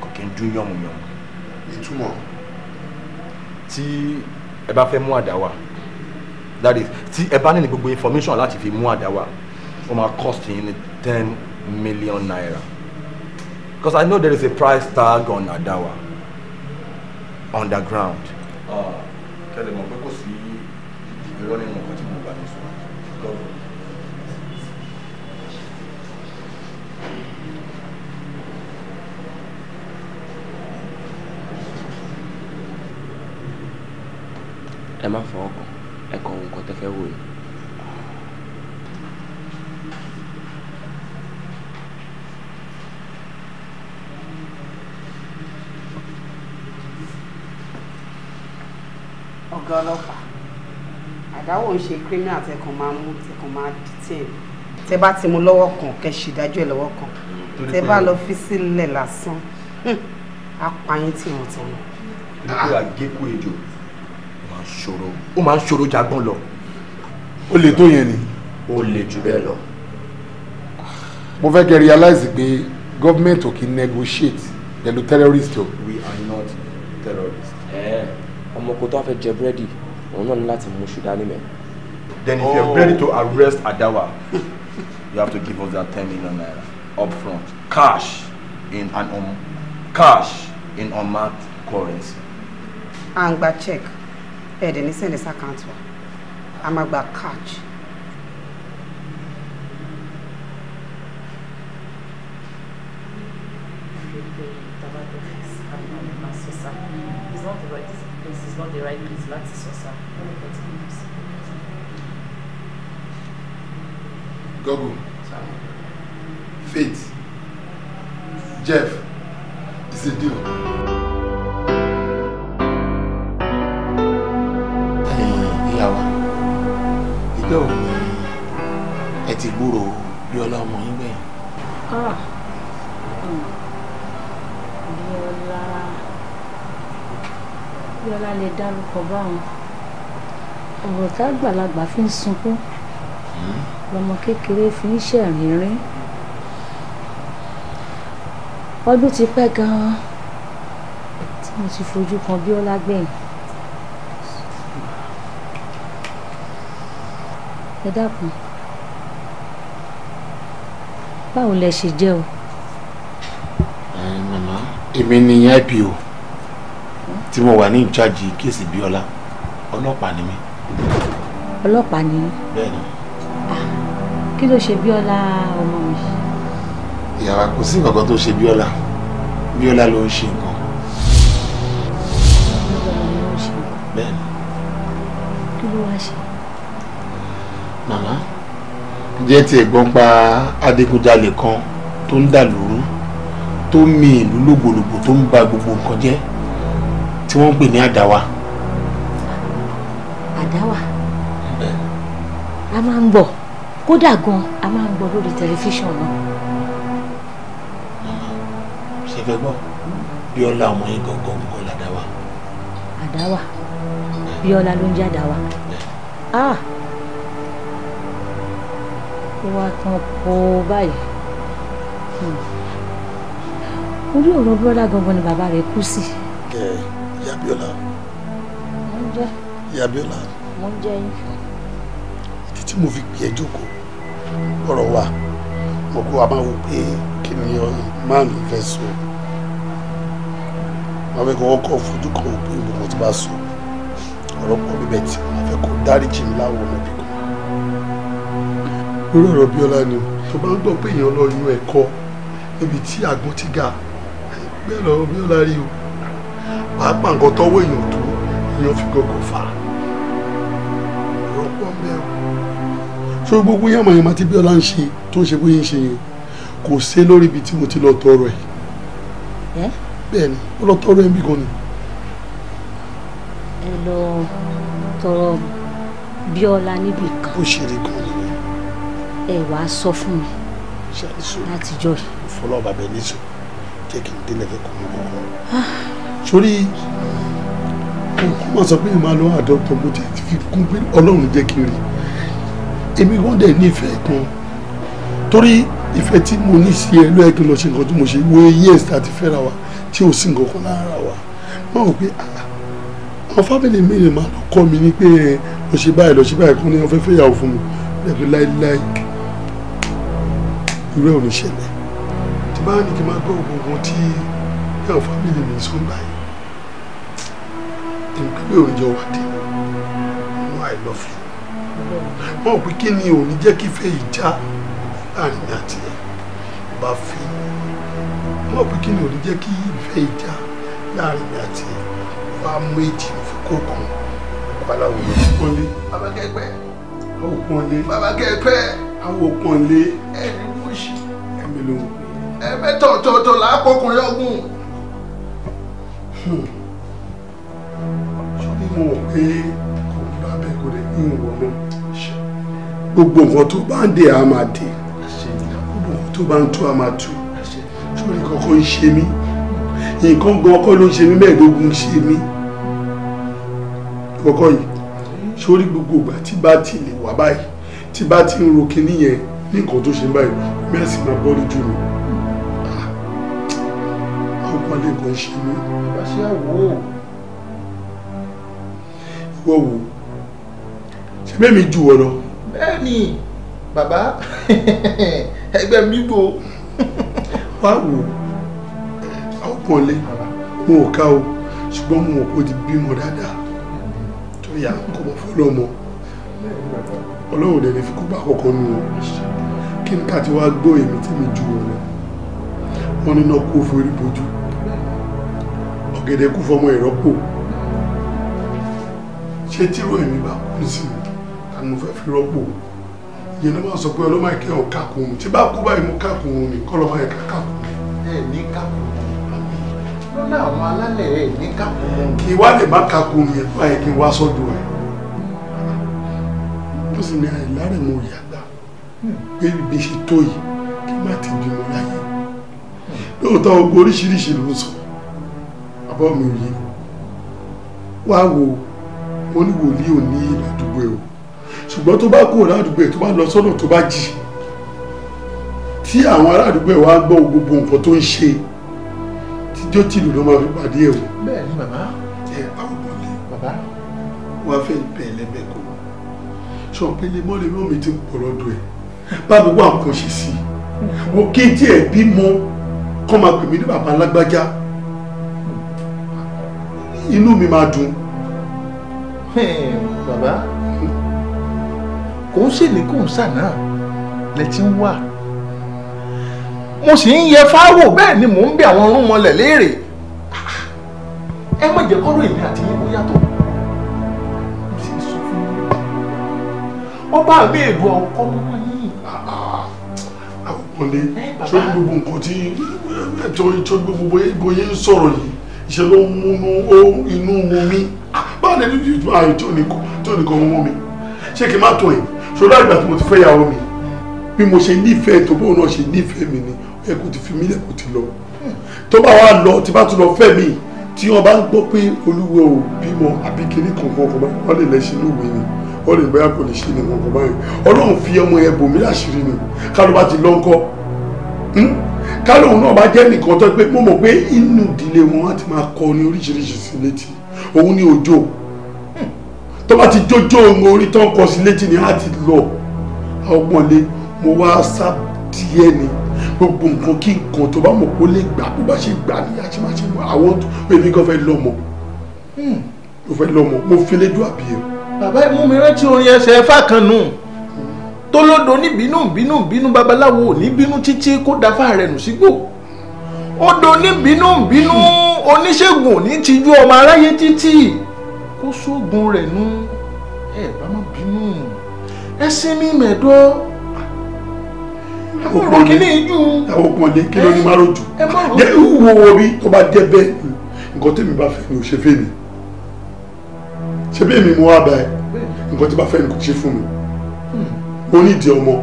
kò kí n dún yànmùyànmù. ìtumọ̀. tí ẹ bá fẹ́ mú àdáwà that is tí ẹ bá nílò gbogbo information láti fi mú àdá wa ó máa cost yín ní ten million naira because I know there is a price tag on àdá wa underground. Ah, kẹlẹ mọ̀ pé kò sí ìrọ́ nínú nǹkan tí mo bá ní sọ lọ́rùn. ẹ má fọwọ́ kàn ẹ̀kọ́ nǹkan tẹ́ fẹ́ wò yìí. ọ̀gá ọlọ́pàá àdáwò ń ṣe criminal tẹkàn máa mú tẹkàn máa detain tẹ bá ti mú lọ́wọ́ kan kẹ́ ṣì dájú ẹ̀ lọ́wọ́ kan tẹ bá lọ fi sílẹ̀ lásán apààyàn tìrùntìrùn. torí pé àgékù ejò ṣòro ó máa ń ṣòro jagbọ́n lọ. ó lè tó yẹn ni. ó lè jù bẹ́ẹ̀ lọ. mo fẹ́ kẹ́ realize pé gọ́ọ̀mẹ̀ntì ò kì í negotiate pẹ̀lú terrorist o. we are not terrorists. ọmọ tó a fẹ́ jẹ búrẹ́dì òun náà ní láti mú ṣúgà nímẹ̀. then if oh. you are ready to arrest Adawa you have to give us that ten million naira upfront cash in an um, cash in unmarked currency. and gba check ẹ̀ẹ́dẹ̀ ní sẹ́ndẹ̀ sàkáǹtì wa a máa gba cash. not the right place láti sọ̀sà. Gogo, Faith, Jeff, it's a deal. pé o ẹ ti gbúrò Bíọ́lá ọmọ yín gbẹ̀yìn. Ah. Bíọ́lá Bíọ́lá lè dárúkọ báwọn ọ̀rọ̀ tágbàlagbà fi ń sunkún hmm? lọmọ kékeré fi ń ṣẹ̀rìnrín ọdún ti pẹ́ gan-an tí mo ti fojú kan Bíọ́lá gbẹ̀yìn. ẹ dákun báwo lẹ ṣe jẹ́ o. ẹ màmá èmi ni ipo tí mo wà ní ìjáàjì kéèsì bíọ́lá ọlọ́pàá ni mí. ọlọ́pàá ni. bẹ́ẹ̀ni. Ah, kí ló ṣe bíọ́lá ọmọ mi. ìyàrá kò sí nǹkan kan tó ṣe bíọ́lá bíọ́lá ló ń ṣe nǹkan. jẹ́ ti ẹ̀gbọ́n pa adigunjalè kan tó ń dà lóru tó ń mi ìlú lògbòlògbò tó ń ba gbogbo nǹkan jẹ́ tí wọ́n ń pè ní àdáwà. àdáwà a máa ń bọ̀ kódà gan a máa ń gbọ́ lórí tẹlifíṣàn náà. ṣe fẹ́ gbọ́ bíọ́lá ọmọ yín gangan gangan làdáwà. àdáwà bíọ́lá ló ń jẹ́ àdáwà. ah ó wá tán kó báyìí hmm. orí ọ̀rọ̀ bọ́dá gangan ni bàbá rẹ̀ kú sí. ẹ ìyá Bíọ́lá. mo ń jẹ. ìyá Bíọ́lá. mo ń jẹ yín. ìdí tí mo fi pè ẹ́ jókòó lọ́rọ̀ wa mo kó wa máa wò pé kí ni máa mi fẹ́ sọ máa fẹ́ kọ́kọ́ kọ́ fojú kan òpin gbogbo tí bá sọ ọ̀rọ̀ pọ̀ bíbẹ̀ tí máa fẹ́ kó dáríjì mi láwọn ọmọ lórí ọ̀rọ̀ bíọ́lá ni tó bá ń gbọ́ pé èèyàn lọ inú ẹ̀kọ́ níbi tí àgbọn ti ga bẹ́ẹ̀ lọ́rọ̀ bíọ́lá rí o pàápàá nǹkan tọ́wọ́ èèyàn tó èèyàn fi gọ̀gọ̀ fà á rọ́pọ̀ mẹ́rin. so gbogbo yàmà yàmà tí bíọ́lá ń ṣe tó ń ṣe bóyá ń ṣe yẹn kò sé lórí ibi tí mo ti lọ tọrọ ẹ̀ bẹ́ẹ̀ ni ó lọ tọrọ ẹ̀ ń gan ni. ẹ lọ tọrọ bíọ́lá níbì kan. ó ṣe é gan ẹ wàá sọ fún mi látijọ́ yìí. fọlọ́ọ̀bà bẹ ní sùn jẹ́ kí n délẹ̀ fẹ́ kọ́ mi kọ́kọ́. Ah. sórí wọ́n sọ pé ìmọ̀ àlọ́ àdọ́tọ̀ mo ti fi kún pé ọlọ́run jẹ́ kí n rí èmi wọ́n dẹ̀ nífẹ̀ẹ́ kan torí ìfẹ́ tí mo ní sí ẹ ló yẹ kí n lọ ṣe nǹkan tí mo ṣe wo years tá a ti fẹ́ra wa tí ò sí nǹkan kan lára wa wọ́n rò pé ah, àwọn fámìlì mi rè máa kọ́ mi ní pé lọ ṣe báyìí lọ ṣe báyìí kún ní wọ́n yàwó fún mi lẹ́gbẹ̀ẹ́ láéláé irú ẹ̀ ò ní ṣẹlẹ̀ tí bá ní kí n máa gbọ́ gbogbo tí yàn fámìlì mi sọ gbà yìí èmi pé òun jẹ wà dé inú i love you mọ̀ pé kí ni òun jẹ́ kí fẹ́ yìí já láàrin mi àti ẹ̀ bá fi mọ̀ pé kí ni òun jẹ́ kí fẹ́ yìí já láàrin mi àti ẹ̀ bá méjì fi kó kan babaláwo ló pọ́nlé. babakẹ́pẹ́. àwọn pọ́nlé. babakẹ́pẹ́. àwọn pọ́nlé. ẹ̀rí lóhùn. ẹgbẹ́ tọ̀tọ̀tọ̀ lápọkùnrin ọ̀gùn. Hmm. ṣé mo mọ̀ pé kò ń bá bẹ́ẹ̀ kó lè ní ìwọ náà. gbogbo nǹkan tó bá ń dè á máa dè gbogbo nǹkan tó bá ń tú á máa tú sórí kankan ń ṣe mí nǹkan gan ọkọ ló ń ṣe mí mẹ́ẹ̀ẹ́dógún ń ṣe mí kọ́kọ́ yìí sórí gbogbo ìgbà tí bá ti lè wà báyìí tí bá ti ń ro kinní yẹn ní nǹkan tó ṣe báyìí mẹ́sì máa bọ́ lójú mi àwọn kan lè kàn ṣe mí. àṣẹ àwò. ìwọ wo ṣe mẹ́mi jù wọ lọ. bẹ́ẹ̀ni bàbá ẹgbẹ́ mi gbò. wá wò àwọn kan lè ò ká o ṣùgbọ́n mo mọ̀ kó ti bímọ dáadáa tó yà kó mọ̀ fọlọ́mọ ọlọ́run dẹ̀ ní fi kú bá nù ọ́ kí n kàti wá gbọ́ èmi tí mi ju ọ̀rẹ́ wọn níná kó forí bojú ọ̀gẹ̀dẹ̀ kú fọmọ ìrọ́pò ṣé tíró èmi bá kú sí i àni mo fẹ́ fi rọ́pò ìyẹn ló máa sọ pé ọlọ́mọ ìkẹ́ ọ̀ kákun mi tí bá kú báyìí mo kákun mi kọ́ lọ́mọ ìkẹ́ kákun mi. ẹ ní kákun lọ́nà àwọn alálẹ̀ ẹ ní kákun mi. kí wá lè má kákun mi ẹ̀ báyìí kí wá sọ́dọ̀ ẹ̀ tó sì ní àìlárẹ̀ mo yà gbé bí ṣe tó yìí kí má ti bímọ láyé lóòótọ́ ogun oríṣiríṣi ló ń sọ àbọ̀ mi ò yé wá wo mo ní wòlíì ò ní ìlàdúgbò ẹ̀ o ṣùgbọ́n tó bá kúrò ládùúgbò ẹ̀ tó bá lọ sọ́nà tó bá jì tí àwọn aládùúgbò ẹ̀ wá gbọ́ gbogbo nǹkan tó ń ṣe tíjọ́ tìlù ló máa fi pàdé ẹ̀ o. bẹ́ẹ̀ ni màmá ẹ àwọn ọmọlẹ bàbá wàá fẹ́ bẹ̀ẹ́ lẹ́bẹ̀ẹ́ kọ́ sọ pé lè mọ́ ti pọ̀ lọ́dọ̀ ẹ̀ bá mi wá nǹkan ṣe sí i mo kí n tiẹ̀ bímọ kọ́ máa pè mí ní bàbá alágbájá inú mi máa dùn. bàbá kò ń ṣèlè kò ń sànà lẹ ti ń wà mo sì ń yẹ fáwò bẹ́ẹ̀ ni mò ń bẹ àwọn ọrùn mọlẹ̀ léèrè ẹ má jẹ́ kọ́rọ̀ èmi àti yín kó yàtọ̀ ọba mi èbò ọkọ mọ́ yín. Kúnlé sórí gbogbo nǹkan tí ètò ìtọ́jú gbogbo bóyá ń sọ̀rọ̀ yìí ìṣe ló ń múnú inú mu mí ah, báwo ni ẹni tó àyè tó nìkan mú mi ṣé kí n má tó ẹ̀ sórí àgbà tí mo ti fẹ́ ìyàwó mi bí mo ṣe nífẹ̀ẹ́ tó bóun náà ṣe nífẹ̀ẹ́ mi ni ẹ kò ti fi mí lẹ́kọ̀ọ́ ti lọ tó bá wà lọ tí bá tún lọ fẹ́ mi tí wọ́n bá ń gbọ́ pé olúwo bímọ àbí kiri kankan kan bá wọ́n lè lẹ́sìn ó lè bẹ́ẹ̀ kò lè ṣe ní gbọ̀ngàn báyìí ọlọ́run fi ọmọ yẹn bò láṣìírí ni káló bá ti lọ ńkọ́ hmm? káló òun náà bá jẹ́ nìkan tó pé mo mọ̀ pé inú ìdílé wọn á ti máa kọ ní oríṣiríṣi sí létí òun ní òjò hmm. tó bá ti jójó ohun orí tó ń kọ sí létí ni á ti lọ ọgbọ̀nlé mo wá sá díẹ̀ ni gbogbo nǹkan kí nǹkan tó bá mọ̀ kó lè gbà bó bá ṣe gbà ní àṣemáṣe àwọn èmi gan fẹ́ lọ́mọ hmm. mo fẹ́ lọ́mọ mo fi lé dùn àbí ẹ̀rù bàbá ẹ mú mi rántí orin ẹsẹ̀ ẹ̀fà kan nù tó lódo ní bínú bínú bínú babaláwo ò ní bínú títí kó dáfá rẹ̀ nù sígbò odò ní bínú bínú oníṣègùn ò ní tijú ọmọ aráyé títí kó sóògùn rẹ̀ nù ẹ bá má bínú ẹ sinmi mẹ́dọ́ òpó kìíní ijú. àwọn òpó lè kí ló ní má rojú wo wo bí tó bá dé bẹ́ẹ̀ nǹkan tèmi bá fẹ́ ni ò ṣe fẹ́ mi se bí èmi mo wá bá ẹ nǹkan tí bá fẹ́ ni kò ṣe fún mi mo ní ìdí ọmọ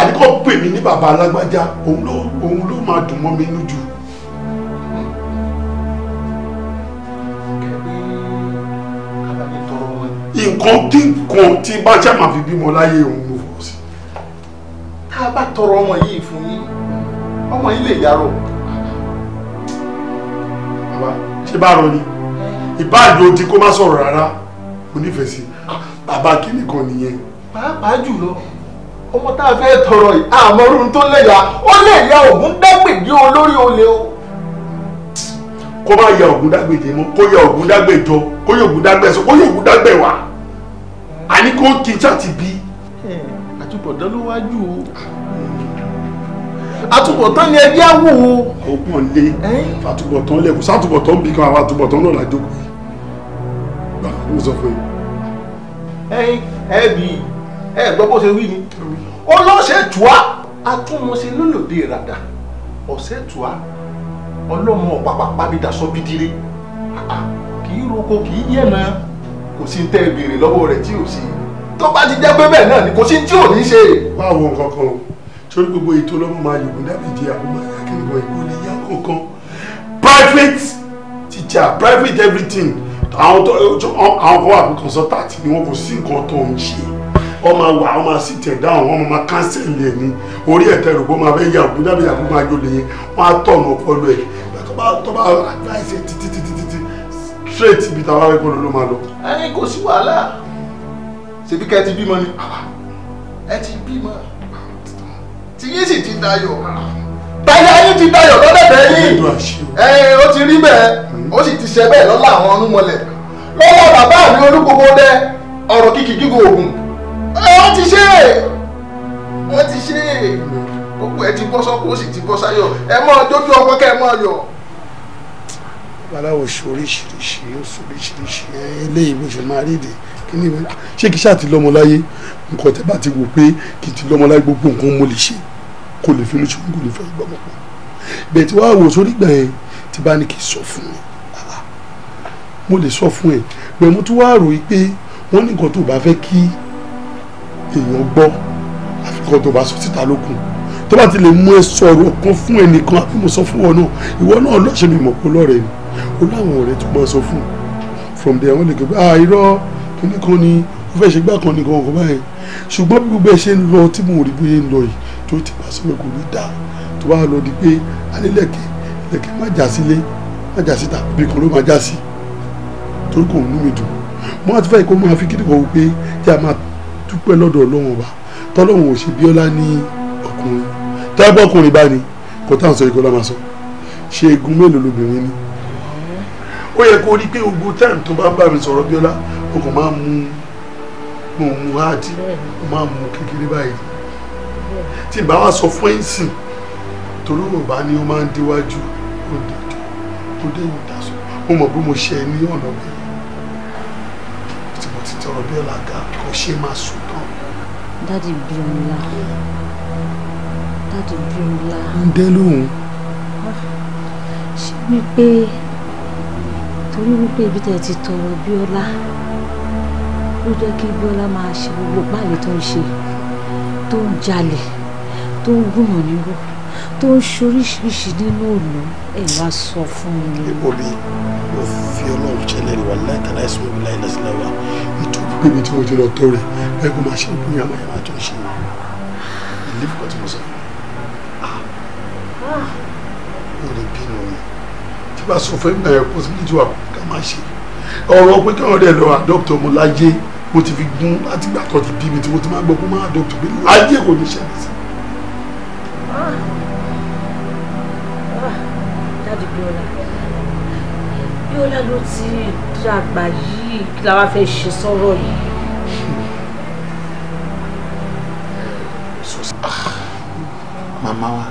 àdìkọ́ pè mí ní bàbá alágbájá òun ló òun ló máa dùn mọ́ mi inú jù. nǹkan tí nǹkan tí bá ṣe fi bímọ láyé òun ló fọwọ́ sí. tá a bá tọrọ ọmọ yìí fún yín ọmọ yìí lè yarọ. bàbá ṣé bá rọ ni ìbáàdì odi kó má sọ̀rọ̀ rárá mo nífẹ̀ẹ́ sí bàbá kìíní kan nìyẹn. pàápàá jùlọ ọmọ tá a fẹ́ tọrọ yìí àmọ́ orun tó lẹ̀yà ó lè ya ògùn dágbèjì olórí olè o. kó má ya ògùn dágbèjì mọ́ kó ya ògùn dágbèjọ kó ya ògùn dágbẹ̀sọ kó ya ògùn dágbẹ̀wá àní kó kí n ṣáàtì bí. àtúbọ̀tán ló wájú o àtúbọ̀tán ni ẹgbẹ́ àwò o. ògùn ọ̀lẹ́ fàtúbọ̀tán lẹ̀kùn sátúbọ̀tán bí kan àwọn àtúbọ̀tán náà lájókòó gbà ó sọ fún yín. ẹ bì í ẹ gbọ́ bó ṣe wí ni ọlọ́ṣẹ́ tùá atúmọ̀ṣe lólòdì ìràdà ọ̀ṣẹ́ tùá ọlọ́mọ ọ̀pápá pábídà sọ bídíré kì í roko kì í yẹ̀nà kò sí tẹ́ ẹ béèrè lọ́wọ́ rẹ̀ tí ò sí tó bá ti jẹ́ pé bẹ́ẹ̀ náà ni kò sí tí ò ní ṣe. báwo nǹkan kan o torí gbogbo ètò ọlọ́mọ máa yògùn dábìdì àwọn ọmọ akẹ́kọ̀ọ́ ìkọ́lé yá kọ̀ọ̀kan private teacher private everything àwọn tó àwọn kọ́ wà pé consultant ni wọn kò sí nǹkan tó ń ṣe ọmọ wa ọmọ sì tẹ̀ wọn máa kánsẹ̀lì ẹ̀ ní orí ẹ̀tẹ̀ rògbò máa fẹ́ yà òkú dábìyà kó máa jòlè yẹn wọn á tọ̀nà ọpọlọ ẹ̀ tọ́ba tọ́ba advice ẹ̀ títí títí títí straight ibi tàwa rẹ̀ kọ́ ló ló máa lọ. ẹni kò sí wàhálà ṣèbí ká ẹ ti bímọ ni ẹ ti bímọ tìyí sì ti dayọ̀ báyà yín ti dayọ̀ lọ́dọ̀ bẹ́ẹ̀ yín ẹ ó ti rí bẹ́ẹ̀ ó sì ti ṣe bẹ́ẹ̀ lọ́la àwọn ọ̀nùmọ̀lẹ̀ lọ́wọ́ bàbá mi olúkúgbó dẹ ọ̀rọ̀ kìkì gígùn ògùn wọ́n ti ṣe wọ́n ti ṣe gbogbo ẹ ti bọ́ sọ́kù ó sì ti bọ́ sáyọ̀ ẹ mọ́ dójú ọkọ kẹ́ ẹ mọ́ yọ. babaláwo ṣe oríṣiríṣi ó ṣe oríṣiríṣi eléyìí mo ṣe máa ríde kí ni ìwé ṣé kí ṣáà ti lọ́mọ láyé nǹkan tẹ́ bá ti wò pé kì ti lọ́mọ láyé gbogbo nǹkan mo lè ṣe kò lè fi lóṣù kò lè fẹ́ gbọ́mọ̀ bẹ́ẹ̀ tí wàá wò sórí gbà yẹn ti bá ní kí sọ fún mi mo lè sọ fún ẹ pé mo tún wá rò yí pé wọ́n ní nǹkan tó bá fẹ́ kí èèyàn gbọ́ àfikàn tó bá sọ síta lókun tó bá ti lè mú ẹ sọ̀rọ̀ kan fún ẹnìkan àbí mo sọ fún ọ náà ìwọ náà lọ́ọ̀ṣẹ́ mi mọ̀ pé lọ́rẹ̀ ni ó láwọn ọ̀rẹ́ tó bá sọ fún from there wọ́n lè gbé ah irọ́ kíní kan ni ó fẹ́ ṣe gbá kan ní kankan báyẹn ṣùgbọ́n bí gbogbo ẹ ṣe ń lọ tí mo rí bóyá ń lọ yìí tó ti bá sọ pé kò ní dáa tó bá lọ di pé alẹ́ lẹ̀kẹ́ lẹ̀kẹ́ má já sílé má já síta bí kan ló má já sí torí kò nú mi dùn mo àti fẹ́ kó máa fi kíndìnkàn wò pé tí a máa dúpẹ́ lọ́dọ̀ ọlọ́run ọba tọ́lọ́run ò ṣe bíọ́lá ní ọkùnrin tẹ́gbọ́ ọkùnrin bá ní kò táwọn sọ ìkọlá máa sọ ṣe egun mélòó lóbìnrin ni. ó yẹ kó rí pé ogun táìmù tó bá bá mi sọ̀rọ̀ bíọ́lá o kò máa mú mo mú háàdì mo máa mú kékeré báyìí tí bá wa sọ fún ẹ̀sìn torí ọba ni ó máa ń déwájú ó dé ìdásọ mo mọ̀ bí mo ṣe ní ọ̀nà bẹ́ẹ̀ sọ̀rọ̀ bí ọ̀làgà kò ṣe máa sùn tán. dáàdì Bíọ́lá dáàdì Bíọ́lá. ń dẹ́ lóhùn. Ah, ṣé wípé torí wípé ibi tẹ̀ ti tọrọ Bíọ́lá ló jẹ́ kí Bíọ́lá máa ṣe gbogbo báyìí tó ń ṣe tó ń jalè tó ń gùnà nírò tó ń ṣoríṣiríṣi nínú òòlù ẹ wá sọ fún mi. obi mo fi ọlọ́run ṣẹlẹ̀ rí wa láìkàlá ẹ̀sùn mi láì lẹ́sìn náà wá nítorí pé mi tí mo ti lọ tó rẹ̀ ẹ̀kọ́ máa ṣe ìpínyà máa yàrá tó ń ṣe ìlú kan tí mo sọ. mo ah. ah. lè bínú mi tí bá sọ fún ẹgbẹ́ ẹ̀kọ́ sí níjọ́ àkókò máa ṣe ọ̀rọ̀ pé káwọn ọ̀rẹ́ lọ àdọ́pútọ̀ mo láyé mo ti fi gún láti gbà tó ti bí mi tí mo ti máa gbọ́ pé máa àdọ́pútọ̀ pé láyé kò ní ṣẹlẹ̀ sí i. Bíọ́lá Bíọ́lá ló ti dàgbà yìí kí la wá fẹ́ ṣe sọ́rọ̀ yìí. màmá wa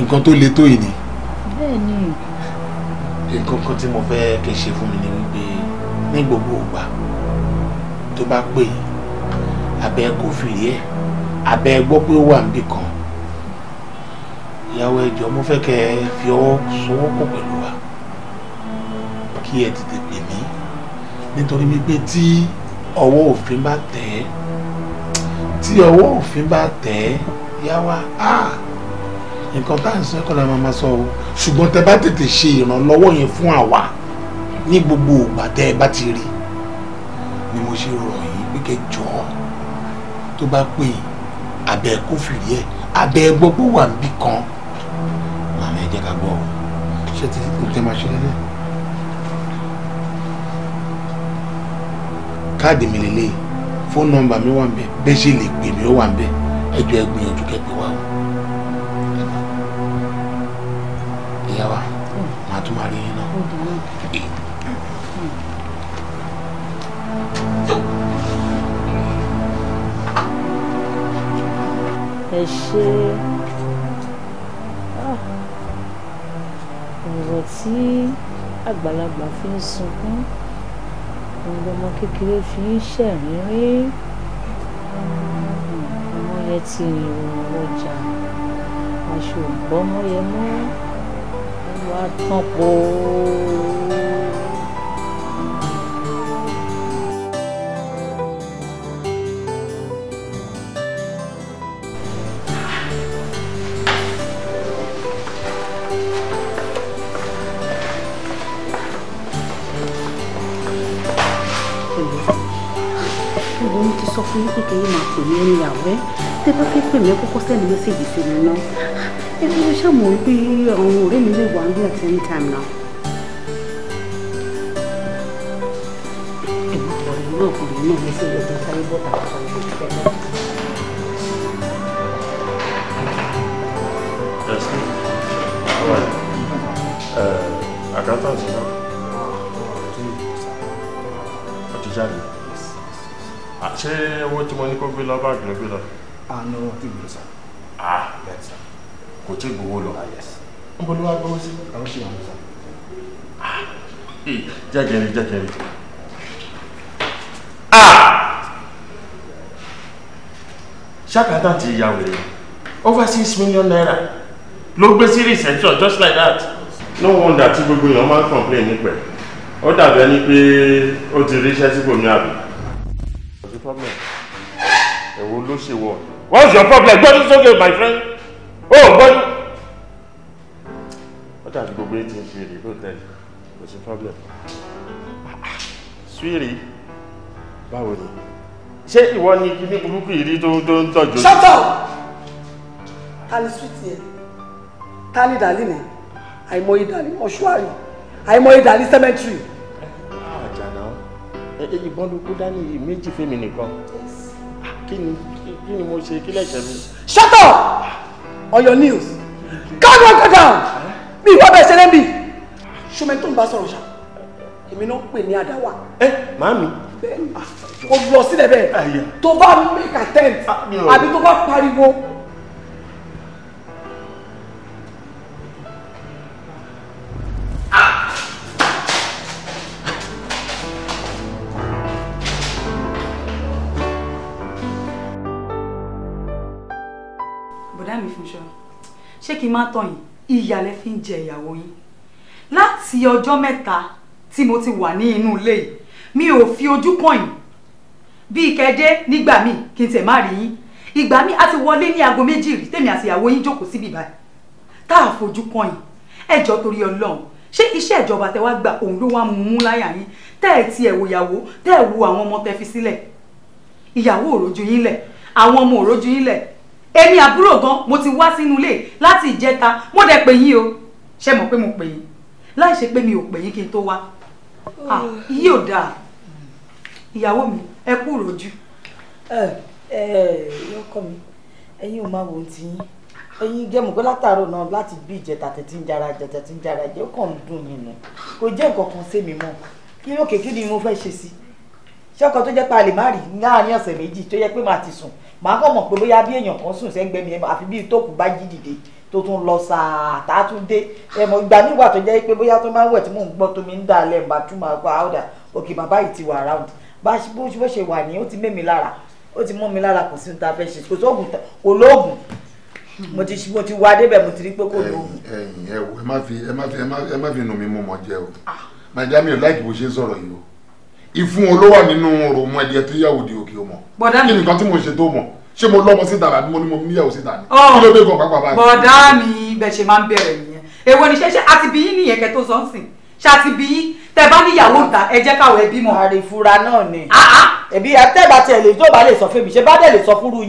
nǹkan tó le tó yìí ni. bẹ́ẹ̀ni. nǹkan kan tí mo fẹ́ kẹ́ ṣe fún mi ni wípé ní gbogbo ìgbà tó bá pè é abẹ́ kò fìrí ẹ̀ abẹ́ gbọ́ pé ó wà níbì kan ìyàwó ẹjọ́ mo fẹ́ kẹ́ ẹ fi ọwọ́ sọwọ́pọ̀ pẹ̀lú wa kí ẹ tètè pè mí nítorí wípé tí ọwọ́ òfin bá tẹ̀ ẹ́ tí ọwọ́ òfin bá tẹ̀ ẹ́ yá wa á nǹkan tá à ń sọ ẹ̀kọ́ la máa ma sọ o ṣùgbọ́n tẹ bá tètè ṣe ìrànlọ́wọ́ yẹn fún àwa ní gbogbo ìgbà tẹ́ ẹ bá ti rí ni mo ṣe rọ̀ yín pé jọ tó bá pè abẹ́ kófìrí ẹ̀ abẹ́ gbogbo wà níbì kan ẹ jẹ́ ká gbọ́ ọ. ṣé ti tẹ máa ṣe lélẹ̀. káàdì mi lélẹ̀ fóònù nọ́mbà mi wà ń bẹ bẹ́ẹ̀ ṣe lè pè mí ó wà ń bẹ ẹ jọ ẹ gbìyànjú kẹ́ pè ìyá wa màá tún máa rí yín náà. ẹ ṣe ọ̀rọ̀ tí àgbàlagbà fi ń sunkún òun lọmọ kékeré fi ń ṣẹ̀rínrín ọmọ yẹn ti rìn ọjà aṣọ ògbọ́mọ yẹn mọ́ wá tán pọ̀ ó. fún yín kékeré yìí máa pè mí ẹni ìyàwó ẹ tẹ bá fẹ́ pè mí ẹ kọ́kọ́ sẹ́ni mẹ́sẹ̀gì sí mi náà ẹ fi ṣàmù wípé àwọn ọ̀rẹ́ mi lè wà ní at any time now. ẹ̀gbọ́n ọ̀rẹ́ náà kò ní náà mẹ́sẹ̀gì ọ̀dọ́ sáré bọ́ta sọ owó tí mo ní kó gbé lọ báàgì ló gbé lọ. àánú ah, ti gbèrò sá. Ah. kò tí ì gbowó lọ. ń ah, bọ́ ló gbowó sí. àwọn ṣì wà ní sá. jẹ́jẹ̀rì jẹ́jẹ̀rì. ti ìyàwó rẹ̀ over six million naira ló gbé sí reception just like that. no wonder tí gbogbo èèyàn máa ń complain nípa ẹ̀ ó dàbí ẹni pé ó ti ríṣẹ́ síbòmí àbí problem èwo ló ṣe wọ what's your problem gbọ́dọ̀ sókè my friend ó oh, gbọ́dọ̀ ó dàbí gbogbo ètò ìṣeré lóòótọ́ What's your problem sweetie báwo ni ṣé ìwọ ni kíní burúkú yìí rí tó tó ń tọ́jú. shut up ta ni sweetie ẹ ta ni dàlí ni àìmọye dàlí mọṣúárì àìmọye dàlí cemetery ìbọn ló kú dání méjì fèmí nìkan ah, kí ni kí ni mo ṣe kí lẹ́sẹ̀ mi. shut up on your news calm down calm down mi ìwọ bẹ ṣẹlẹ̀ bi ṣùgbọ́n tó ń bá sọ̀rọ̀ ṣá èmi náà pè ní adáwà. ẹ màámi. o lọ sílẹ̀ bẹ́ẹ̀ tó bá make attempt ah, àbí tó bá pariwo. ọ̀rẹ́ mi Fúnṣọ́ ṣé kí n má tàn yín ìyà lẹ fi ń jẹ ìyàwó yín láti ọjọ́ mẹ́ta tí mo ti wà ní inú ilé yìí mi ò fi ojú kàn yín bíi kẹ́dé nígbà míì kí n tẹ̀ má rí yín ìgbà míì a ti wọlé ní aago méjì rí tèmi àti ìyàwó yín jókòó síbi báyìí tá a fojú kàn yín ẹjọ́ torí ọlọ́run ṣé iṣẹ́ ìjọba tẹ wá gba òun ló wá mú láyà yín tẹ́ ẹ̀ ti ẹ̀wò ìyàwó tẹ́ ẹ̀ wo àwọn ọmọ tẹ fi sílẹ̀ ìyàwó òrojú yín lẹ̀ àwọn ọmọ òrojú yín lẹ̀ èmi àbúrò gan mo ti wá sínú ilé láti ìjẹta mo dẹ̀ pè yín o ṣe mọ̀ pé mo pè yín láì ṣe pé mi ò pè yín kí n tó wá yí ò dáa ìyàwó mi ẹ kú rojú. ẹ ẹ lọkọ mi ẹ̀yin ò máa wò ó ti yín ẹ̀yin jẹ́ mọ̀ pé látàárọ̀ náà láti bí ìjẹta tẹ̀tí ń jara jẹ tẹ̀tí ń jara jẹ ó kàn ń dùn mí nù kò jẹ́ nǹkan kan sí mi mọ́ kí ló kékeré ni mo fẹ́ ṣe sí ṣọ́kọ tó jẹ́ pé a lè má rí láàárín ọ̀sẹ̀ méjì tó jẹ́ pé màá ti sùn màá kàn mọ̀ pé bóyá bí èèyàn kan sùn sẹ́gbẹ́ mi àfi bí tókù bá jí dìde tó tún lọ sàá tààtúndé ẹmọ ìgbà nígbà tó jẹ́ pé bóyá tó máa ń wẹ̀ tí mò ń gbọ́ tó mi ń dà lẹ́ẹ̀mbà tún máa kọ́ àwọ̀dà òkè bàbá yìí ti wà round bá bó ṣe wà ní ó ti mẹ́mi lára ó ti mọ́ mi lára kò sí ta fẹ́ ṣe kò sóògùn kò lóògùn mo ti mo ti wá débẹ̀ mo ti rí pé kò lóògùn. ẹ̀yin ẹ wo ẹ má fi ẹ má fi ẹ má fi nù mí mú mọ ìfún wọn ló wà nínú òròmọ ẹdí ẹtú yàwó di òkè ọmọ kí ni nǹkan tí mo ṣe tó mọ ṣé mo lọ́mọ síta àbí mo ní mo níyàwó síta ni kí ló dé gan pápá báyìí. bọ̀dá mi bẹ̀ ṣe máa ń bẹ̀rẹ̀ nìyẹn èwo ni ṣẹ́ṣẹ́ àti bí nìyẹn kẹ́ tó sọ ń sìn ṣàti bí yín tẹ bá níyàwó ta ẹ jẹ́ káwọ́ ẹbí mọ̀. àrífura náà ni ah, ah. ẹbí àtẹ́gbà tẹ̀ lè tó bá lè sọ fẹ́mi ṣé bá dẹ̀ lè sọ fúru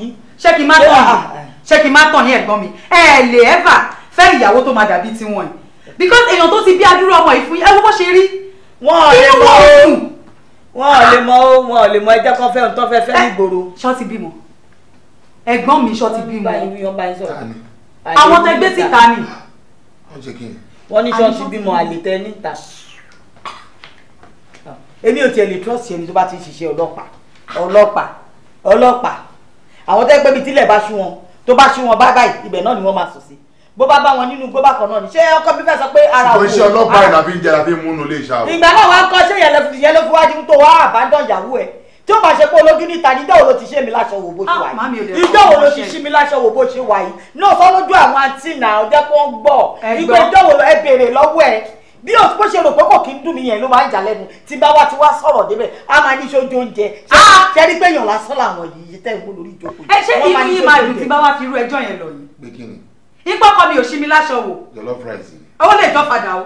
wọn ò lè mọ wọn ò lè mọ ẹjẹ kan fẹ́ ohun tó fẹ́ fẹ́ eh, ní ìgboro. ṣọ́ ti bímọ ẹ̀gbọ́n mi ṣọ́ ti bímọ àwọn tẹgbẹ́ sì ta ni. wọ́n ní ṣọ́ọ̀ṣì bímọ àlètẹ́ níta èmi ò tiẹ̀ lè trust ẹni tó bá ti ń ṣiṣẹ́ ọlọ́pàá ọlọ́pàá ọlọ́pàá àwọn tẹ́gbẹ́ bíi tílẹ̀ bá ṣú wọn tó bá ṣú wọn bá báyìí ibẹ̀ náà ni wọ́n máa sùn sí bó bá bá wọn nínú igbó bákan náà ni ṣé ọkọ bí fẹ́ sọ pé ara òun. ìtòṣe ọlọ́pàá ìlà fi ń jẹ́ la fi ń múnú lè ṣá o. ìgbà náà wàá kọ́ ṣé ìyẹn ló fi wájú tó wá àbádọ́ ìyàwó ẹ̀ tí ó bá ṣe pé olójú níta ní ìjọ́ wo ló ti ṣe ah, mi láṣọ wò bó ṣe wà yìí ìjọ́ wo ló ti ṣe mi láṣọ wò bó ṣe wà yìí náà sọ́lójú àwọn àǹtí náà ọjọ́ kó ń gbọ́ ìgbẹ́ ìjọ́ wo ẹ béèrè lọ́wọ́ ẹ bí o bó ṣe rò pé kò kí ń dùn mí yẹn ló máa ń jà lẹ́nu tí bá wá ti wá sọ̀rọ̀ débẹ̀ a máa ní ṣojú oúnjẹ ṣe ah! rí pé èèyàn lásán làwọn yìí tẹ̀ ń wó lórí ìjókòó. ẹ ṣé kí inú yín máa dùn tí bá wá fi irú ẹjọ́ yẹn lọ yìí ìpọ́kọ mi ò ṣí mi láṣọ wò. jollof rice. ó lè jọ́ fàdà o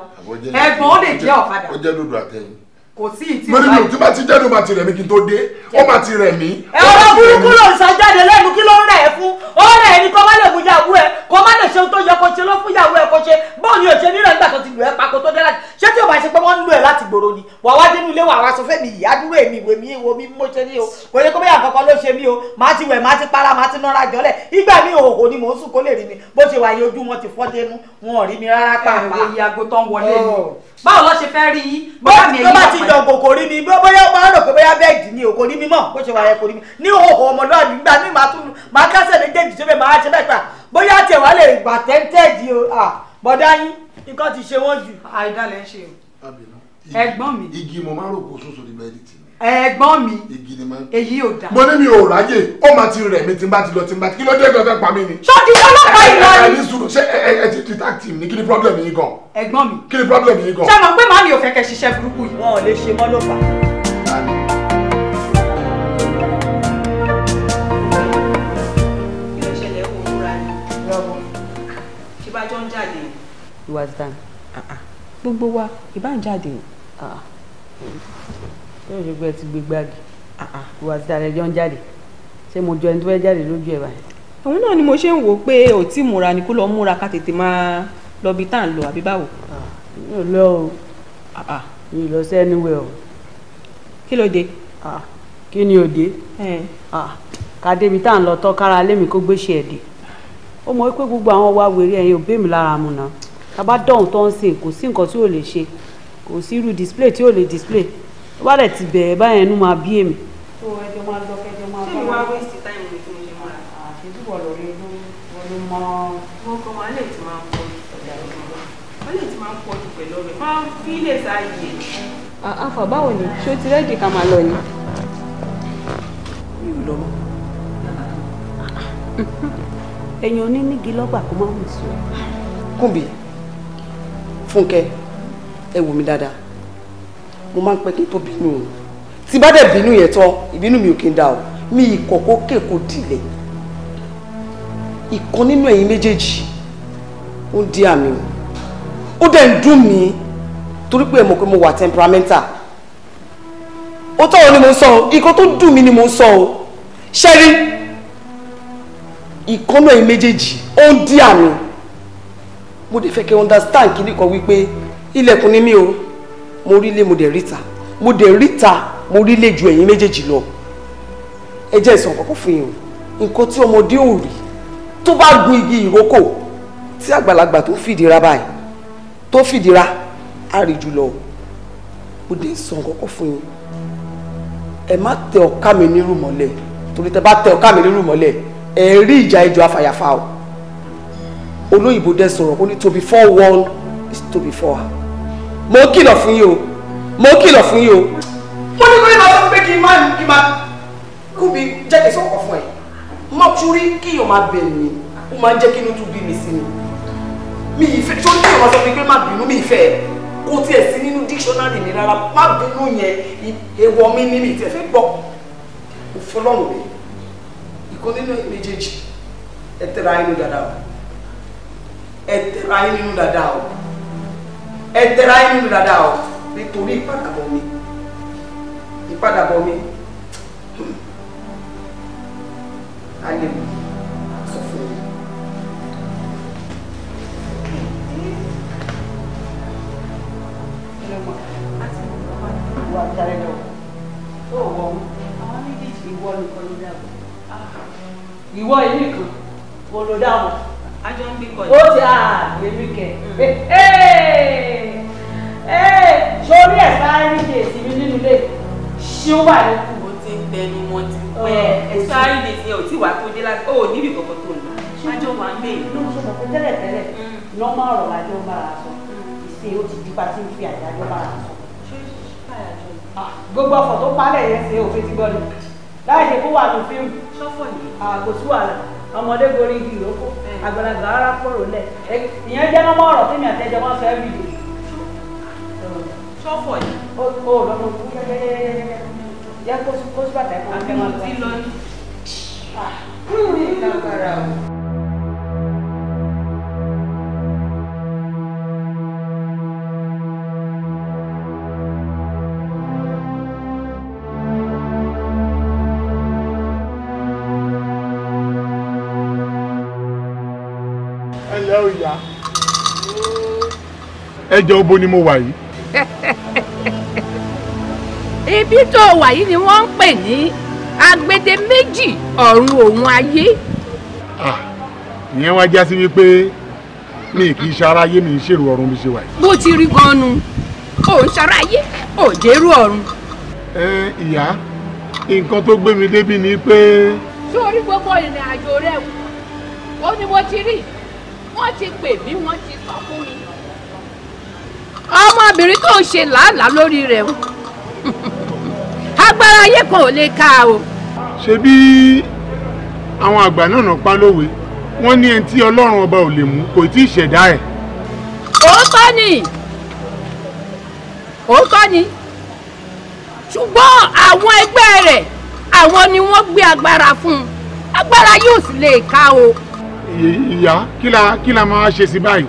ẹ̀gbọ́n ó lè jẹ́ ọ̀fadà. ó jẹ́ dòdò àtẹ̀yìn kò sí ìtì báyìí. mẹ́rin mi ò tí bá ti jáde ó máa ti rẹ̀ mí kí n tó dé ó máa ti rẹ̀ mí. ẹ̀rọ burúkú ló ń sàjáde lẹ́nu kí ló ń rẹ̀ ẹ́ fún ó rẹ̀ ẹ́ ní kó má lè mú yàwó ẹ̀ kó má lè ṣe ohun tó yẹ kó ṣe ló fún yàwó ẹ̀ kó ṣe bóun ni òṣèlú rẹ̀ nígbà tó ti lù ẹ́ pa kó tó dé láti ṣé tí o bá ṣe pé wọ́n ń lù ẹ́ láti gbòòrò ni wà wá dénú ilé wà wá sọ fẹ́mi ìyá báwo lọ ṣe fẹ́ rí i bọ́lá mi èyí lọ́pàá. tó bá ti yọ kòkò rí mi bóyá máa rò pé bóyá bẹ́ẹ̀dì ni òkò rí mi mọ̀ bó ṣe wà yẹ kò rí mi ní òhò ọmọlúwàbí gbà ní màá tún màá kásẹ̀ méjèèjì tó bẹ̀ máa ṣe bẹ́ẹ̀ pa bóyá tiẹ̀ wá lè gbà tẹ́ńtẹ́ẹ̀dì o bọ́dá yín nǹkan ti ṣe wọ́n jù. àìdálẹ̀ ń ṣe o ẹ̀gbọ́n mi. igi mo máa ń rò kó sóso nígbà ẹni tì ẹ̀gbọ́n mi èyí ò dá. mo ní mi ò ráyè ó máa ti rẹ̀ mi tí n bá ti lọ tí n bá ti kí ló dé fẹ́fẹ́ pa mí ni. sọ́ọ̀tì ọlọ́pàá Ìlọrin. ẹ ní sùúrù ṣé ẹ ẹ ti detective ni kí ni problem yìí gan. ẹ̀gbọ́n mi kí ni problem yìí gan. ṣé mo pé màmí ò fẹ́ kẹ́ ṣiṣẹ́ burúkú yìí. wọn ò lè ṣe mọ́ ló fà á. It was done. Gbogbo wa ìbá ń jáde ṣé o ṣe pé ẹ ti gbé gbági ah, ah, ìwà àti tààrẹ jọ ń jáde ṣé mo jọ ẹni tó fẹ́ jáde lójú ẹ̀ báyìí. òun náà ni mo ṣe ń wò ó pé ò tí múra ni kó lọ múra ká tètè máa lọ bí tá à ń lọ àbí báwo. Ah, mi ò lọ o mi ò lọ sí ẹniwẹ̀ o. kí ló dé. kí ni òde. ká débi tá à ń lọ tọ́ kára lémi kó gbéṣẹ́ ẹ̀ dé ó mọ̀ wípé gbogbo àwọn wa wèrè ẹ̀yin ò mi lára mu náà tá a bá dọ̀hún tó ń sìn kò sí nǹkan tí ò lè ṣe kò sí irú display tí ò lè display tó bá dẹ̀ ti bẹ̀ẹ́ báyẹn inú máa bí èmi. tó ẹjọ́ máa lọ kẹjọ́ máa bá wa waste time mi fún mi ṣe máa rà. àṣejù wọ̀ lórí ló wọ́n ló mọ. mo kọ́ máa lè ti máa ń pọ̀ jù ọ̀dà ìgbà wọ́n lè ti máa ń pọ̀ jù pẹ̀lú ọ̀rẹ́ máa ń fi lè sáàyè. àfà báwo ni ṣé o ti rẹ́ẹ̀dì ká máa lọ ni. mi ò lọ mọ́. ẹ̀yin onínígi lọ́gbà kó má wù sí o. kúbi fúnkẹ́ ẹ wò mí dáadáa mo máa ń pẹ́ kí n tó bínú o tí bá dẹ̀ bínú yẹn tán ìbínú mi ò kí n dà o mi ìkọ̀kọ́ kèkó dìlẹ̀ ìkan nínú ẹ̀yin méjèèjì ó ń di àmì o ó dẹ̀ ń dùn mí torí pé ẹ mọ̀ pé mo wà temperamental ó tọ̀rọ̀ ni mo sọ o ìkan tó dùn mí ni mo sọ o ṣẹ́rí ìkan náà ẹ̀yin méjèèjì ó ń di àmì mo dẹ̀ fẹ́ kí understand kíní kan wípé ilẹ̀kùn ni mí o mo rí lé mo dẹ̀ ríta mo dẹ̀ ríta mo rí lé ju ẹ̀yin méjèèjì lọ ẹ jẹ́ ìsàn kọ́kọ́ fún yín o nǹkan tí ọmọdé ò rí tó bá gun igi ìrókò tí àgbàlagbà tó fìdíra báyìí tó fìdíra á rí jùlọ mo dẹ̀ ìsàn kọ́kọ́ fún yín ẹ má tẹ ọ̀ká mi nírú mọ́lẹ̀ torí tẹ bá tẹ ọ̀ká mi nírú mọ́lẹ̀ ẹ rí ìjà ìjọ afàyàfà o olóyìnbó dẹ̀ sọ̀rọ̀ kó ní to be forewarned is to be mo kìlọ̀ fún yín o mo kìlọ̀ fún yín o. mo ní kóyè máa sọ pé kí n máa kí n máa kú mi jẹ́ kí n sọ̀kọ̀ fún ẹ̀ má túrí kíyàn máa bẹ̀ mí ó máa jẹ́ kí inú tún bí mi sí ni mi ìfẹ́ tó ní ìwọ sọ fún mi pé má bínú mi ìfẹ́ kò tiẹ̀ sí nínú dictionary mi rárá má bínú yẹn èèwọ̀ mi ní mi ìtẹ̀ fẹ́ gbọ́ òfọlọ́run mi ìkan nínú méjèèjì ẹ tẹ̀ra inú dáadáa ẹ tẹ̀ra inú dáadáa ẹ tẹra ẹ nínú dáadáa o nítorí ìpadàbọ̀ mi ìpadàbọ̀ mi a lè sọ fún mi. ìwọ ilé kan wo ló dáhùn àjọ ń gbé kọjá. ó ti àgbèmí kẹ sórí ẹ̀ sáárì dèsí mi nínú ilé ṣé ó wà ní kù. ó ti ń bẹnu wọn ti pẹ́ ẹ̀ sáárì dèsí yẹn ò tí wà tó dé láti ó níbi kọ̀ọ̀kan tó ń lọ àjọ wà ń bẹ̀. ló ń sọ pé tẹ́lẹ̀ tẹ́lẹ̀ mm. lọ́mọ ọ̀rọ̀ lájọ́ ń bára sọ ìsìn ó ti di pa tí ń fi àjájọ́ bára sọ. Ah, gbogbo ọkọ̀ tó pálẹ̀ yẹn ṣe òfin ti gbọ́dọ̀ láìsí kó wà ní fíìmù ṣọ́fọ̀ yìí àgò sí wàhálà ọmọdé gorí igi ìrókò àgbàlagbà ara kúrò lẹ̀ ìyẹn jẹ́ mọ́mọ́ ọ̀rọ̀ tí mi àtẹ́jọ́ wọn sọ ẹ́bí yìí. ṣọ́fọ̀ yìí. ó ó lọ́mọ kú yẹ́yẹ́yẹ́yẹ́ yẹ kó sí bàtà ẹ̀kọ́ akẹ́wọ́n lọ. àti lọ ní. ẹjọ́ obo ni mo wà yìí. ibi tó wà yìí ni wọ́n ń pè ní agbede méjì ọ̀run òun ayé. Ah, ìyẹn wá já sí wípé mi kì í ṣaráyé mi ṣèrò ọ̀run mi ṣe wà yìí. bó ti rí gan-an nu ò ń ṣaráyé ò jẹ́rú ọ̀run. ẹ ìyá nǹkan tó gbé mi débi ni pé. sórí gbogbo ìrìn àjò rẹ o ní mo ti rí wọn ti pè mí wọn ti sọ fún mi ọmọbìnrin tó ń ṣe làálàá lórí rẹ̀ o agbára ayé kan ò lè ká o. ṣé bí àwọn àgbà náà nà pa lówe wọ́n ní ẹni tí ọlọ́run ọba ò lè mú kò tí ì ṣẹ̀dá ẹ̀. òótọ́ ni òótọ́ ni ṣùgbọ́n àwọn ẹgbẹ́ rẹ̀ àwọn ni wọ́n gbé agbára fún un agbára yóò sì lè ká o. ìyá kí la kí la máa ṣe sí báyìí.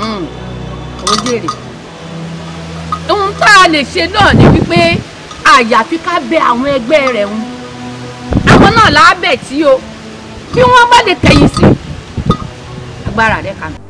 ó hmm, ń ohun tá a lè ṣe náà ni wípé àyàfi ká bẹ àwọn ẹgbẹ́ rẹ̀ ń àwọn náà lábẹ̀ tí o bí wọ́n bá lè tẹ̀yìn sí agbára rẹ̀ kàmí.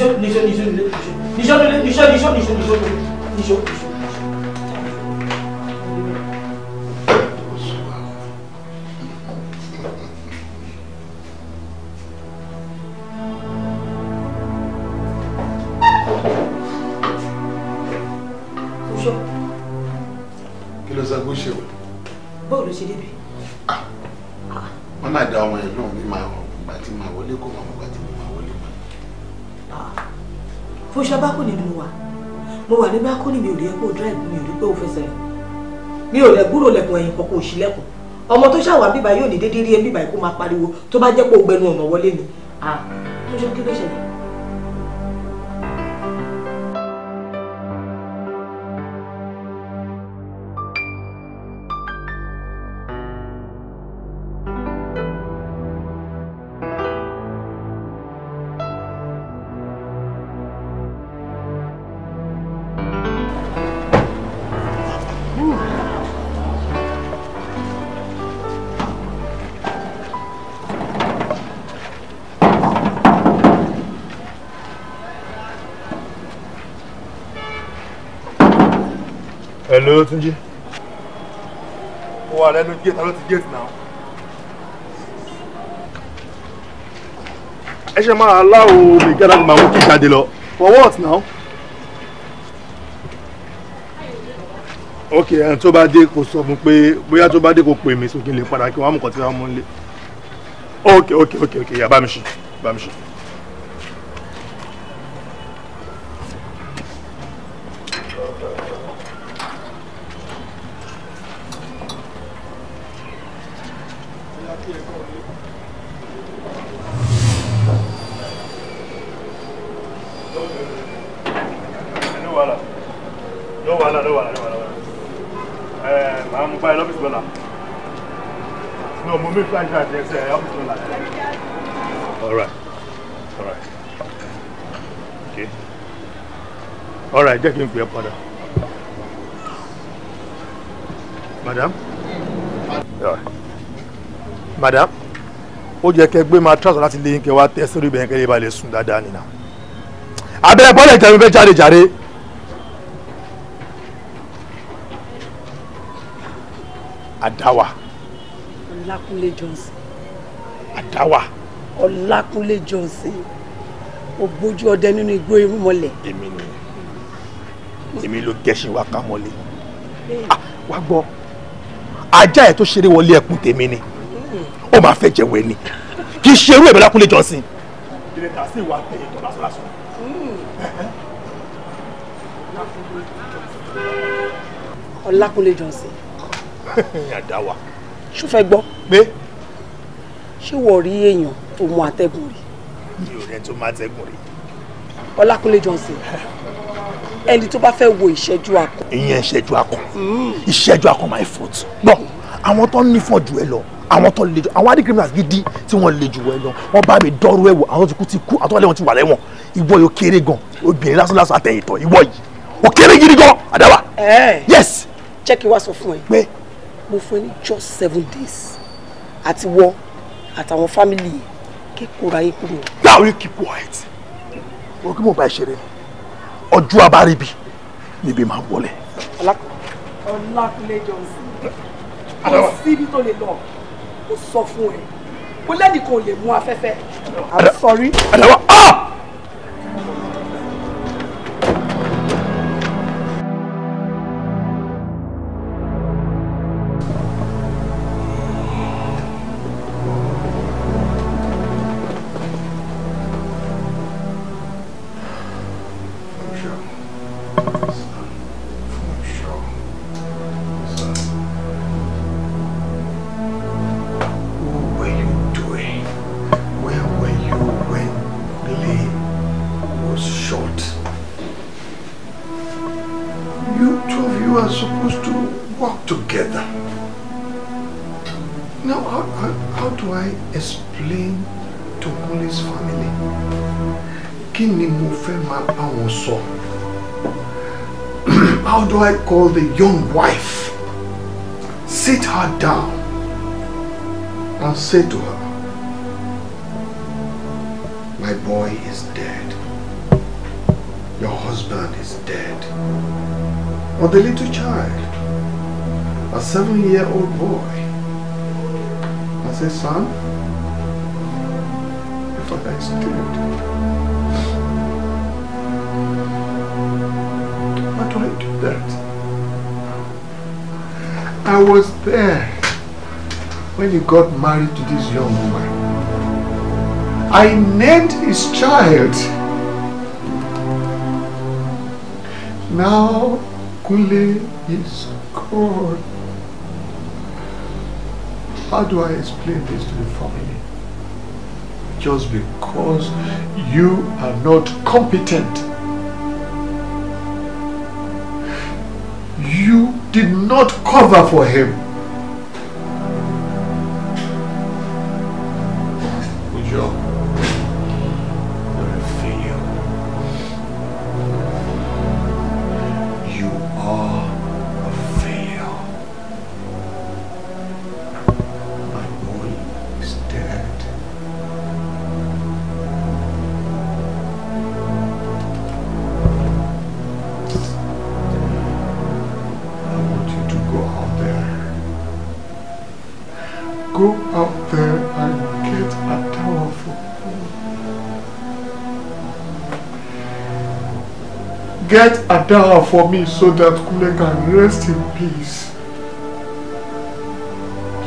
níṣó níṣó níṣó níṣó níṣó níṣó níṣó níṣó níṣó níṣó níṣó. pé o drive mi ò rí pé o fẹsẹ̀ rìn mi ò lẹ̀ gbúrò lẹ̀kùn ẹ̀yìn kan kò sí lẹ̀kùn ọmọ tó ṣàwà bíbá yóò ní déédéé rí ẹ bíbá yìí kó máa pariwo tó bá jẹ́ pé o gbẹnu ọ̀nà wọlé ni ah mo ṣe kí ló ṣẹlẹ̀ Hello, Túnjí. Wà lẹ́nu gate, ta ló ti gate náà? Ẹ ṣe máa láwo mi gẹ́gẹ́ láti máa mú kí jáde lọ. For what now? Ok, ẹni tó bá dé kò sọ fún pé bóyá tó bá dé kò pè mí sókè lè padà kí wọ́n á mú kàn tí wọ́n mú lé. Ok, ok, ok, ok, yà bá mi ṣe, bá mi ṣe. jẹ́ kí n pè é padà. madam madam ó jẹ́ kẹ́ gbé máa tíráṣà láti lé yín kẹ́ wá tẹ́ sórí ibẹ̀ yẹn kẹ́ lè ba lè sùn dáadáa nìyà. abẹ́rẹ́ bọ́ọ̀lù ìtẹ̀wé fẹ́ jáde jàre. àdáwà. ọlákúnlé johnson. àdáwà. ọlákúnlé johnson ó gbójú ọdẹ nínú igbó irúnmọlẹ̀. èmi nìyẹn èmi ló gẹṣin wa ká mọ́lé ah, wá gbọ́ ajá ẹ̀ tó ṣeré wọlé ẹkùn tèmi ni ó máa fẹ́ jẹ̀wọ́ ẹni kì í ṣe irú ẹ̀mí lákúnlé Johnson. dèrèta sì wà tẹ̀yẹ̀ tó lásán lásán. Ọlákúnlé Johnson. àdáwà. ṣó fẹ́ gbọ́. pé. ṣé wọ́n rí èèyàn tó mú atẹ́gùn rí. mi ò rẹ tó mú atẹ́gùn rí. Ọlákúnlé Johnson ẹni tó bá fẹ́ wo ìṣẹ́jú akọ. ìyẹn ìṣẹ́jú akọ ìṣẹ́jú akọ my fault gbọ́ àwọn tó ń nífọ̀ jù ẹ lọ àwọn tó le jù àwọn adi criminals gidi tí wọ́n le jù ẹ lọ wọ́n bá mi dọ́rú ẹ wò àwọn tó kú ti kú àtọ́lẹ̀ wọn ti wà lẹ́wọ̀n ìwọ yóò kéré gan obìnrin lásán lásán àtẹ̀yìntọ̀ ìwọ yìí ó kéré gidi gan àdáwà. yes. jẹ́ kí wá sọ fún ẹ. pé mo fún ẹ ní just seven days àti wọ àtàwọn fámìlì kẹ́kọ̀ọ́ ra yín kúrò. dáwọ́ yìí keep quiet mo kí mo bá ẹ ṣeré ni ọjọ́ abáríbi níbi máa wọlé. Ọlákúnlé Johnson kò síbi tó lè lọ kò sọ fún ẹ kò lẹ́nìkan ò lè mú afẹ́fẹ́ I'm sorry. sọ how do I call the young wife sit her down and say to her my boy is dead your husband is dead or the little child a seven-year-old boy I say son your father is dead that. I was there when he got married to this young woman. I named his child. Now Kule is gone. How do I explain this to the family? Just because you are not competent did not cover for him. down for me so that Kule can rest in peace.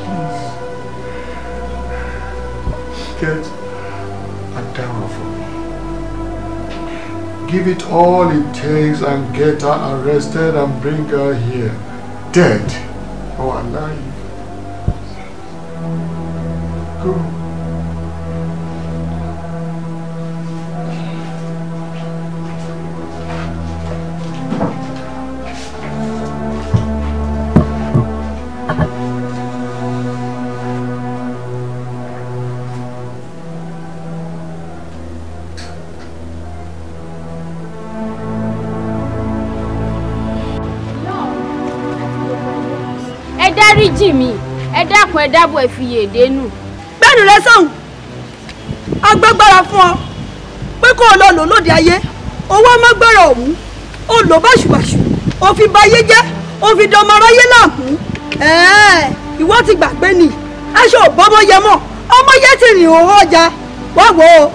Please. Get down for me. Give it all it takes and get her arrested and bring her here. Dead or alive. Go. ẹ dábọ̀ ẹ fi yèdè nù. gbẹ́nu rẹ sọ̀hún agbẹ́gbára fún ọ pé kó o lọ lò lóde ayé owó ọmọgbẹ́rọ̀ ọ̀hún ó lò báṣubàṣu òfin bayé jẹ́ òfin dọmọráyé làkú ìwọ ti gbàgbé ni aṣọ òbọmọ yẹ mọ ọmọ yẹ ti rìn òwò ọjà wá wò ó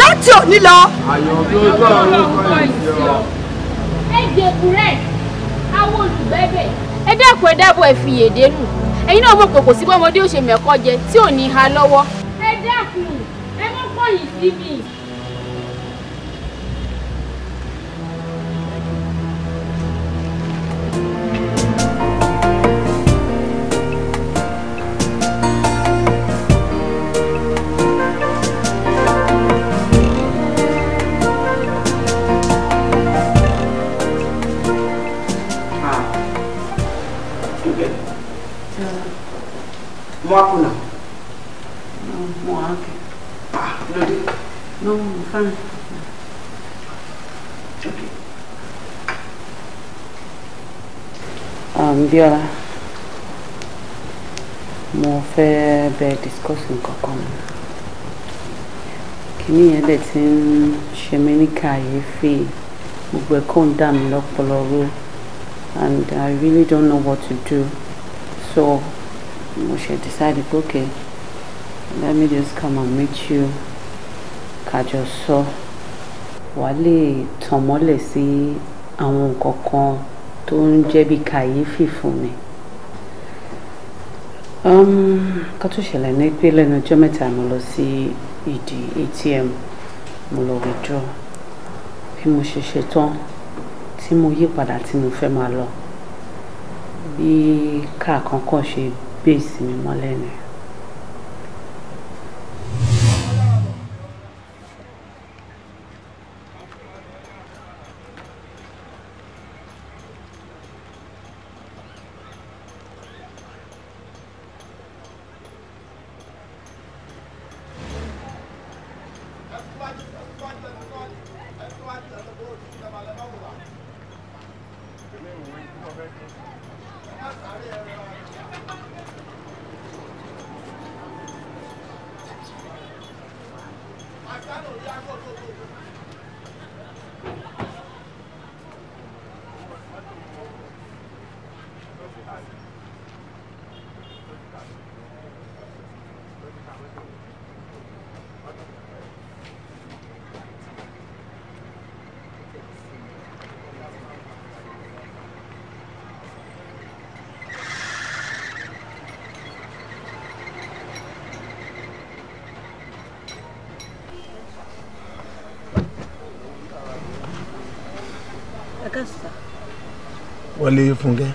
láti òní lọ. àyọ̀ tó bá orúkọ ìjọ. ẹ jẹ́ kúrẹ́ àwọn olùgbẹ́bẹ̀ ẹ dákun ẹ dábọ̀ ẹ fi yèdè nù ẹ̀yin náà mọ̀ pé kò sí bọ́mọdé ò ṣe mẹ́kọ́ jẹ tí ò ní ha lọ́wọ́ Abíọ́lá mo fẹ́ bẹ discuss nǹkan kan ni kìíní yẹn dẹ̀ ti ń ṣe mí ní kàyéfì and I really don't know what to do so mo decided, okay let me just come and meet you kájọ so wàá lè tàn mọ́lẹ̀ sí tó ń jẹ́ bí kàyéfì fún mi um, kan tó ṣẹlẹ̀ ní pé lẹ́nu ọjọ́ mẹ́ta mo lọ sí ìdí ATM mo lọ withdraw bí mo ṣe ṣe tán tí mo yí padà tí mo fẹ́ máa lọ bí káà kankan ṣe bẹ́ẹ̀ sí mi mọ́lẹ́nu. wọlé fúnkẹ́.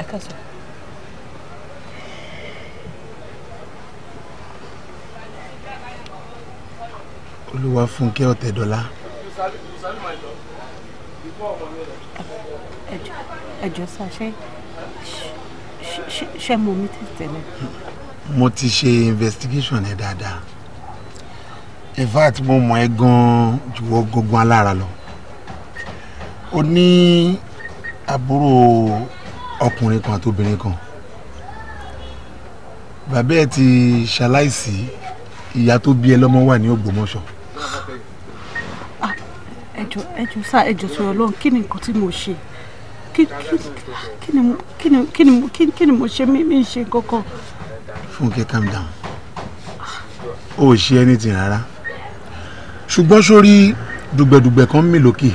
ẹ kẹsàn. olúwa fúnkẹ́ ọ̀tẹ̀dọ́lá. ẹjọ sá ṣe ṣe mo mi tẹ̀lé. mo ti ṣe investigation ẹ dáadáa in fact mo mọ̀ ẹ́ gan-an jùwọ́ gbogbo alára lọ o ní àbúrò ọkùnrin kan àtobìnrin kan bàbá ẹ ti ṣaláìsí ìyá tó bí ẹ lọ́mọ wà ní Ògbómọ̀ṣọ́. ẹjọ ah, ẹjọ sá ẹjọ sọ̀rọ̀ lọhùn kí ni nǹkan tí mo ṣe kí ni kí ni kí ni mo ṣe mí ṣe kankan. Funke, calm down O ò ṣe anything rárá ṣùgbọ́n sórí dùgbẹ̀dùgbẹ̀ kan mì lókè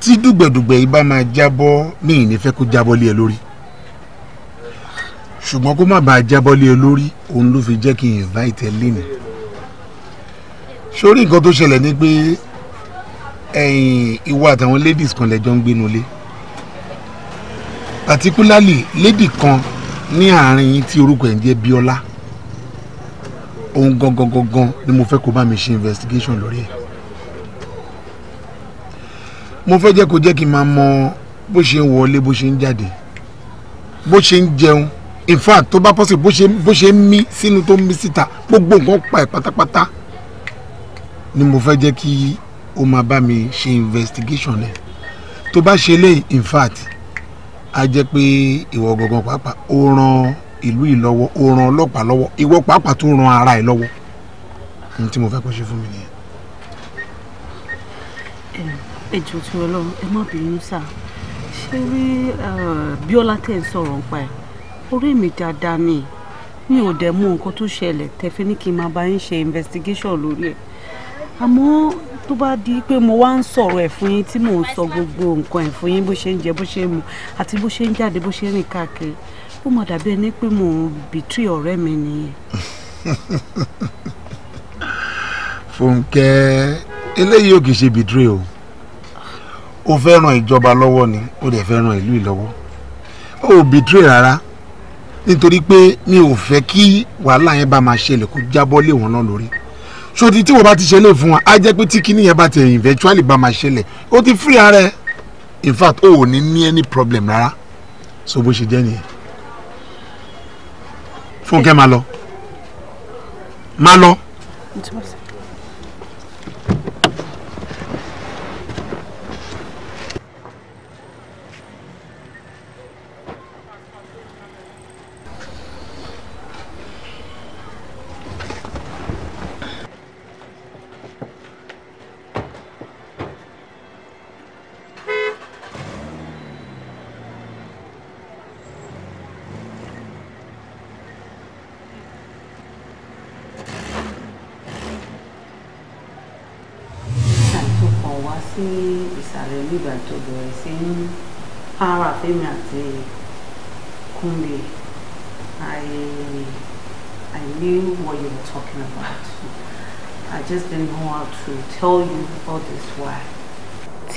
tí dùgbẹ̀dùgbẹ̀ yìí bá máa jábọ́ ní ìnífẹ́ kó jábọ́ lé ẹ lórí ṣùgbọ́n kó má bàa jábọ́ lé ẹ lórí òun ló fi jẹ́ kí n invite ẹ lénìí sórí nǹkan tó ṣẹlẹ̀ ni pé ẹ̀yìn àtàwọn ladies kan lẹ́jọ́ ń gbénu lé particularly lady kan ní àárín yín tí orúkọ ẹ̀ ń jẹ́ Bíọ́lá ohun gangan gangan ni mo fẹ́ kó bá mi ṣe investigation lórí ẹ̀ mo fẹ́ jẹ́ kó jẹ́ kí n máa mọ bó ṣe ń wọlé bó ṣe ń jáde bó ṣe ń jẹun in fact tó bá possible bó ṣe bó ṣe ń mí sínú tó ń mí síta gbogbo nǹkan pa ẹ̀ pátápátá ni mo fẹ́ jẹ́ kí o máa bá mi ṣe investigation ẹ̀ tó bá ṣe lé in fact a jẹ́ pé ìwọ gangan pàápàá ó ràn ìlú yìí lọ́wọ́ ó ran ọlọ́pàá lọ́wọ́ ìwọ pàápàá tó ran ara ẹ lọ́wọ́ ohun tí mo fẹ́ kó ṣe fún mi nìyẹn. ẹ jọ tí wọn lọ ẹ má bínú sá ṣé rí Bíọ́lá tẹ̀ ń sọ̀rọ̀ nípa ẹ̀ orí mi dáadáa ni mi ò dẹ̀ mú nǹkan tó ṣẹlẹ̀ tẹ̀fẹ́ ní kí n máa bá yín ṣe investigation lórí ẹ̀ àmọ́ tó bá di pé mo wá ń sọ̀rọ̀ ẹ̀ fún yín tí mò ń sọ gbogbo nǹkan ẹ̀ fún yín bó ṣe ń jẹ bó ṣe ń mu àti bó ṣe ń jáde bó ṣe ń rìn káàkiri ó mọ̀ dàbí ẹni pé mò ń bìtírì ọ̀rẹ́ mi nìyẹn. fúnkẹ́ eléyìí ò kì í ṣe bìtírì o ó fẹ́ ràn ìjọba lọ́wọ́ ni ó dẹ̀ fẹ́ ràn ìlú ìlọ́wọ́ ó bìtírì rárá nítorí pé mi ò fẹ́ kí wàhálà yẹn bá máa ṣẹlẹ̀ kó jábọ́ lé wọn náà lórí sóòtì tí wọ́n bá ti ṣẹlẹ̀ fún wa á jẹ́ pé tí kinní bá ti eventually bá máa ṣẹlẹ̀ ó ti free ara ẹ̀ in fact ó ò ní ní any problem rárá so bó ṣe jẹ́ nìyẹn fúnkẹ́ máa lọ máa lọ.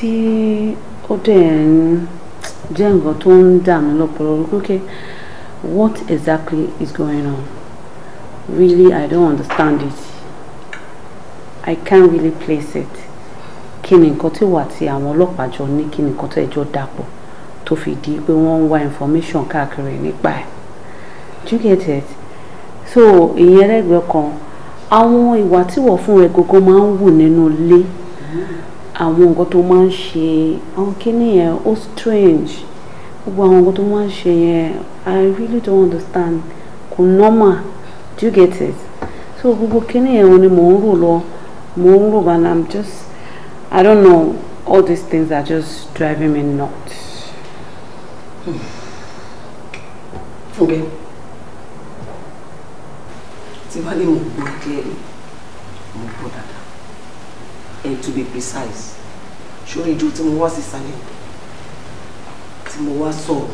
tí ó dẹ̀ ń jẹ́ nǹkan tó ń dà mí lọ́pọ̀lọpọ̀ lókè what exactly is going on really I don't understand it I can't really place it kí ni nǹkan tí wà tí àwọn ọlọ́pàá jọ ní kí ni nǹkan tó ẹjọ́ dàpọ̀ tó fi di pé wọ́n ń wá information káàkiri nípa ẹ̀ do you get it so ìyẹn lẹ́gbẹ̀ẹ́ kan àwọn ìwà tí wọ́n fún rẹ gógó máa ń wù nínú ilé àwọn nǹkan tó máa ń ṣe àwọn kíní yẹn ó strange gbogbo àwọn nǹkan tó máa ń ṣe yẹn I really don't understand kò normal do you get it so gbogbo kíní yẹn ni mò ń rò lọ mò ń rò bá I'm just I don't know all these things are just driving me nuts. Fúnkẹ́ hmm. tí wàá lè and to be precise ṣòro ìjọ tí mo wá sí sálẹ̀ tí mo wá sọ̀rọ̀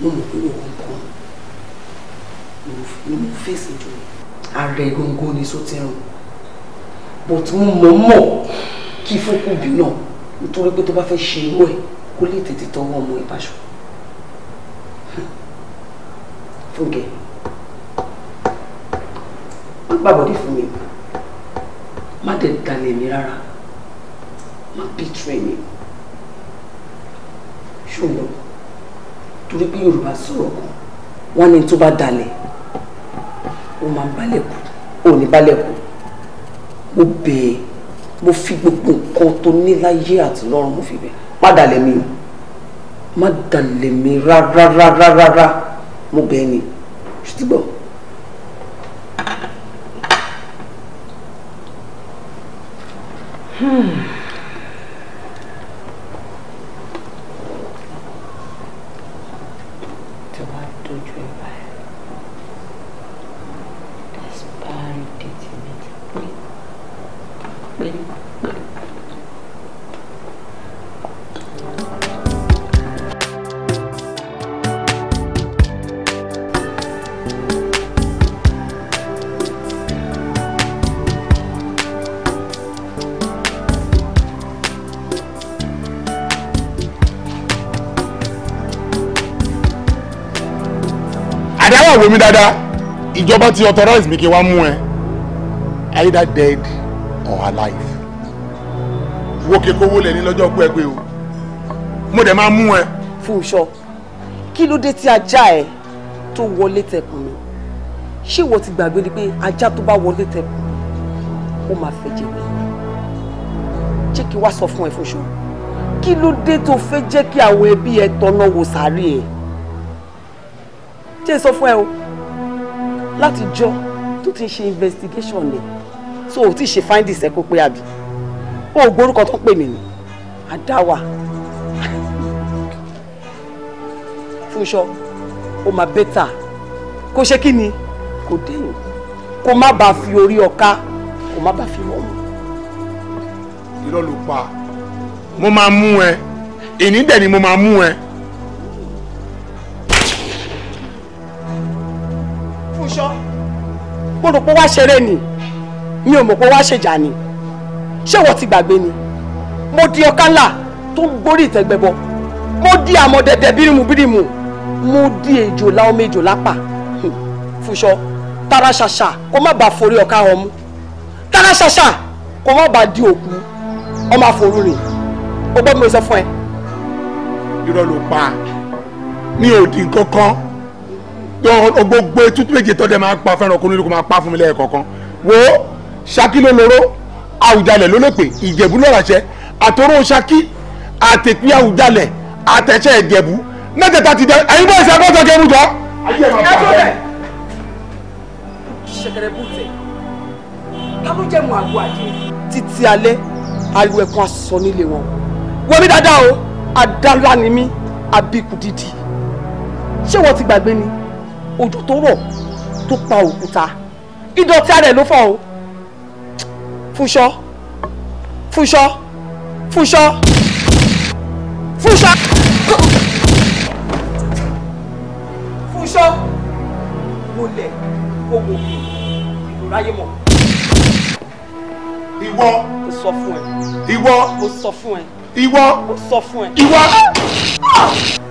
mo mọ̀ pé wọ́n ń kọ́ ni mo fèsì jù ààrẹ gbogbo ni sotẹ́rùn but mo mọ̀ mọ̀ kí fókù bí náà nítorí pé tó bá fẹ́ ṣe irú ẹ̀ kó lè tètè tọwọ́ ọmọ ìbáṣọ fúnkẹ́ gbàgbọ́dé fún mi má dẹ̀ dalẹ̀ mi rárá má bìtìrẹ̀ mi ṣùgbọ́n torí pé Yorùbá sọ̀rọ̀ kan wọ́n ní tó bá dalẹ̀ ó máa balẹ̀ kú ó ní balẹ̀ kú mo bẹ̀ẹ́ mo fi gbogbo nǹkan tó ní láyé àti lọ́run mo fi bẹ̀ má dalẹ̀ mi o má dalẹ̀ mi rárá rárá rárá mo bẹ̀ẹ́ ni ṣùgbọ́n. Ooh. mi dáadáa ìjọba ti authorize mi kí wá mú ẹ either dead or alive wo kekowó lẹ ní lọ́jọ́ pé pé o mo dẹ̀ máa mú ẹ. fúnṣọ kí ló dé tí ajá ẹ tó wọlé tẹkùn mi ṣé ìwọ ti gbàgbé ni pé ajá tó bá wọlé tẹkùn ó máa fẹ́ jẹ mí jẹ́ kí wá sọ fún ẹ fúnṣọ kí ló dé tó fẹ́ jẹ́ kí àwọn ẹbí ẹ tọ́nà wò sáré ẹ jẹ́ sọ fún ẹ o láti jọ tó ti ṣe investigation rẹ̀ so ò tí ṣe findings ẹ̀ kó pé àbí o ò gbórúkọ tó pè mí ni àdáwà Fúnṣọ́ ó máa bẹ́tà kó ṣe kí ni kò dẹ̀yìn kó má bàa fi orí ọ̀ka kó má bàa fi wọ́n mu. irọ́ ló pa mo máa mú ẹ èní dẹ̀ ni mo máa mú ẹ. mo rò pé wá ṣeré ni mi ò mọ̀ pé wá ṣèjà ni ṣé wọ́n ti gbàgbé ni mo di ọ̀kánlá tó ń gbórí ìtẹ́gbẹ́bọ mo di àmọ̀dẹ̀dẹ̀ bírímù bírímù mo di èjò láwọn méjò lápà fúnṣọ tara ṣàṣà kó má bàa forí ọ̀ká wọn mú tara ṣàṣà kó má bàa di òkú ọmọ àforú rìn ó gbọ́ mi sọ fún ẹ. irọ́ ló pa mi ò di tó gbogbo tútù méje tó dẹ̀ máa pa fẹ́ràn ọkùnrin ló kó máa pa fún mi lẹ́ẹ̀kọ̀ọ̀kan wo Ṣakí ló lóró Àwùjalẹ̀ ló lòpè Ìjẹ̀bú lọ́ràṣẹ́ àtòrò Ṣakí àtẹ̀pẹ́ Àwùjalẹ̀ àtẹ̀ṣẹ́ Ìjẹ̀bú mẹ́tẹ̀ẹ̀ta ti dẹ ẹ̀yin bọ́ọ̀sì agbọ́sọ̀ kẹrù jọ. títí alẹ́ ariwo ẹ̀kan asọ nílé wọn wọ́n mi dáadáa o àdá ńlá ni mí àbíkú dídì ṣé wọ́n ti gbàgbé ni òjò tó rọ̀ tó pa òkúta ìdọ̀tí ara ẹ̀ ló fọ̀ o fúnṣọ́ fúnṣọ́ fúnṣọ́ fúnṣọ́ fúnṣọ́ wọlé owó ìrora yé mọ́. ìwọ ó sọ fún ẹ ìwọ ó sọ fún ẹ ìwọ ó sọ fún ẹ ìwọ. Ah!